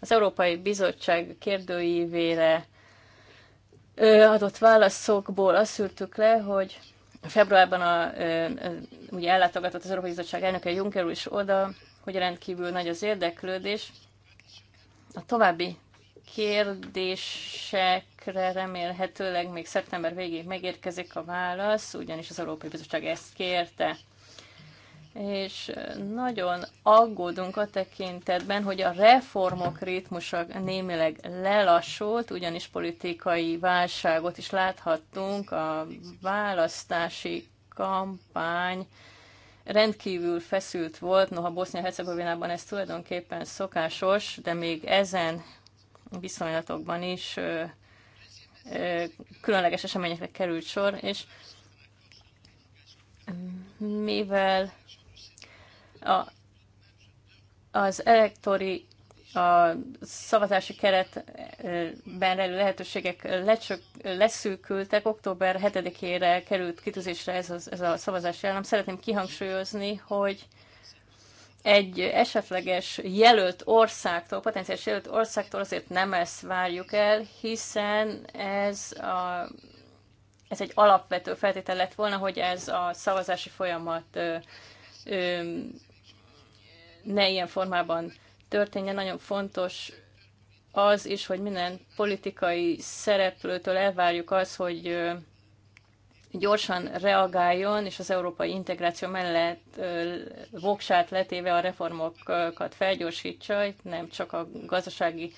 az Európai Bizottság kérdőívére adott válaszokból azt szűrtük le, hogy februárban a, ugye ellátogatott az Európai Bizottság elnöke Juncker is oda, hogy rendkívül nagy az érdeklődés. A további kérdésekre remélhetőleg még szeptember végéig megérkezik a válasz, ugyanis az Európai Bizottság ezt kérte és nagyon aggódunk a tekintetben, hogy a reformok ritmusa némileg lelassult, ugyanis politikai válságot is láthattunk, a választási kampány rendkívül feszült volt, noha Bosznia-Hercegovinában ez tulajdonképpen szokásos, de még ezen viszonylatokban is ö, ö, különleges eseményekre került sor, és mivel a, az elektori a szavazási keretben rejlő lehetőségek lecsök, leszűkültek. Október 7-ére került kitűzésre ez, az, ez a szavazási állam. Szeretném kihangsúlyozni, hogy egy esetleges jelölt országtól, potenciális jelölt országtól azért nem ezt várjuk el, hiszen ez, a, ez egy alapvető feltétel lett volna, hogy ez a szavazási folyamat ö, ö, ne ilyen formában történjen. Nagyon fontos az is, hogy minden politikai szereplőtől elvárjuk az, hogy gyorsan reagáljon, és az európai integráció mellett voksát letéve a reformokat felgyorsítsa, itt nem csak a gazdasági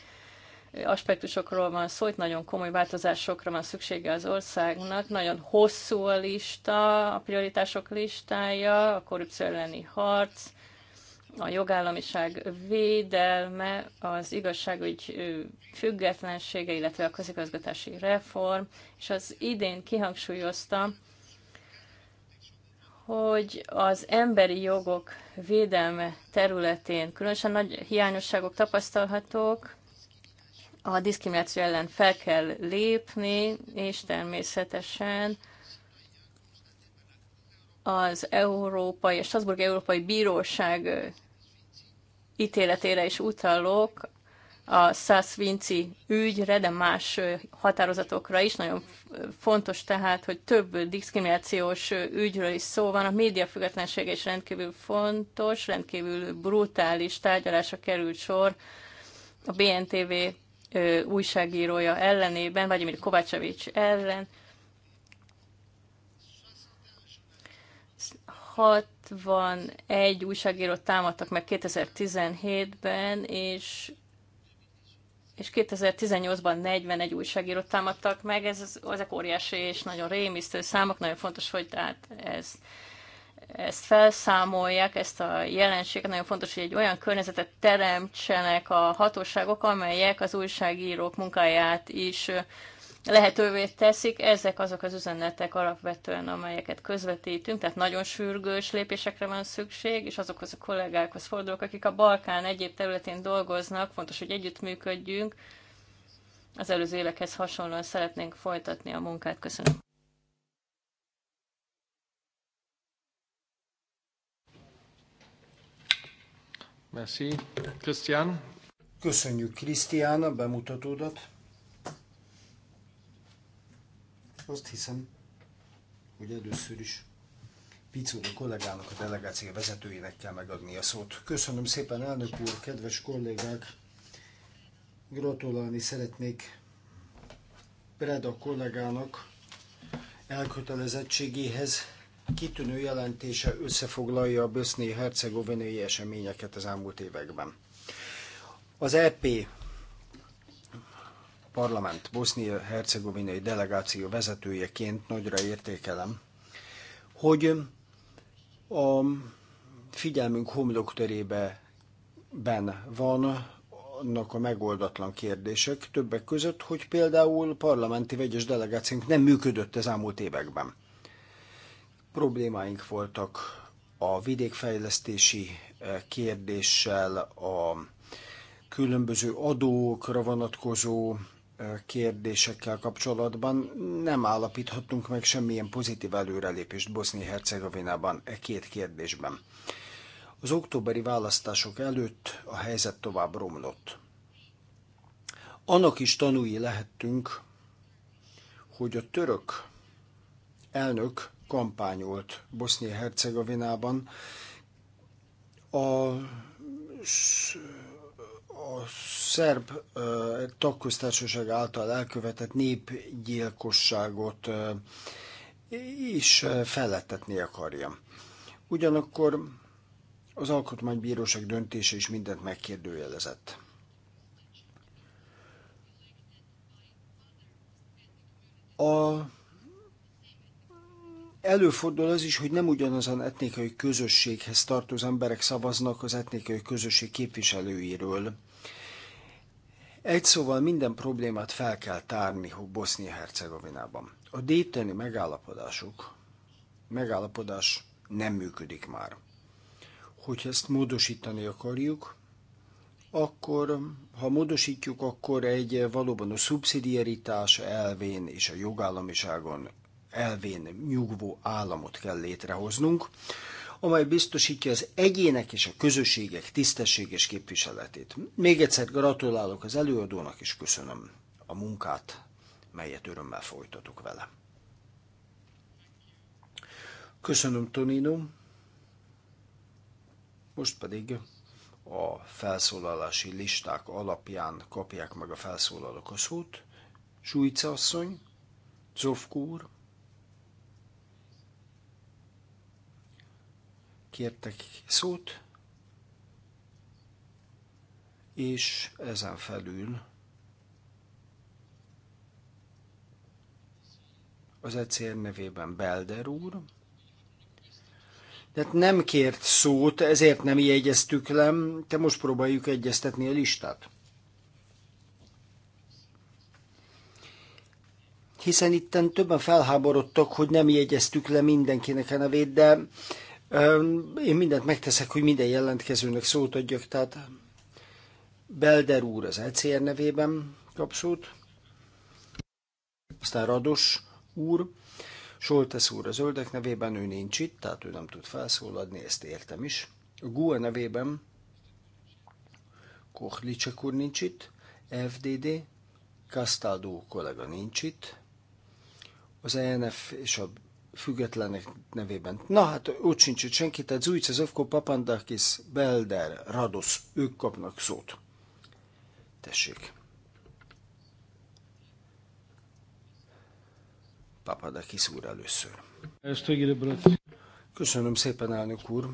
aspektusokról van szó, itt nagyon komoly változásokra van szüksége az országnak, nagyon hosszú a lista, a prioritások listája, a korrupció elleni harc, a jogállamiság védelme, az igazságügy függetlensége, illetve a közigazgatási reform, és az idén kihangsúlyozta, hogy az emberi jogok védelme területén különösen nagy hiányosságok tapasztalhatók, a diszkrimináció ellen fel kell lépni, és természetesen az Európai, a Strasbourg Európai Bíróság ítéletére is utalok, a Vinci ügyre, de más határozatokra is. Nagyon fontos tehát, hogy több diszkriminációs ügyről is szó van. A média függetlensége is rendkívül fontos, rendkívül brutális tárgyalásra került sor a BNTV újságírója ellenében, vagy Kovácsavics ellen, 61 újságírót támadtak meg 2017-ben, és és 2018-ban 41 újságírót támadtak meg, ez, ezek óriási és nagyon rémisztő számok, nagyon fontos, hogy tehát ez, ezt felszámolják, ezt a jelenséget, nagyon fontos, hogy egy olyan környezetet teremtsenek a hatóságok, amelyek az újságírók munkáját is lehetővé teszik. Ezek azok az üzenetek alapvetően, amelyeket közvetítünk, tehát nagyon sürgős lépésekre van szükség, és azokhoz a kollégákhoz fordulok, akik a Balkán egyéb területén dolgoznak, fontos, hogy együttműködjünk. Az előző évekhez hasonlóan szeretnénk folytatni a munkát. Köszönöm. Merci. Christian. Köszönjük Krisztián a bemutatódat. Azt hiszem, hogy először is Picóra kollégának, a delegáció vezetőjének kell megadni a szót. Köszönöm szépen, elnök úr, kedves kollégák! Gratulálni szeretnék Preda kollégának elkötelezettségéhez. Kitűnő jelentése összefoglalja a böszné hercegovinai eseményeket az elmúlt években. Az EP parlament bosznia-hercegovinai delegáció vezetőjeként nagyra értékelem, hogy a figyelmünk homlokterében van annak a megoldatlan kérdések, többek között, hogy például parlamenti vegyes delegációnk nem működött az elmúlt években. Problémáink voltak a vidékfejlesztési eh, kérdéssel, a különböző adókra vonatkozó kérdésekkel kapcsolatban nem állapíthatunk meg semmilyen pozitív előrelépést Bosznia-Hercegovinában e két kérdésben. Az októberi választások előtt a helyzet tovább romlott. Annak is tanúi lehettünk, hogy a török elnök kampányolt Bosznia-Hercegovinában a a szerb tagköztársaság által elkövetett népgyilkosságot is felettetni akarja. Ugyanakkor az Alkotmánybíróság döntése is mindent megkérdőjelezett. A Előfordul az is, hogy nem ugyanazon etnikai közösséghez tartozó emberek szavaznak az etnikai közösség képviselőiről. Egy szóval minden problémát fel kell tárni Bosznia-Hercegovinában. A déteni megállapodásuk, megállapodás nem működik már. Hogyha ezt módosítani akarjuk, akkor, ha módosítjuk, akkor egy valóban a szubszidiaritás elvén és a jogállamiságon elvén nyugvó államot kell létrehoznunk, amely biztosítja az egyének és a közösségek tisztességes képviseletét. Még egyszer gratulálok az előadónak, és köszönöm a munkát, melyet örömmel folytatok vele. Köszönöm, Tonino. Most pedig a felszólalási listák alapján kapják meg a felszólalók a szót. Sújca asszony, Zofkúr, kértek szót, és ezen felül az ECR nevében Belder úr, tehát nem kért szót, ezért nem jegyeztük le, te most próbáljuk egyeztetni a listát. Hiszen itten többen felháborodtak, hogy nem jegyeztük le mindenkinek a nevét, de én mindent megteszek, hogy minden jelentkezőnek szót adjak, tehát Belder úr az ECR nevében kap szót, aztán Rados úr, Soltes úr a zöldek nevében, ő nincs itt, tehát ő nem tud felszólalni, ezt értem is. A GUE nevében Kohlicek úr nincs itt, FDD, Castaldo kollega nincs itt, az ENF és a függetlenek nevében. Na hát, úgy sincs hogy senki, tehát Zújc, Öfko, Papandakis, Belder, Radosz, ők kapnak szót. Tessék. Papadakis úr először. Köszönöm szépen, elnök úr.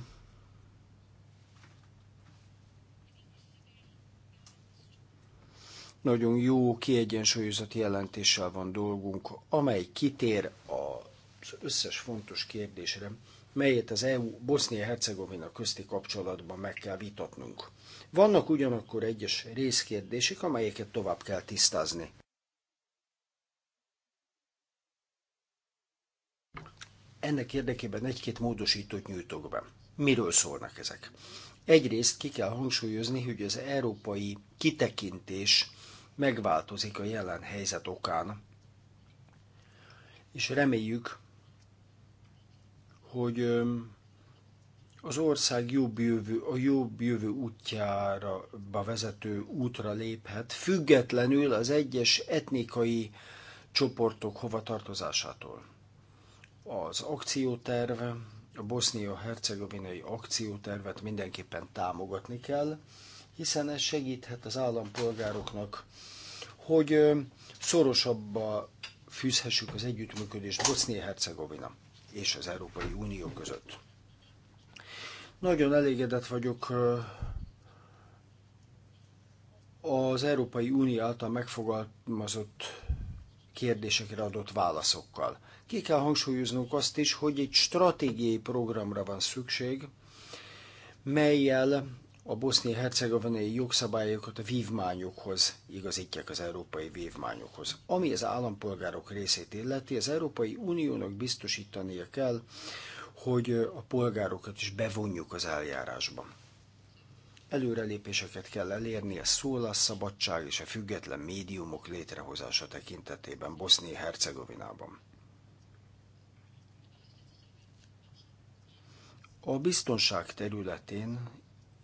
Nagyon jó, kiegyensúlyozott jelentéssel van dolgunk, amely kitér a az összes fontos kérdésre, melyet az EU Bosznia-Hercegovina közti kapcsolatban meg kell vitatnunk. Vannak ugyanakkor egyes részkérdések, amelyeket tovább kell tisztázni. Ennek érdekében egy-két módosítót nyújtok be. Miről szólnak ezek? Egyrészt ki kell hangsúlyozni, hogy az európai kitekintés megváltozik a jelen helyzet okán, és reméljük, hogy az ország jobb jövő, a jobb jövő útjára vezető útra léphet, függetlenül az egyes etnikai csoportok hovatartozásától. Az akcióterv, a bosznia-hercegovinai akciótervet mindenképpen támogatni kell, hiszen ez segíthet az állampolgároknak, hogy szorosabbá fűzhessük az együttműködést Bosznia-Hercegovina és az Európai Unió között. Nagyon elégedett vagyok az Európai Unió által megfogalmazott kérdésekre adott válaszokkal. Ki kell hangsúlyoznunk azt is, hogy egy stratégiai programra van szükség, melyel a bosznia-hercegovinai jogszabályokat a vívmányokhoz igazítják az európai vívmányokhoz. Ami az állampolgárok részét illeti, az Európai Uniónak biztosítania kell, hogy a polgárokat is bevonjuk az eljárásba. Előrelépéseket kell elérni a szólásszabadság és a független médiumok létrehozása tekintetében Bosznia-Hercegovinában. A biztonság területén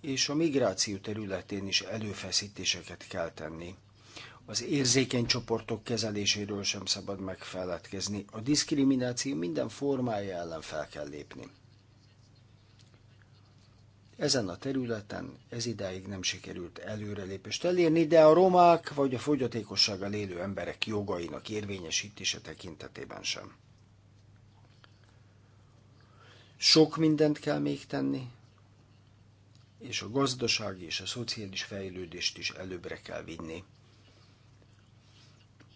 és a migráció területén is előfeszítéseket kell tenni. Az érzékeny csoportok kezeléséről sem szabad megfeledkezni. A diszkrimináció minden formája ellen fel kell lépni. Ezen a területen ez idáig nem sikerült előrelépést elérni, de a romák vagy a fogyatékossággal élő emberek jogainak érvényesítése tekintetében sem. Sok mindent kell még tenni, és a gazdasági és a szociális fejlődést is előbbre kell vinni.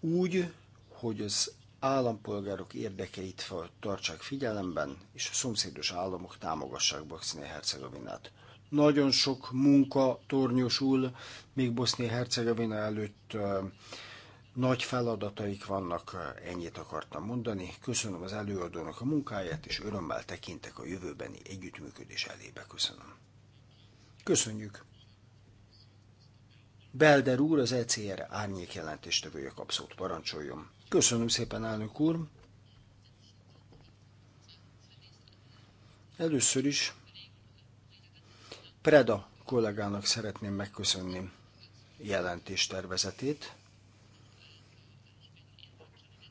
Úgy, hogy az állampolgárok érdekeit tartsák figyelemben, és a szomszédos államok támogassák Bosznia-Hercegovinát. Nagyon sok munka tornyosul, még Bosznia-Hercegovina előtt nagy feladataik vannak, ennyit akartam mondani. Köszönöm az előadónak a munkáját, és örömmel tekintek a jövőbeni együttműködés elébe. Köszönöm. Köszönjük! Belder úr az ECR árnyék jelentéstevője kapszót parancsoljon. Köszönöm szépen, elnök úr! Először is Preda kollégának szeretném megköszönni jelentéstervezetét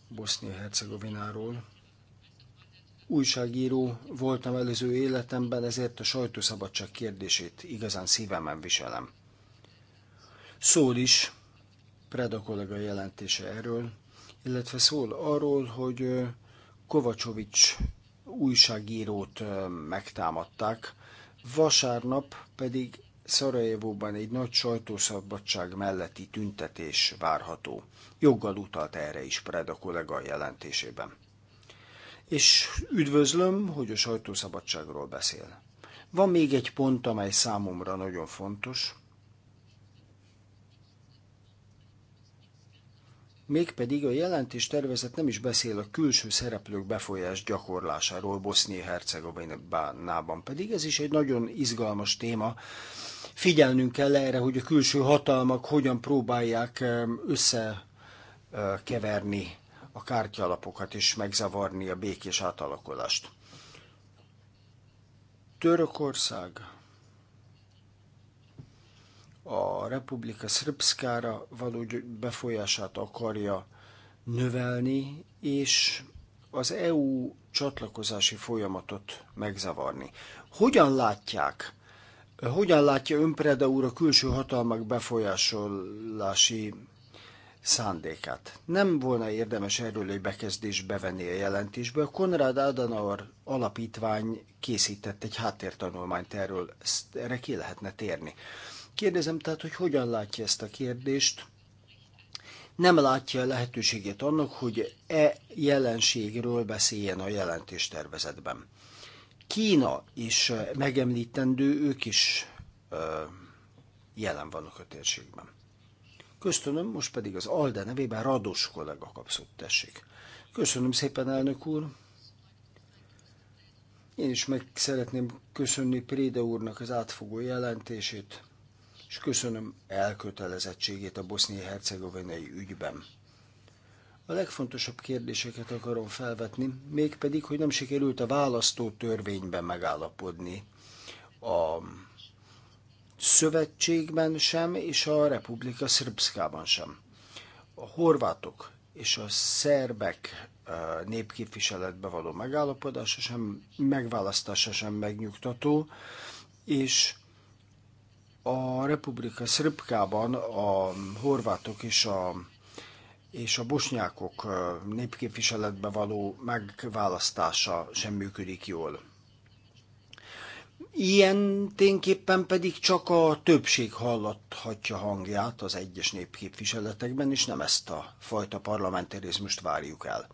Bosznia-Hercegovináról újságíró voltam előző életemben, ezért a sajtószabadság kérdését igazán szívemben viselem. Szól is Preda kollega jelentése erről, illetve szól arról, hogy Kovacsovics újságírót megtámadták, vasárnap pedig Szarajevóban egy nagy sajtószabadság melletti tüntetés várható. Joggal utalt erre is Preda kollega jelentésében és üdvözlöm, hogy a sajtószabadságról beszél. Van még egy pont, amely számomra nagyon fontos, Mégpedig a jelentés tervezet nem is beszél a külső szereplők befolyás gyakorlásáról Bosznia-Hercegovinában, pedig ez is egy nagyon izgalmas téma. Figyelnünk kell erre, hogy a külső hatalmak hogyan próbálják ehm, összekeverni a kártyalapokat és megzavarni a békés átalakulást. Törökország a Republika Srpskára való befolyását akarja növelni, és az EU csatlakozási folyamatot megzavarni. Hogyan látják, hogyan látja Preda úr a külső hatalmak befolyásolási szándékát. Nem volna érdemes erről egy bekezdést bevenni a jelentésbe. Konrad Adenauer alapítvány készített egy háttértanulmányt erről, ezt erre ki lehetne térni. Kérdezem tehát, hogy hogyan látja ezt a kérdést, nem látja a lehetőségét annak, hogy e jelenségről beszéljen a jelentéstervezetben. Kína is eh, megemlítendő, ők is ö, eh, jelen vannak a térségben. Köszönöm, most pedig az ALDE nevében Rados kollega kapszott, tessék. Köszönöm szépen, elnök úr. Én is meg szeretném köszönni Préde úrnak az átfogó jelentését, és köszönöm elkötelezettségét a bosznia-hercegovinai ügyben. A legfontosabb kérdéseket akarom felvetni, mégpedig, hogy nem sikerült a választó törvényben megállapodni a szövetségben sem, és a Republika Srpszkában sem. A horvátok és a szerbek eh, népképviseletbe való megállapodása sem, megválasztása sem megnyugtató, és a Republika Srpkában a horvátok és a, és a bosnyákok eh, népképviseletbe való megválasztása sem működik jól. Ilyen tényképpen pedig csak a többség hallathatja hangját az egyes népképviseletekben, és nem ezt a fajta parlamentarizmust várjuk el.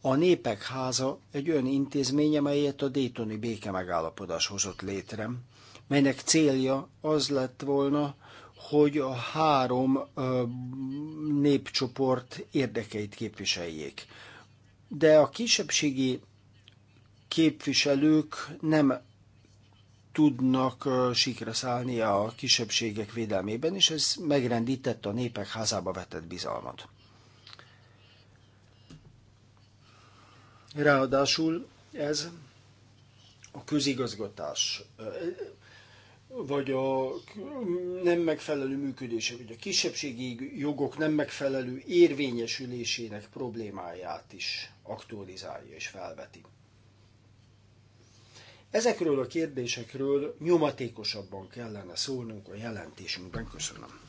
A Népek Háza egy olyan intézmény, amelyet a Daytoni béke megállapodás hozott létre, melynek célja az lett volna, hogy a három népcsoport érdekeit képviseljék. De a kisebbségi képviselők nem tudnak sikre szállni a kisebbségek védelmében, és ez megrendítette a népek házába vetett bizalmat. Ráadásul ez a közigazgatás, vagy a nem megfelelő működése, vagy a kisebbségi jogok nem megfelelő érvényesülésének problémáját is aktualizálja és felveti. Ezekről a kérdésekről nyomatékosabban kellene szólnunk a jelentésünkben. Köszönöm.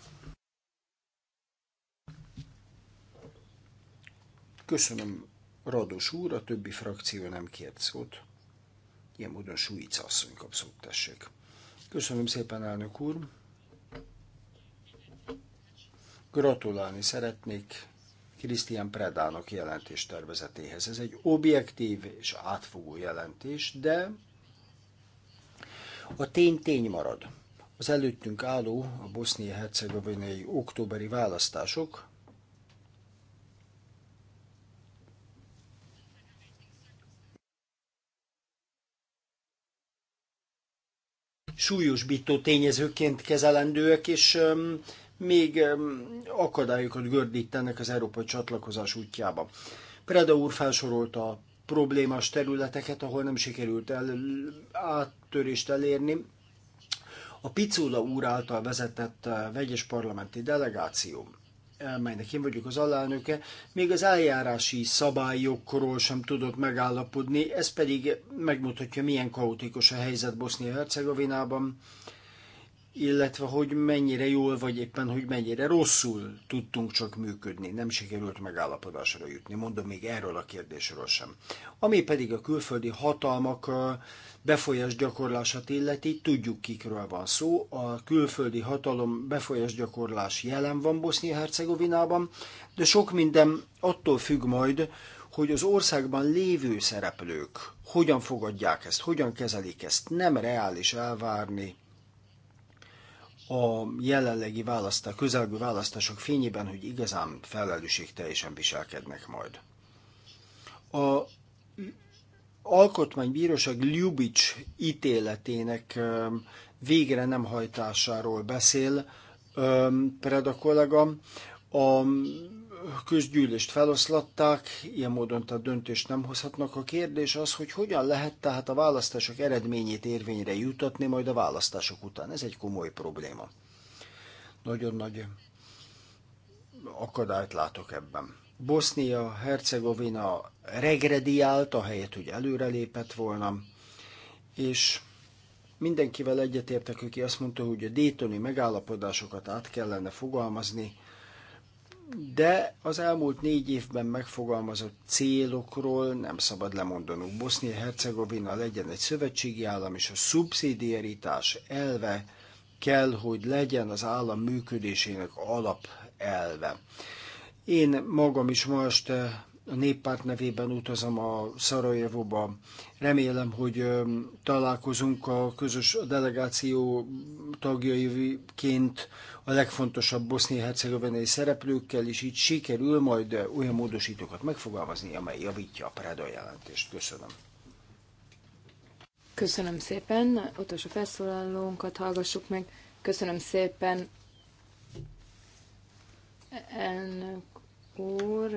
Köszönöm, Rados úr, a többi frakció nem kért szót. Ilyen módon Suica asszony kap szót, tessék. Köszönöm szépen, elnök úr. Gratulálni szeretnék Krisztián Predának jelentés tervezetéhez. Ez egy objektív és átfogó jelentés, de a tény tény marad. Az előttünk álló a bosznia-hercegovinai októberi választások súlyosbító tényezőként kezelendőek, és még akadályokat gördítenek az európai csatlakozás útjába. Preda úr felsorolta a problémás területeket, ahol nem sikerült el, áttörést elérni. A Picula úr által vezetett eh, vegyes parlamenti delegáció eh, melynek én vagyok az alelnöke, még az eljárási szabályokról sem tudott megállapodni, ez pedig megmutatja, milyen kaotikus a helyzet Bosznia-Hercegovinában illetve hogy mennyire jól vagy éppen, hogy mennyire rosszul tudtunk csak működni. Nem sikerült megállapodásra jutni, mondom még erről a kérdésről sem. Ami pedig a külföldi hatalmak befolyás gyakorlását illeti, tudjuk kikről van szó. A külföldi hatalom befolyás gyakorlás jelen van Bosznia-Hercegovinában, de sok minden attól függ majd, hogy az országban lévő szereplők hogyan fogadják ezt, hogyan kezelik ezt. Nem reális elvárni a jelenlegi választás, közelgő választások fényében, hogy igazán teljesen viselkednek majd. A alkotmánybíróság Ljubics ítéletének végre nem hajtásáról beszél Preda kollega. A közgyűlést feloszlatták, ilyen módon tehát döntést nem hozhatnak. A kérdés az, hogy hogyan lehet tehát a választások eredményét érvényre jutatni majd a választások után. Ez egy komoly probléma. Nagyon nagy akadályt látok ebben. Bosznia, Hercegovina regrediált, ahelyett, hogy előrelépett volna, és mindenkivel egyetértek, aki azt mondta, hogy a détoni megállapodásokat át kellene fogalmazni, de az elmúlt négy évben megfogalmazott célokról nem szabad lemondanunk. Bosznia-Hercegovina legyen egy szövetségi állam, és a szubszidiaritás elve kell, hogy legyen az állam működésének alapelve. Én magam is most eh, a néppárt nevében utazom a Szarajevóba. Remélem, hogy eh, találkozunk a közös delegáció tagjaiként a legfontosabb bosznia-hercegovinai szereplőkkel, és így sikerül majd olyan módosítókat megfogalmazni, amely javítja a Prada jelentést. Köszönöm. Köszönöm szépen. Utolsó felszólalónkat hallgassuk meg. Köszönöm szépen, elnök úr.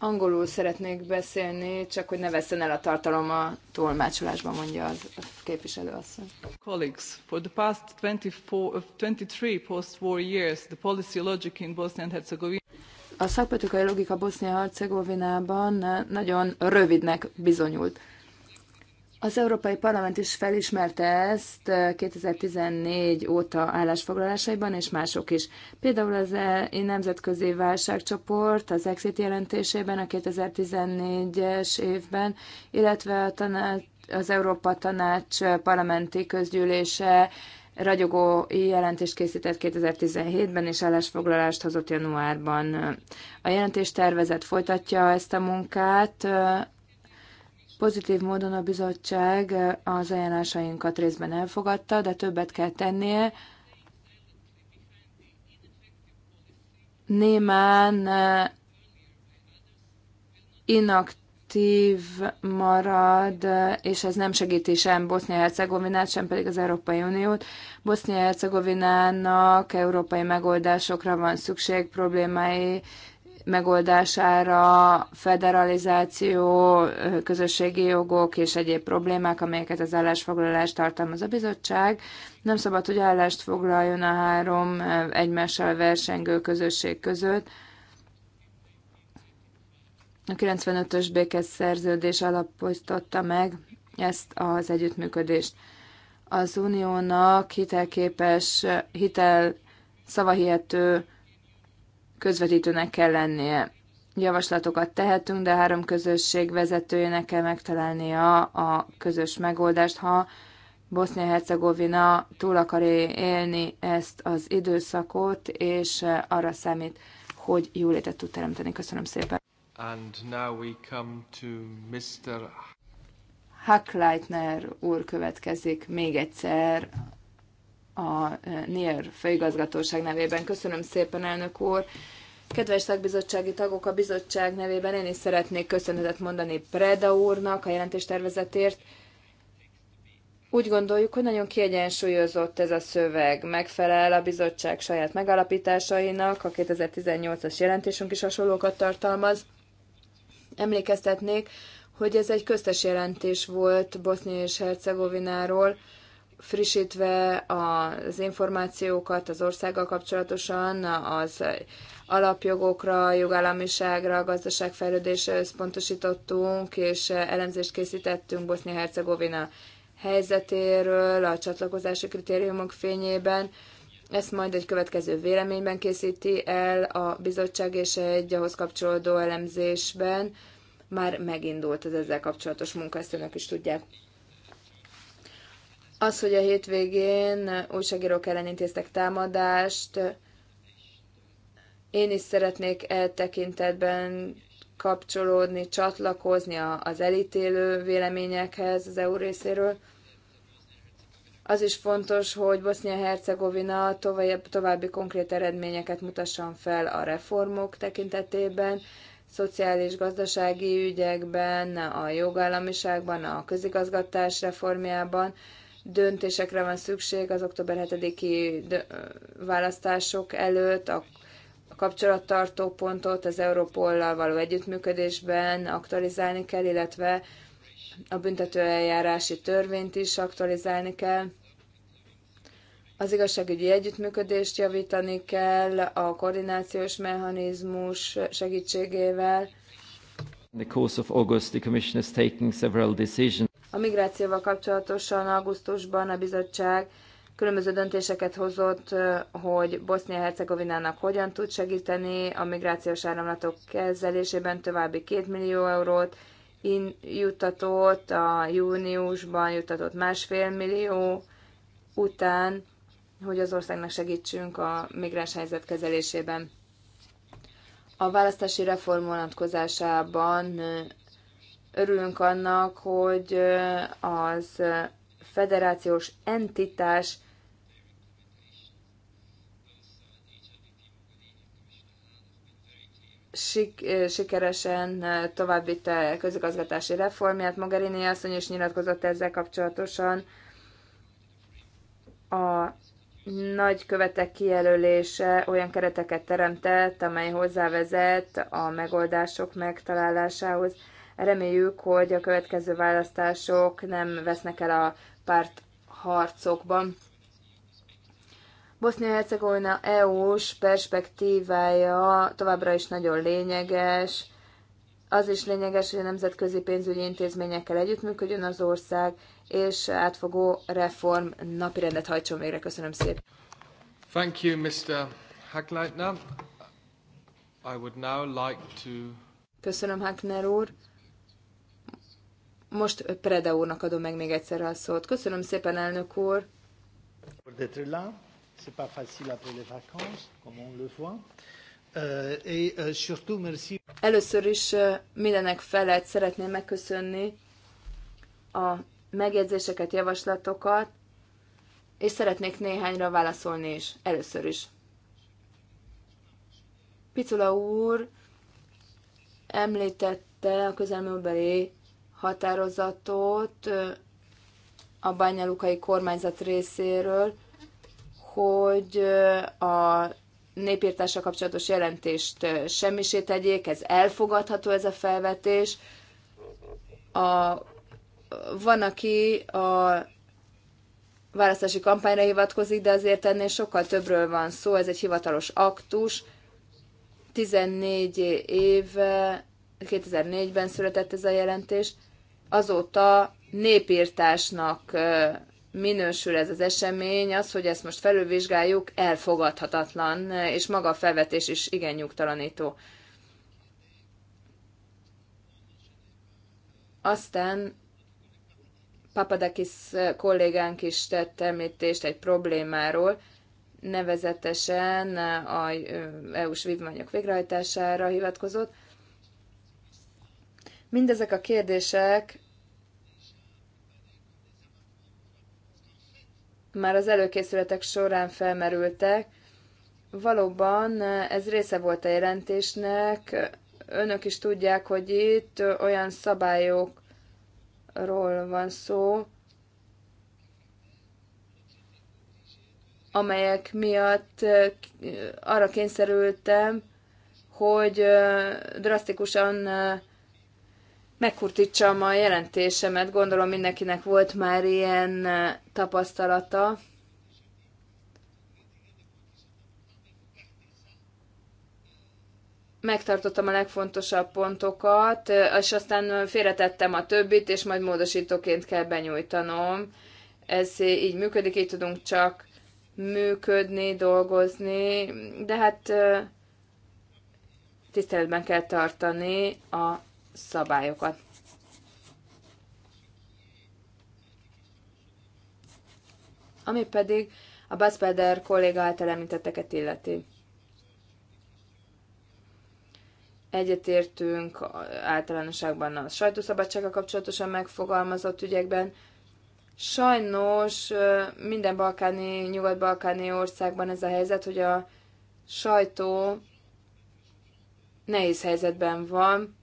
Angolul szeretnék beszélni, csak hogy ne vesszen el a tartalom a tolmácsolásban, mondja az képviselő asszony. Colleagues, for the past 24, 23 uh, post-war years, the policy logic in Bosnia and Herzegovina a szakpolitikai logika Bosznia-Hercegovinában nagyon rövidnek bizonyult. Az Európai Parlament is felismerte ezt 2014 óta állásfoglalásaiban, és mások is. Például az e- Nemzetközi Válságcsoport az Exit jelentésében a 2014-es évben, illetve a tanács, az Európa Tanács parlamenti közgyűlése ragyogó jelentést készített 2017-ben, és állásfoglalást hozott januárban. A jelentés tervezet folytatja ezt a munkát, Pozitív módon a bizottság eh, az ajánlásainkat részben elfogadta, de többet kell tennie. Némán eh, inaktív marad, eh, és ez nem segíti sem Bosznia-Hercegovinát, sem pedig az Európai Uniót. Bosznia-Hercegovinának európai megoldásokra van szükség problémái megoldására, federalizáció, közösségi jogok és egyéb problémák, amelyeket az állásfoglalás tartalmaz a bizottság. Nem szabad, hogy állást foglaljon a három egymással versengő közösség között. A 95-ös békeszerződés alapoztatta meg ezt az együttműködést. Az uniónak hitelképes, hitel szavahihető közvetítőnek kell lennie. Javaslatokat tehetünk, de három közösség vezetőjének kell megtalálnia a közös megoldást, ha Bosznia-Hercegovina túl akar élni ezt az időszakot, és arra számít, hogy jólétet tud teremteni. Köszönöm szépen. And now we come to Mr. Hackleitner úr következik még egyszer a NIR főigazgatóság nevében. Köszönöm szépen, elnök úr! Kedves szakbizottsági tagok, a bizottság nevében én is szeretnék köszönetet mondani Preda úrnak a jelentéstervezetért. Úgy gondoljuk, hogy nagyon kiegyensúlyozott ez a szöveg, megfelel a bizottság saját megalapításainak, a 2018-as jelentésünk is hasonlókat tartalmaz. Emlékeztetnék, hogy ez egy köztes jelentés volt Bosznia és Hercegovináról, frissítve az információkat az országgal kapcsolatosan, az alapjogokra, jogállamiságra, gazdaságfejlődésre összpontosítottunk, és elemzést készítettünk Bosznia-Hercegovina helyzetéről, a csatlakozási kritériumok fényében. Ezt majd egy következő véleményben készíti el a bizottság, és egy ahhoz kapcsolódó elemzésben már megindult az ezzel kapcsolatos munka, ezt önök is tudják. Az, hogy a hétvégén újságírók ellen intéztek támadást, én is szeretnék e tekintetben kapcsolódni, csatlakozni az elítélő véleményekhez az EU részéről. Az is fontos, hogy Bosznia-Hercegovina további konkrét eredményeket mutasson fel a reformok tekintetében, szociális, gazdasági ügyekben, a jogállamiságban, a közigazgatás reformjában, döntésekre van szükség az október 7-i választások előtt, a kapcsolattartó pontot az Európollal való együttműködésben aktualizálni kell, illetve a büntetőeljárási törvényt is aktualizálni kell. Az igazságügyi együttműködést javítani kell a koordinációs mechanizmus segítségével. In the course of August, the Commission has taken several decisions a migrációval kapcsolatosan augusztusban a bizottság különböző döntéseket hozott, hogy Bosznia-Hercegovinának hogyan tud segíteni a migrációs áramlatok kezelésében további 2 millió eurót, in, juttatott, a júniusban juttatott másfél millió után, hogy az országnak segítsünk a migráns helyzet kezelésében. A választási reform vonatkozásában Örülünk annak, hogy az federációs entitás sik- sikeresen továbbvitte közigazgatási reformját. Mogherini asszony is nyilatkozott ezzel kapcsolatosan. A nagy követek kijelölése olyan kereteket teremtett, amely hozzávezet a megoldások megtalálásához. Reméljük, hogy a következő választások nem vesznek el a párt harcokban. Bosznia-Hercegovina EU-s perspektívája továbbra is nagyon lényeges. Az is lényeges, hogy a nemzetközi pénzügyi intézményekkel együttműködjön az ország, és átfogó reform napirendet hajtson végre. Köszönöm szépen. Thank you, Mr. Hackleitner. I would now like to... Köszönöm, Hackner úr. Most Preda úrnak adom meg még egyszer a szót. Köszönöm szépen, elnök úr! Euh, euh, először is euh, mindenek felett szeretném megköszönni a megjegyzéseket, javaslatokat, és szeretnék néhányra válaszolni is, először is. Picula úr említette a közelmúltbeli határozatot a bányalukai kormányzat részéről, hogy a népírtással kapcsolatos jelentést semmisé tegyék, ez elfogadható ez a felvetés. A, van, aki a választási kampányra hivatkozik, de azért ennél sokkal többről van szó, ez egy hivatalos aktus. 14 év, 2004-ben született ez a jelentés, azóta népírtásnak minősül ez az esemény, az, hogy ezt most felülvizsgáljuk, elfogadhatatlan, és maga a felvetés is igen nyugtalanító. Aztán Papadakis kollégánk is tett említést egy problémáról, nevezetesen a EU-s vívmányok végrehajtására hivatkozott, Mindezek a kérdések már az előkészületek során felmerültek. Valóban ez része volt a jelentésnek. Önök is tudják, hogy itt olyan szabályokról van szó, amelyek miatt arra kényszerültem, hogy drasztikusan megkurtítsam a jelentésemet. Gondolom mindenkinek volt már ilyen tapasztalata. Megtartottam a legfontosabb pontokat, és aztán félretettem a többit, és majd módosítóként kell benyújtanom. Ez így működik, így tudunk csak működni, dolgozni, de hát tiszteletben kell tartani a szabályokat. Ami pedig a Baspeder kolléga által említetteket illeti. Egyetértünk általánosságban a sajtószabadsága kapcsolatosan megfogalmazott ügyekben, Sajnos minden balkáni, nyugat-balkáni országban ez a helyzet, hogy a sajtó nehéz helyzetben van,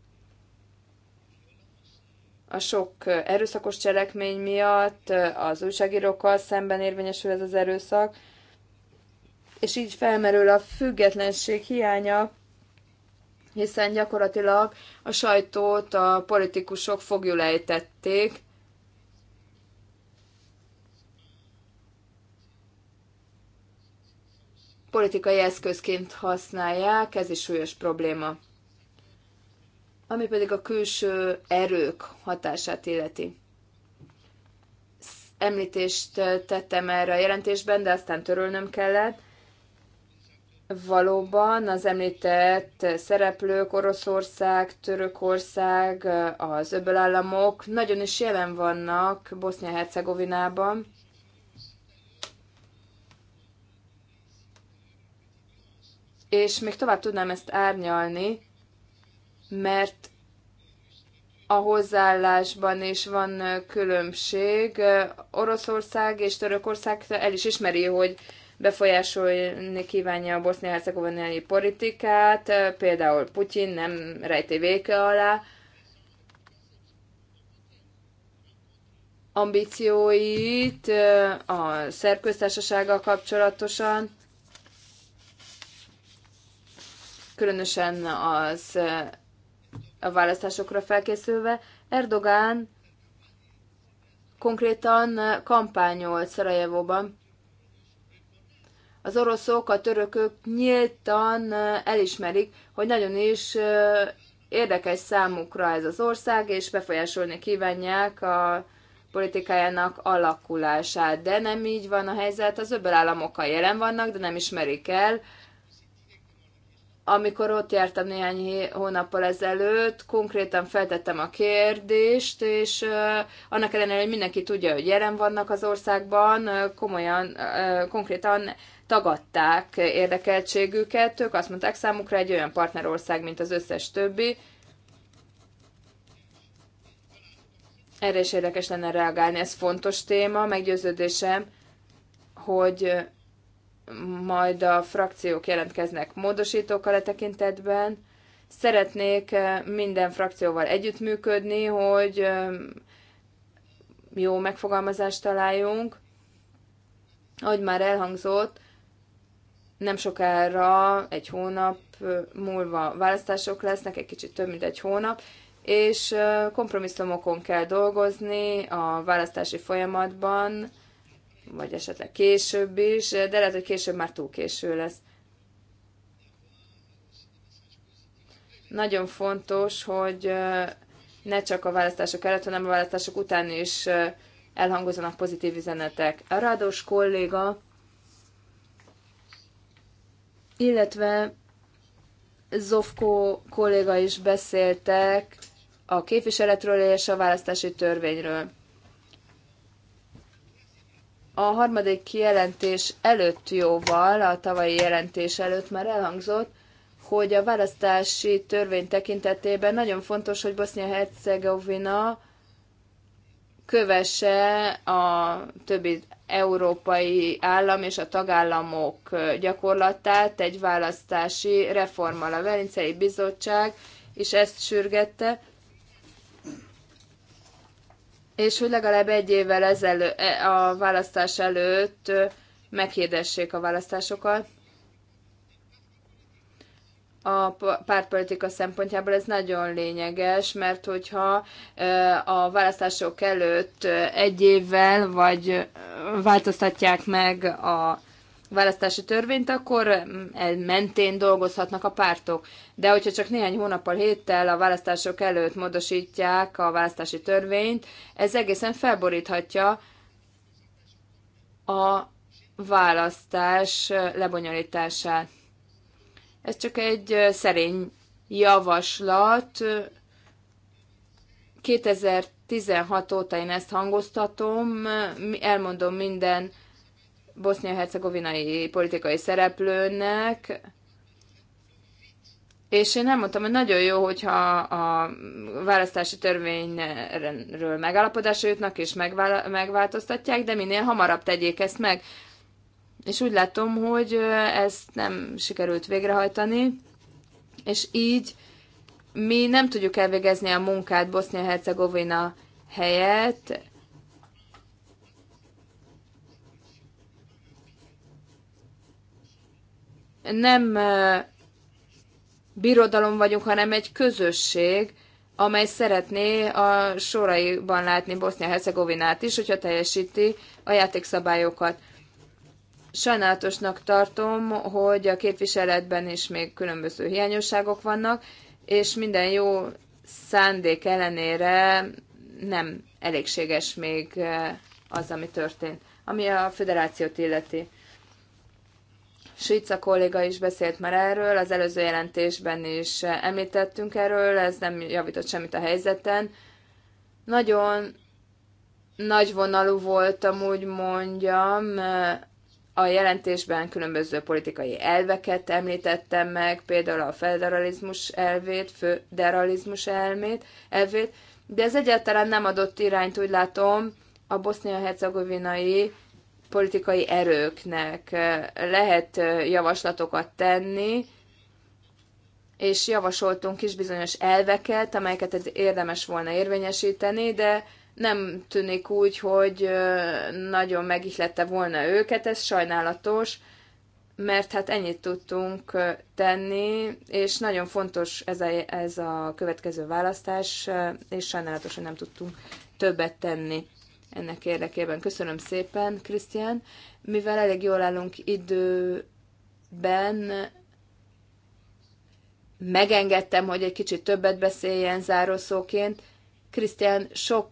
a sok erőszakos cselekmény miatt, az újságírókkal szemben érvényesül ez az erőszak, és így felmerül a függetlenség hiánya, hiszen gyakorlatilag a sajtót a politikusok fogjul ejtették, politikai eszközként használják, ez is súlyos probléma ami pedig a külső erők hatását illeti. Említést tettem erre a jelentésben, de aztán törölnöm kellett. Valóban az említett szereplők, Oroszország, Törökország, az öböl államok nagyon is jelen vannak Bosznia-Hercegovinában. És még tovább tudnám ezt árnyalni, mert a hozzáállásban is van különbség. Oroszország és Törökország el is ismeri, hogy befolyásolni kívánja a bosznia-hercegovinai politikát, például Putyin nem rejti véke alá, ambícióit a szerköztársasággal kapcsolatosan, különösen az a választásokra felkészülve. Erdogán konkrétan kampányolt Szarajevóban. Az oroszok, a törökök nyíltan elismerik, hogy nagyon is érdekes számukra ez az ország, és befolyásolni kívánják a politikájának alakulását. De nem így van a helyzet, az öböl államokkal jelen vannak, de nem ismerik el amikor ott jártam néhány hónappal ezelőtt, konkrétan feltettem a kérdést, és annak ellenére, hogy mindenki tudja, hogy jelen vannak az országban, komolyan, konkrétan tagadták érdekeltségüket. Ők azt mondták számukra egy olyan partnerország, mint az összes többi. Erre is érdekes lenne reagálni, ez fontos téma, meggyőződésem, hogy majd a frakciók jelentkeznek módosítókkal a e tekintetben. Szeretnék eh, minden frakcióval együttműködni, hogy eh, jó megfogalmazást találjunk. Ahogy már elhangzott, nem sokára, egy hónap eh, múlva választások lesznek, egy kicsit több, mint egy hónap, és kompromisszumokon kell dolgozni a választási folyamatban, vagy esetleg később is, de lehet, hogy később már túl késő lesz. Nagyon fontos, hogy ne csak a választások előtt, hanem a választások után is elhangozanak pozitív üzenetek. A Rados kolléga, illetve Zofko kolléga is beszéltek a képviseletről és a választási törvényről a harmadik kijelentés előtt jóval, a tavalyi jelentés előtt már elhangzott, hogy a választási törvény tekintetében nagyon fontos, hogy Bosznia-Hercegovina kövesse a többi európai állam és a tagállamok gyakorlatát egy választási reformmal. A Velencei Bizottság és ezt sürgette, és hogy legalább egy évvel ezelő, e, a választás előtt meghirdessék a választásokat. A pártpolitika szempontjából ez nagyon lényeges, mert hogyha a választások előtt egy évvel, vagy változtatják meg a választási törvényt, akkor mm, e, mentén dolgozhatnak a pártok. De hogyha csak néhány hónappal héttel a választások előtt módosítják a választási törvényt, ez egészen felboríthatja a választás lebonyolítását. Ez csak egy e, szerény javaslat. 2016 óta én ezt hangoztatom, elmondom minden bosznia-hercegovinai politikai szereplőnek, és én nem mondtam, hogy nagyon jó, hogyha a választási törvényről megállapodásra jutnak, és megváltoztatják, de minél hamarabb tegyék ezt meg. És úgy látom, hogy ezt nem sikerült végrehajtani, és így mi nem tudjuk elvégezni a munkát Bosznia-Hercegovina helyett, nem birodalom vagyunk, hanem egy közösség, amely szeretné a soraiban látni Bosznia-Hercegovinát is, hogyha teljesíti a játékszabályokat. Sajnálatosnak tartom, hogy a képviseletben is még különböző hiányosságok vannak, és minden jó szándék ellenére nem elégséges még az, ami történt, ami a federációt illeti. Svica kolléga is beszélt már erről, az előző jelentésben is említettünk erről, ez nem javított semmit a helyzeten. Nagyon nagy vonalú voltam, úgy mondjam, a jelentésben különböző politikai elveket említettem meg, például a federalizmus elvét, föderalizmus elmét, elvét, de ez egyáltalán nem adott irányt, úgy látom, a bosznia-hercegovinai politikai erőknek. Eh, lehet eh, javaslatokat tenni, és javasoltunk is bizonyos elveket, amelyeket érdemes volna érvényesíteni, de nem tűnik úgy, hogy eh, nagyon megihlette volna őket, ez sajnálatos, mert hát ennyit tudtunk tenni, és nagyon fontos ez a, ez a következő választás, és sajnálatos, hogy nem tudtunk többet tenni ennek érdekében. Köszönöm szépen, Krisztián. Mivel elég jól állunk időben, megengedtem, hogy egy kicsit többet beszéljen zárószóként. Krisztián, sok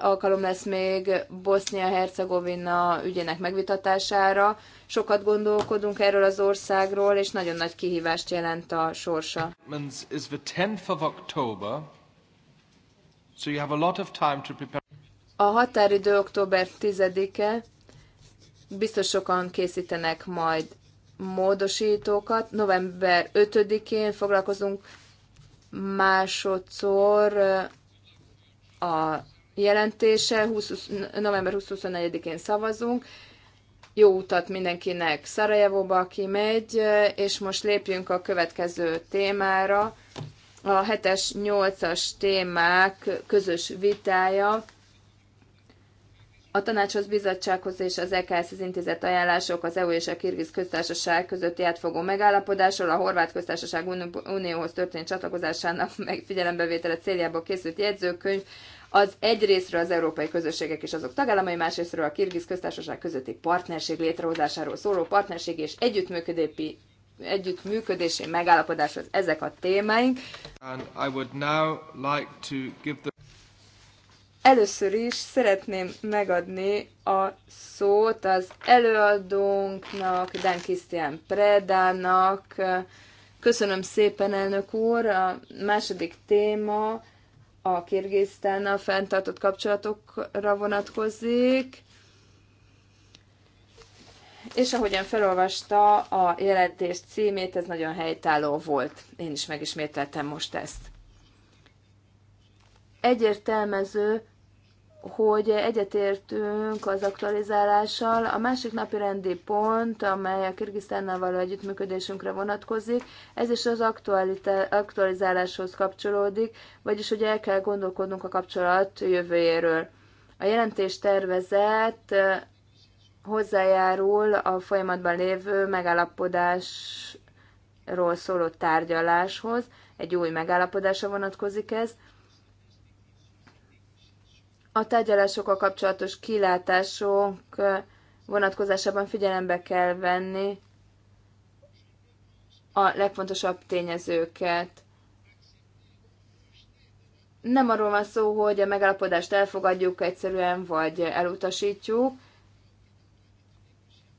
alkalom lesz még Bosznia-Hercegovina ügyének megvitatására. Sokat gondolkodunk erről az országról, és nagyon nagy kihívást jelent a sorsa. A határidő október 10-e, biztos sokan készítenek majd módosítókat. November 5-én foglalkozunk másodszor a jelentése, 20, november 24-én szavazunk. Jó utat mindenkinek Szarajevóba, aki megy, és most lépjünk a következő témára. A 7-es, 8-as témák közös vitája a tanácshoz, bizottsághoz és az eks az intézett ajánlások az EU és a Kirgiz köztársaság közötti átfogó megállapodásról, a Horvát köztársaság unióhoz történt csatlakozásának megfigyelembevétele céljából készült jegyzőkönyv, az egyrésztről az európai közösségek és azok tagállamai, másrésztről a Kirgiz köztársaság közötti partnerség létrehozásáról szóló partnerség és együttműködési együttműködési megállapodáshoz ezek a témáink. And I would now like to give the... Először is szeretném megadni a szót az előadónknak, Dan Christian Predának. Köszönöm szépen, elnök úr! A második téma a Kirgisztánnal fenntartott kapcsolatokra vonatkozik. És ahogyan felolvasta a jelentés címét, ez nagyon helytálló volt. Én is megismételtem most ezt. Egyértelmező, hogy egyetértünk az aktualizálással. A másik napi rendi pont, amely a Kirgisztánnal való együttműködésünkre vonatkozik, ez is az aktualizáláshoz kapcsolódik, vagyis hogy el kell gondolkodnunk a kapcsolat jövőjéről. A jelentés tervezett eh, hozzájárul a folyamatban lévő megállapodásról szóló tárgyaláshoz, egy új megállapodásra vonatkozik ez, a tárgyalásokkal kapcsolatos kilátások vonatkozásában figyelembe kell venni a legfontosabb tényezőket. Nem arról van szó, hogy a megállapodást elfogadjuk egyszerűen, vagy elutasítjuk.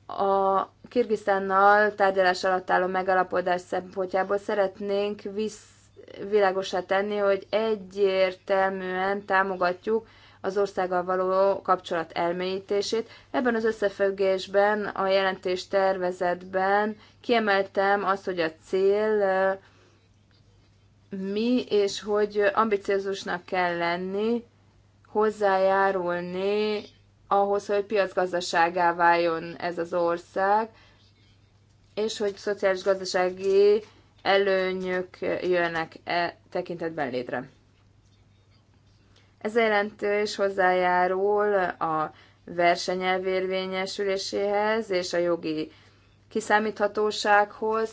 A Kirgisztánnal tárgyalás alatt álló megállapodás szempontjából szeretnénk visz, világosá tenni, hogy egyértelműen támogatjuk az országgal való kapcsolat elmélyítését. Ebben az összefüggésben a jelentés tervezetben kiemeltem azt, hogy a cél mi, és hogy ambiciózusnak kell lenni, hozzájárulni ahhoz, hogy piacgazdaságá váljon ez az ország, és hogy szociális-gazdasági előnyök jönnek e tekintetben létre. Ez a jelentős hozzájárul a versenyelv érvényesüléséhez és a jogi kiszámíthatósághoz,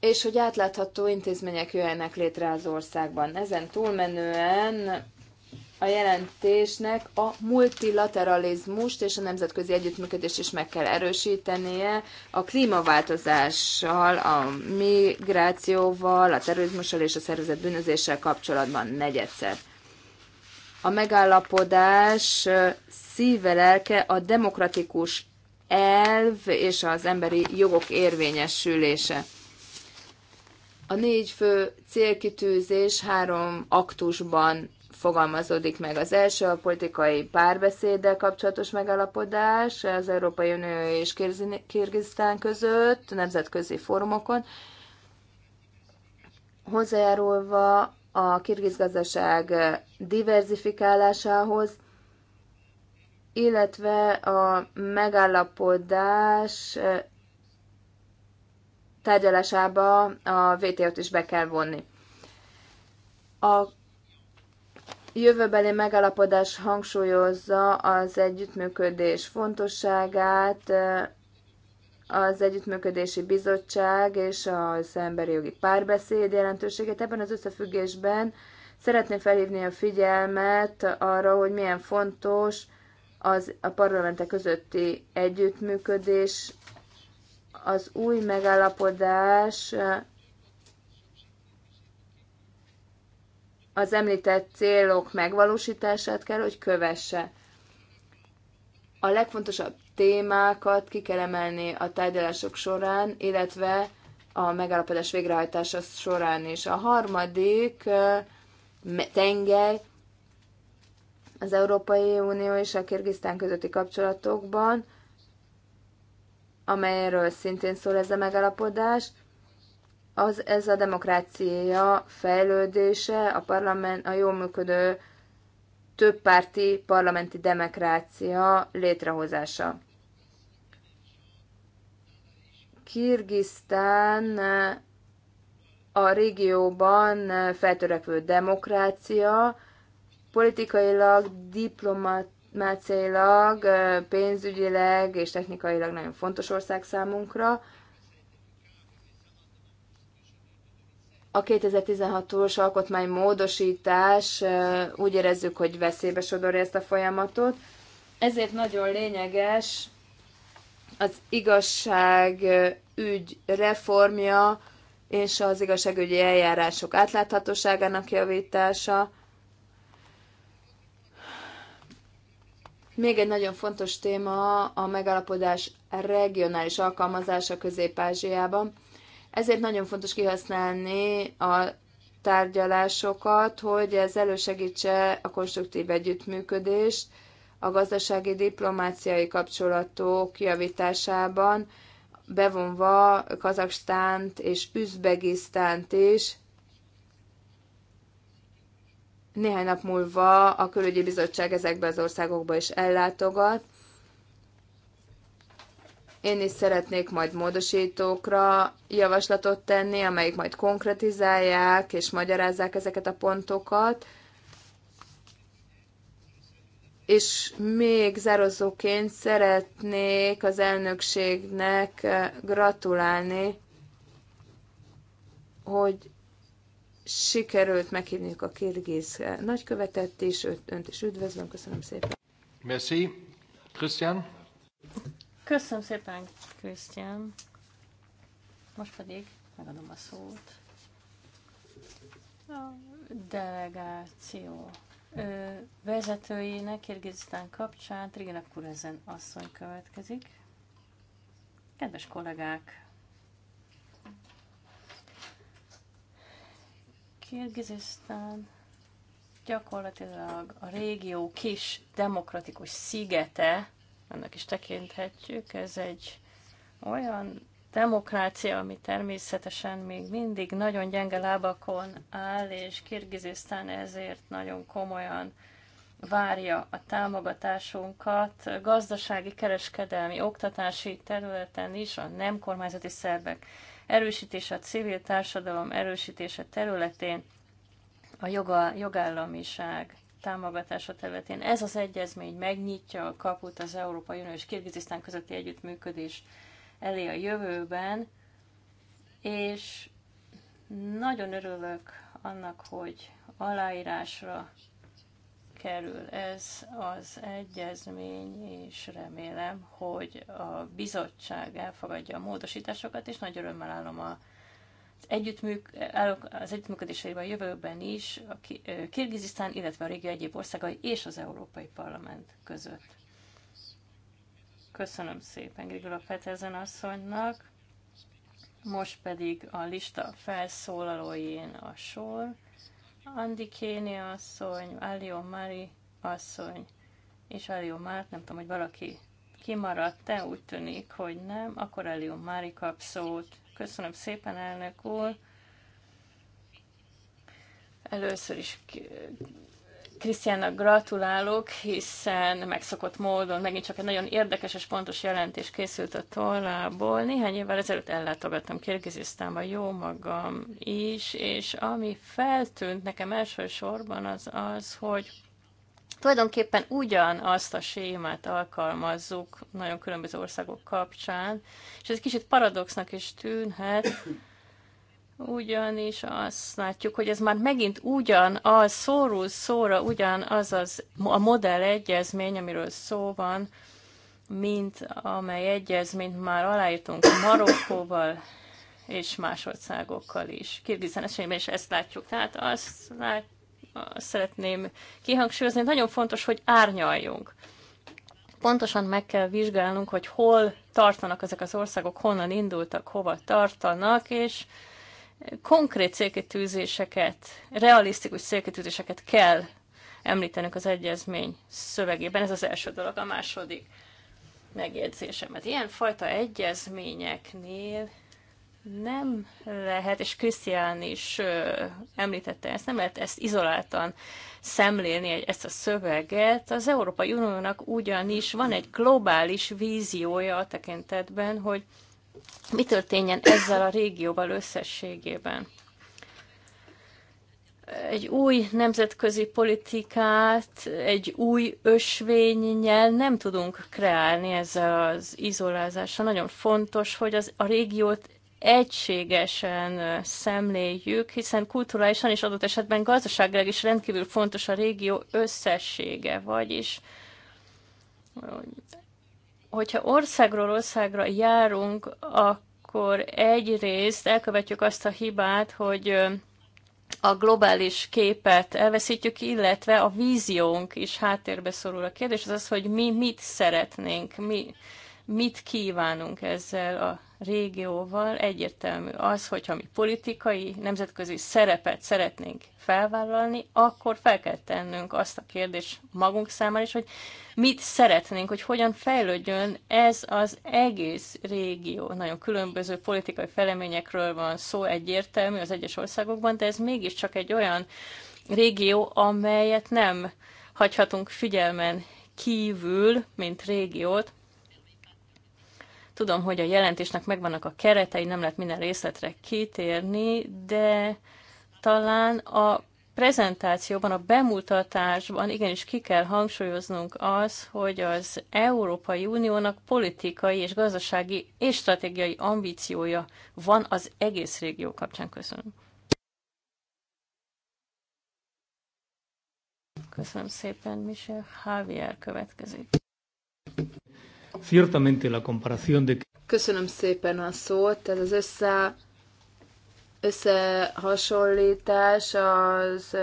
és hogy átlátható intézmények jöjjenek létre az országban. Ezen túlmenően a jelentésnek a multilateralizmust és a nemzetközi együttműködést is meg kell erősítenie a klímaváltozással, a migrációval, a terrorizmussal és a szervezett bűnözéssel kapcsolatban negyedszer a megállapodás szíve lelke a demokratikus elv és az emberi jogok érvényesülése. A négy fő célkitűzés három aktusban fogalmazódik meg. Az első a politikai párbeszéddel kapcsolatos megállapodás az Európai Unió és Kirgisztán között, nemzetközi fórumokon, hozzájárulva a kirgiz gazdaság diverzifikálásához, illetve a megállapodás tárgyalásába a VTO-t is be kell vonni. A jövőbeli megállapodás hangsúlyozza az együttműködés fontosságát, az Együttműködési Bizottság és az emberi jogi párbeszéd jelentőségét. Ebben az összefüggésben szeretném felhívni a figyelmet arra, hogy milyen fontos az a parlamentek közötti együttműködés, az új megállapodás az említett célok megvalósítását kell, hogy kövesse. A legfontosabb témákat ki kell emelni a tárgyalások során, illetve a megállapodás végrehajtása során is. A harmadik tenger az Európai Unió és a Kirgisztán közötti kapcsolatokban, amelyről szintén szól ez a megállapodás, az, ez a demokrácia fejlődése, a, parlament, a jól működő többpárti parlamenti demokrácia létrehozása. Kirgisztán eh, a régióban eh, feltörekvő demokrácia, politikailag, diplomáciailag, eh, pénzügyileg és technikailag nagyon fontos ország számunkra. A 2016-os alkotmány módosítás úgy érezzük, hogy veszélybe sodorja ezt a folyamatot, ezért nagyon lényeges, az igazságügy reformja és az igazságügyi eljárások átláthatóságának javítása. Még egy nagyon fontos téma a megalapodás regionális alkalmazása Közép-Ázsiában. Ezért nagyon fontos kihasználni a tárgyalásokat, hogy ez elősegítse a konstruktív együttműködést, a gazdasági diplomáciai kapcsolatok javításában, bevonva Kazaksztánt és Üzbegisztánt is. Néhány nap múlva a külügyi bizottság ezekbe az országokba is ellátogat. Én is szeretnék majd módosítókra javaslatot tenni, amelyik majd konkretizálják és magyarázzák ezeket a pontokat. És még zározóként szeretnék az elnökségnek eh, gratulálni, hogy sikerült meghívniuk a kirgiz eh, nagykövetet is, önt is üdvözlöm, köszönöm szépen. Merci. Christian? Köszönöm szépen, Krisztián. Most pedig megadom a szót a delegáció vezetőjének Kirgizisztán kapcsán Trigina Kurezen asszony következik. Kedves kollégák! Kirgizisztán gyakorlatilag a régió kis demokratikus szigete, annak is tekinthetjük, ez egy olyan demokrácia, ami természetesen még mindig nagyon gyenge lábakon áll, és Kirgizisztán ezért nagyon komolyan várja a támogatásunkat gazdasági, kereskedelmi, oktatási területen is, a nem kormányzati szervek erősítése, a civil társadalom erősítése területén, a joga, jogállamiság támogatása területén. Ez az egyezmény megnyitja a kaput az Európai Unió és Kirgizisztán közötti együttműködés elé a jövőben, és nagyon örülök annak, hogy aláírásra kerül ez az egyezmény, és remélem, hogy a bizottság elfogadja a módosításokat, és nagy örömmel állom a az, együttműk, az a jövőben is a Kirgizisztán, illetve a régi egyéb országai és az Európai Parlament között. Köszönöm szépen Grigola Petezen asszonynak. Most pedig a lista felszólalóin a sor. Andi Kéni asszony, Alio Mari asszony és Alio Márt, nem tudom, hogy valaki kimaradt-e, úgy tűnik, hogy nem, akkor Alio Mári kap szót. Köszönöm szépen, elnök úr. Először is Krisztiának gratulálok, hiszen megszokott módon megint csak egy nagyon érdekes és pontos jelentés készült a tollából. Néhány évvel ezelőtt ellátogattam Kirgizisztánba, jó magam is, és ami feltűnt nekem elsősorban az az, hogy tulajdonképpen ugyanazt a sémát alkalmazzuk nagyon különböző országok kapcsán, és ez kicsit paradoxnak is tűnhet, ugyanis azt látjuk, hogy ez már megint ugyan a szóról szóra ugyanaz az, a modell egyezmény, amiről szó van, mint amely egyezményt már aláírtunk Marokkóval és más országokkal is. Kirgizán esetében is ezt látjuk. Tehát azt, lát, azt szeretném kihangsúlyozni, nagyon fontos, hogy árnyaljunk. Pontosan meg kell vizsgálnunk, hogy hol tartanak ezek az országok, honnan indultak, hova tartanak, és konkrét célkitűzéseket, realisztikus célkitűzéseket kell említenünk az egyezmény szövegében. Ez az első dolog. A második megjegyzésemet. Hát ilyenfajta egyezményeknél nem lehet, és Krisztián is ö, említette ezt, nem lehet ezt izoláltan szemlélni, ezt a szöveget. Az Európai Uniónak ugyanis van egy globális víziója a tekintetben, hogy mi történjen ezzel a régióval összességében. Egy új nemzetközi politikát, egy új ösvényjel nem tudunk kreálni ezzel az izolázással. Nagyon fontos, hogy az, a régiót egységesen szemléljük, hiszen kulturálisan és adott esetben gazdaságilag is rendkívül fontos a régió összessége, vagyis hogyha országról országra járunk, akkor egyrészt elkövetjük azt a hibát, hogy a globális képet elveszítjük, illetve a víziónk is háttérbe szorul. A kérdés az az, hogy mi mit szeretnénk, mi mit kívánunk ezzel a régióval egyértelmű az, hogyha mi politikai, nemzetközi szerepet szeretnénk felvállalni, akkor fel kell tennünk azt a kérdést magunk számára is, hogy mit szeretnénk, hogy hogyan fejlődjön ez az egész régió. Nagyon különböző politikai feleményekről van szó egyértelmű az egyes országokban, de ez mégiscsak egy olyan régió, amelyet nem hagyhatunk figyelmen kívül, mint régiót, Tudom, hogy a jelentésnek megvannak a keretei, nem lehet minden részletre kitérni, de talán a prezentációban, a bemutatásban igenis ki kell hangsúlyoznunk az, hogy az Európai Uniónak politikai és gazdasági és stratégiai ambíciója van az egész régió kapcsán. Köszönöm. Köszönöm szépen, Michel Javier következik. Ciertamente la comparación de... Köszönöm szépen a szót, ez az össze összehasonlítás az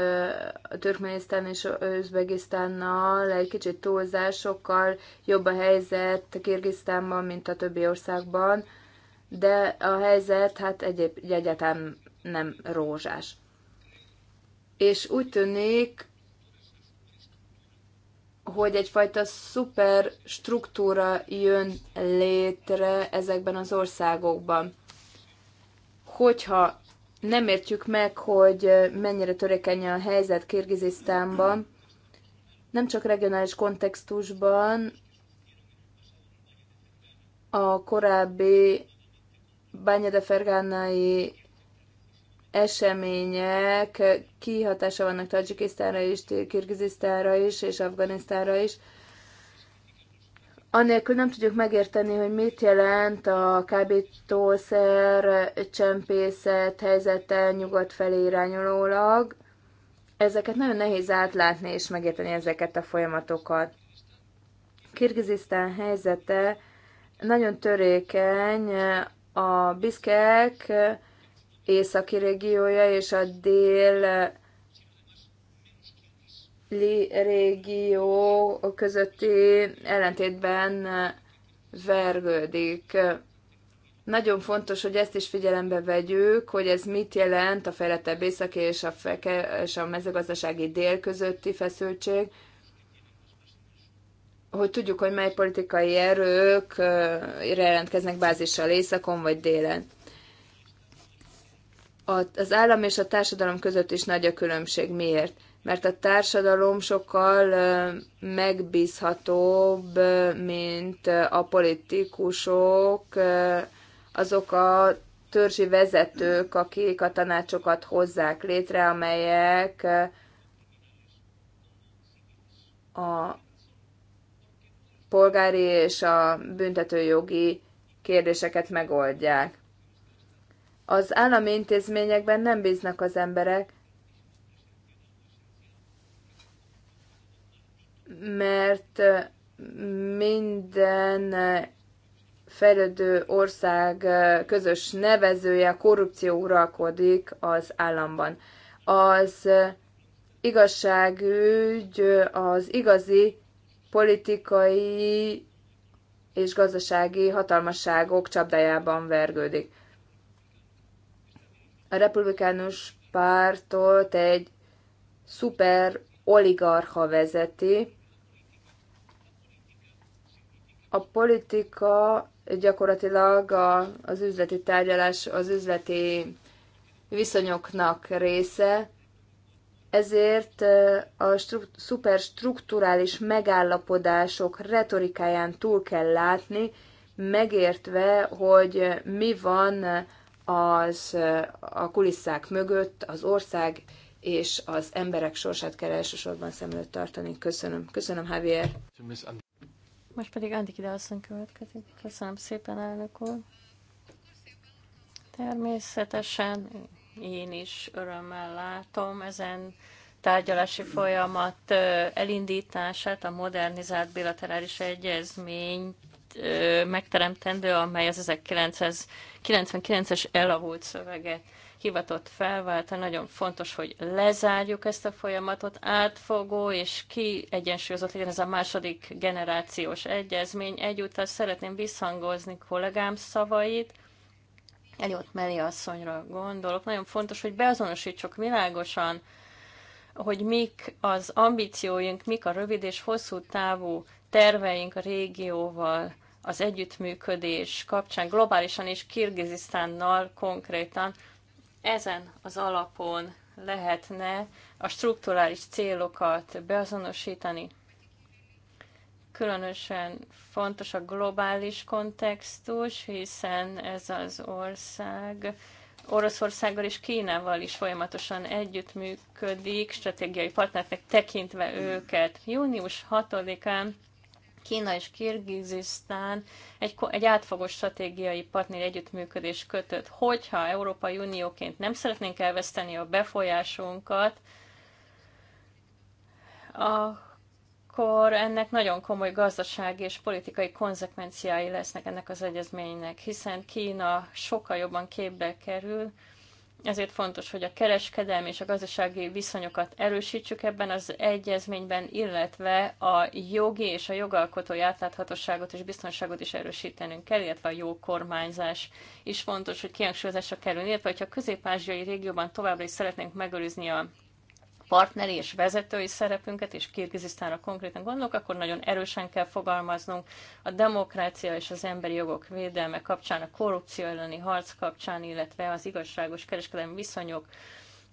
a Türkmenisztán és Özbegisztánnal egy kicsit túlzásokkal sokkal jobb a helyzet Kirgisztánban, mint a többi országban, de a helyzet hát egyéb, egyáltalán nem rózsás. És úgy tűnik, hogy egyfajta szuper struktúra jön létre ezekben az országokban. Hogyha nem értjük meg, hogy mennyire törékeny a helyzet Kirgizisztánban, nem csak regionális kontextusban, a korábbi Bánya Fergánai események kihatása vannak Tajikisztánra is, Kirgizisztánra is és Afganisztánra is. Anélkül nem tudjuk megérteni, hogy mit jelent a kábítószer csempészet helyzete nyugat felé irányulólag. Ezeket nagyon nehéz átlátni és megérteni ezeket a folyamatokat. Kirgizisztán helyzete nagyon törékeny, a biszkek északi régiója és a dél régió közötti ellentétben vergődik. Nagyon fontos, hogy ezt is figyelembe vegyük, hogy ez mit jelent a fejlettebb északi és a, feke, és a mezőgazdasági dél közötti feszültség, hogy tudjuk, hogy mely politikai erők jelentkeznek bázissal északon vagy délen az állam és a társadalom között is nagy a különbség. Miért? Mert a társadalom sokkal megbízhatóbb, mint a politikusok, azok a törzsi vezetők, akik a tanácsokat hozzák létre, amelyek a polgári és a büntetőjogi kérdéseket megoldják. Az állami intézményekben nem bíznak az emberek, mert minden fejlődő ország közös nevezője, korrupció uralkodik az államban. Az igazságügy az igazi politikai és gazdasági hatalmasságok csapdájában vergődik a republikánus pártot egy szuper oligarcha vezeti. A politika gyakorlatilag a, az üzleti tárgyalás, az üzleti viszonyoknak része, ezért a szuperstrukturális megállapodások retorikáján túl kell látni, megértve, hogy mi van az a kulisszák mögött az ország és az emberek sorsát kell elsősorban szem előtt tartani. Köszönöm. Köszönöm, Javier. Most pedig Andik ide következik. Köszönöm szépen, elnök úr. Természetesen én is örömmel látom ezen tárgyalási folyamat elindítását, a modernizált bilaterális egyezményt megteremtendő, amely az 1999-es elavult szöveget hivatott felvált. Nagyon fontos, hogy lezárjuk ezt a folyamatot, átfogó és kiegyensúlyozott legyen ez a második generációs egyezmény. Egyúttal szeretném visszhangozni kollégám szavait, Eljött Meli asszonyra gondolok. Nagyon fontos, hogy beazonosítsuk világosan, hogy mik az ambícióink, mik a rövid és hosszú távú terveink a régióval, az együttműködés kapcsán globálisan és Kirgizisztánnal konkrétan ezen az alapon lehetne a strukturális célokat beazonosítani. Különösen fontos a globális kontextus, hiszen ez az ország Oroszországgal és Kínával is folyamatosan együttműködik, stratégiai partnernek tekintve őket. Június 6-án Kína és Kirgizisztán egy, egy átfogó stratégiai partner együttműködés kötött. Hogyha Európai Unióként nem szeretnénk elveszteni a befolyásunkat, akkor ennek nagyon komoly gazdasági és politikai konzekvenciái lesznek ennek az egyezménynek, hiszen Kína sokkal jobban képbe kerül, ezért fontos, hogy a kereskedelmi és a gazdasági viszonyokat erősítsük ebben az egyezményben, illetve a jogi és a jogalkotói átláthatóságot és biztonságot is erősítenünk kell, illetve a jó kormányzás is fontos, hogy kihangsúlyozásra kerül, illetve hogyha a közép-ázsiai régióban továbbra is szeretnénk megőrizni a partneri és vezetői szerepünket, és Kirgizisztánra konkrétan gondolok, akkor nagyon erősen kell fogalmaznunk a demokrácia és az emberi jogok védelme kapcsán, a korrupció elleni harc kapcsán, illetve az igazságos kereskedelmi viszonyok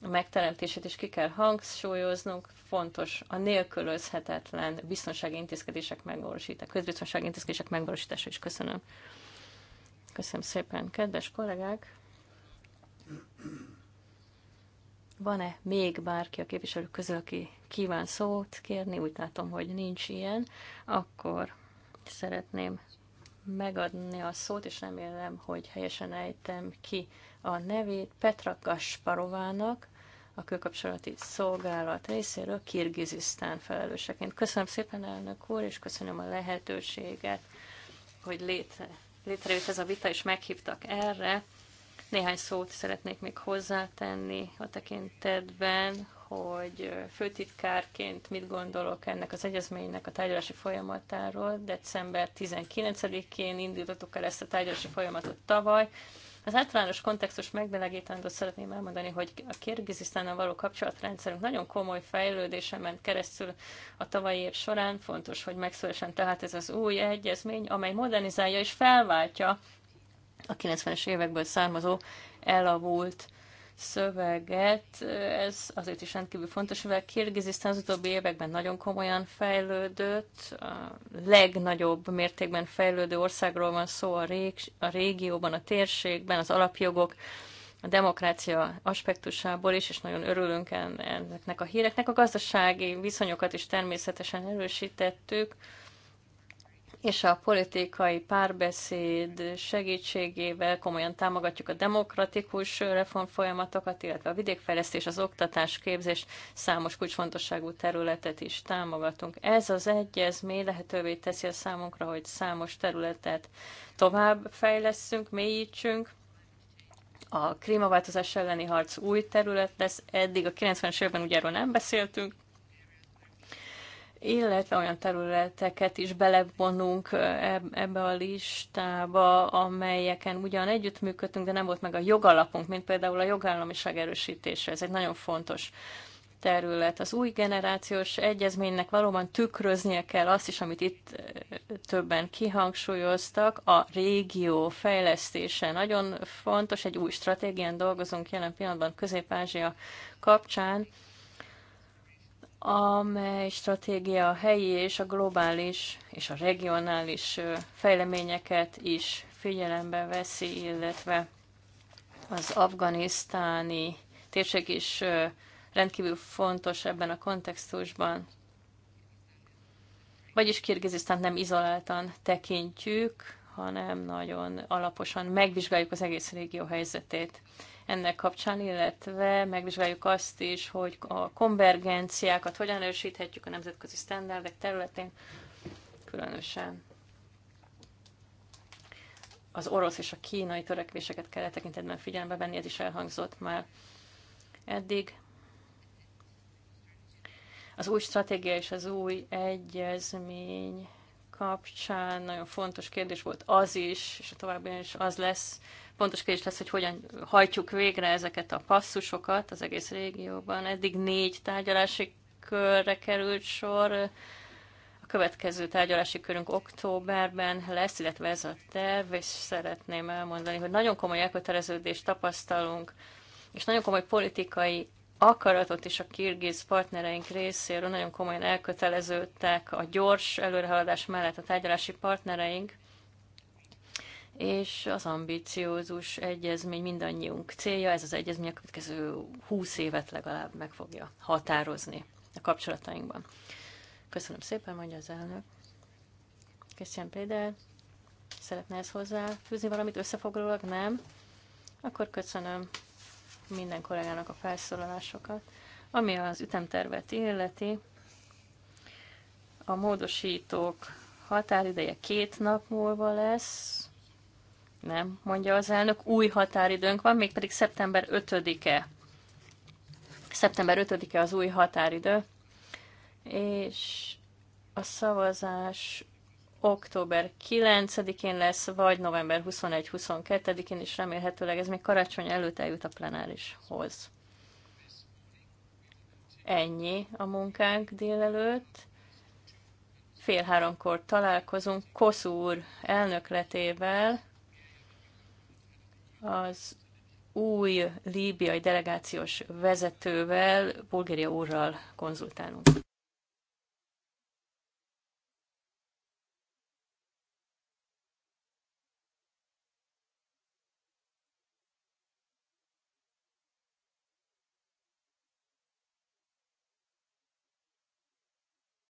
megteremtését is ki kell hangsúlyoznunk, fontos a nélkülözhetetlen biztonsági intézkedések megvalósítása, közbiztonsági intézkedések megvalósítása is köszönöm. Köszönöm szépen, kedves kollégák! van-e még bárki a képviselők közül, aki kíván szót kérni? Úgy látom, hogy nincs ilyen. Akkor szeretném megadni a szót, és remélem, hogy helyesen ejtem ki a nevét Petra Kasparovának, a külkapcsolati szolgálat részéről Kirgizisztán felelőseként. Köszönöm szépen, elnök úr, és köszönöm a lehetőséget, hogy létre, létrejött ez a vita, és meghívtak erre. Néhány szót szeretnék még hozzátenni a tekintetben, hogy főtitkárként mit gondolok ennek az egyezménynek a tárgyalási folyamatáról. December 19-én indítottuk el ezt a tárgyalási folyamatot tavaly. Az általános kontextus megbelegítendőt szeretném elmondani, hogy a Kirgizisztánnal való kapcsolatrendszerünk nagyon komoly fejlődésen ment keresztül a tavalyi év során. Fontos, hogy megszülessen tehát ez az új egyezmény, amely modernizálja és felváltja a 90-es évekből származó elavult szöveget. Ez azért is rendkívül fontos, mivel Kirgizisztán az utóbbi években nagyon komolyan fejlődött, a legnagyobb mértékben fejlődő országról van szó a, rég, a régióban, a térségben, az alapjogok, a demokrácia aspektusából is, és nagyon örülünk ennek a híreknek. A gazdasági viszonyokat is természetesen erősítettük, és a politikai párbeszéd segítségével komolyan támogatjuk a demokratikus reformfolyamatokat, illetve a vidékfejlesztés, az oktatás, képzés számos kulcsfontosságú területet is támogatunk. Ez az egyezmény lehetővé teszi a számunkra, hogy számos területet tovább fejleszünk, mélyítsünk, a klímaváltozás elleni harc új terület lesz. Eddig a 90-es évben ugye erről nem beszéltünk, illetve olyan területeket is belevonunk ebbe a listába, amelyeken ugyan együttműködtünk, de nem volt meg a jogalapunk, mint például a jogállamiság erősítése. Ez egy nagyon fontos terület. Az új generációs egyezménynek valóban tükröznie kell azt is, amit itt többen kihangsúlyoztak, a régió fejlesztése nagyon fontos, egy új stratégián dolgozunk jelen pillanatban Közép-Ázsia kapcsán, amely stratégia a helyi és a globális és a regionális fejleményeket is figyelembe veszi, illetve az afganisztáni térség is rendkívül fontos ebben a kontextusban. Vagyis Kirgizisztánt nem izoláltan tekintjük, hanem nagyon alaposan megvizsgáljuk az egész régió helyzetét ennek kapcsán, illetve megvizsgáljuk azt is, hogy a konvergenciákat hogyan erősíthetjük a nemzetközi sztenderdek területén, különösen az orosz és a kínai törekvéseket kell e tekintetben figyelembe venni, ez is elhangzott már eddig. Az új stratégia és az új egyezmény kapcsán nagyon fontos kérdés volt az is, és a további is az lesz, Pontos kérdés lesz, hogy hogyan hajtjuk végre ezeket a passzusokat az egész régióban. Eddig négy tárgyalási körre került sor. A következő tárgyalási körünk októberben lesz, illetve ez a terv, és szeretném elmondani, hogy nagyon komoly elköteleződést tapasztalunk, és nagyon komoly politikai akaratot is a kirgiz partnereink részéről nagyon komolyan elköteleződtek a gyors előrehaladás mellett a tárgyalási partnereink, és az ambiciózus egyezmény mindannyiunk célja, ez az egyezmény a következő húsz évet legalább meg fogja határozni a kapcsolatainkban. Köszönöm szépen, mondja az elnök. Köszönöm, Péder, szeretne ezt hozzáfűzni valamit összefoglalólag? Nem? Akkor köszönöm minden kollégának a felszólalásokat. Ami az ütemtervet illeti, a módosítók határideje két nap múlva lesz, nem, mondja az elnök, új határidőnk van, mégpedig szeptember 5-e. Szeptember 5-e az új határidő, és a szavazás október 9-én lesz, vagy november 21-22-én, és remélhetőleg ez még karácsony előtt eljut a plenárishoz. Ennyi a munkánk délelőtt. Fél háromkor találkozunk Koszúr elnökletével az új líbiai delegációs vezetővel, Bulgária úrral konzultálunk.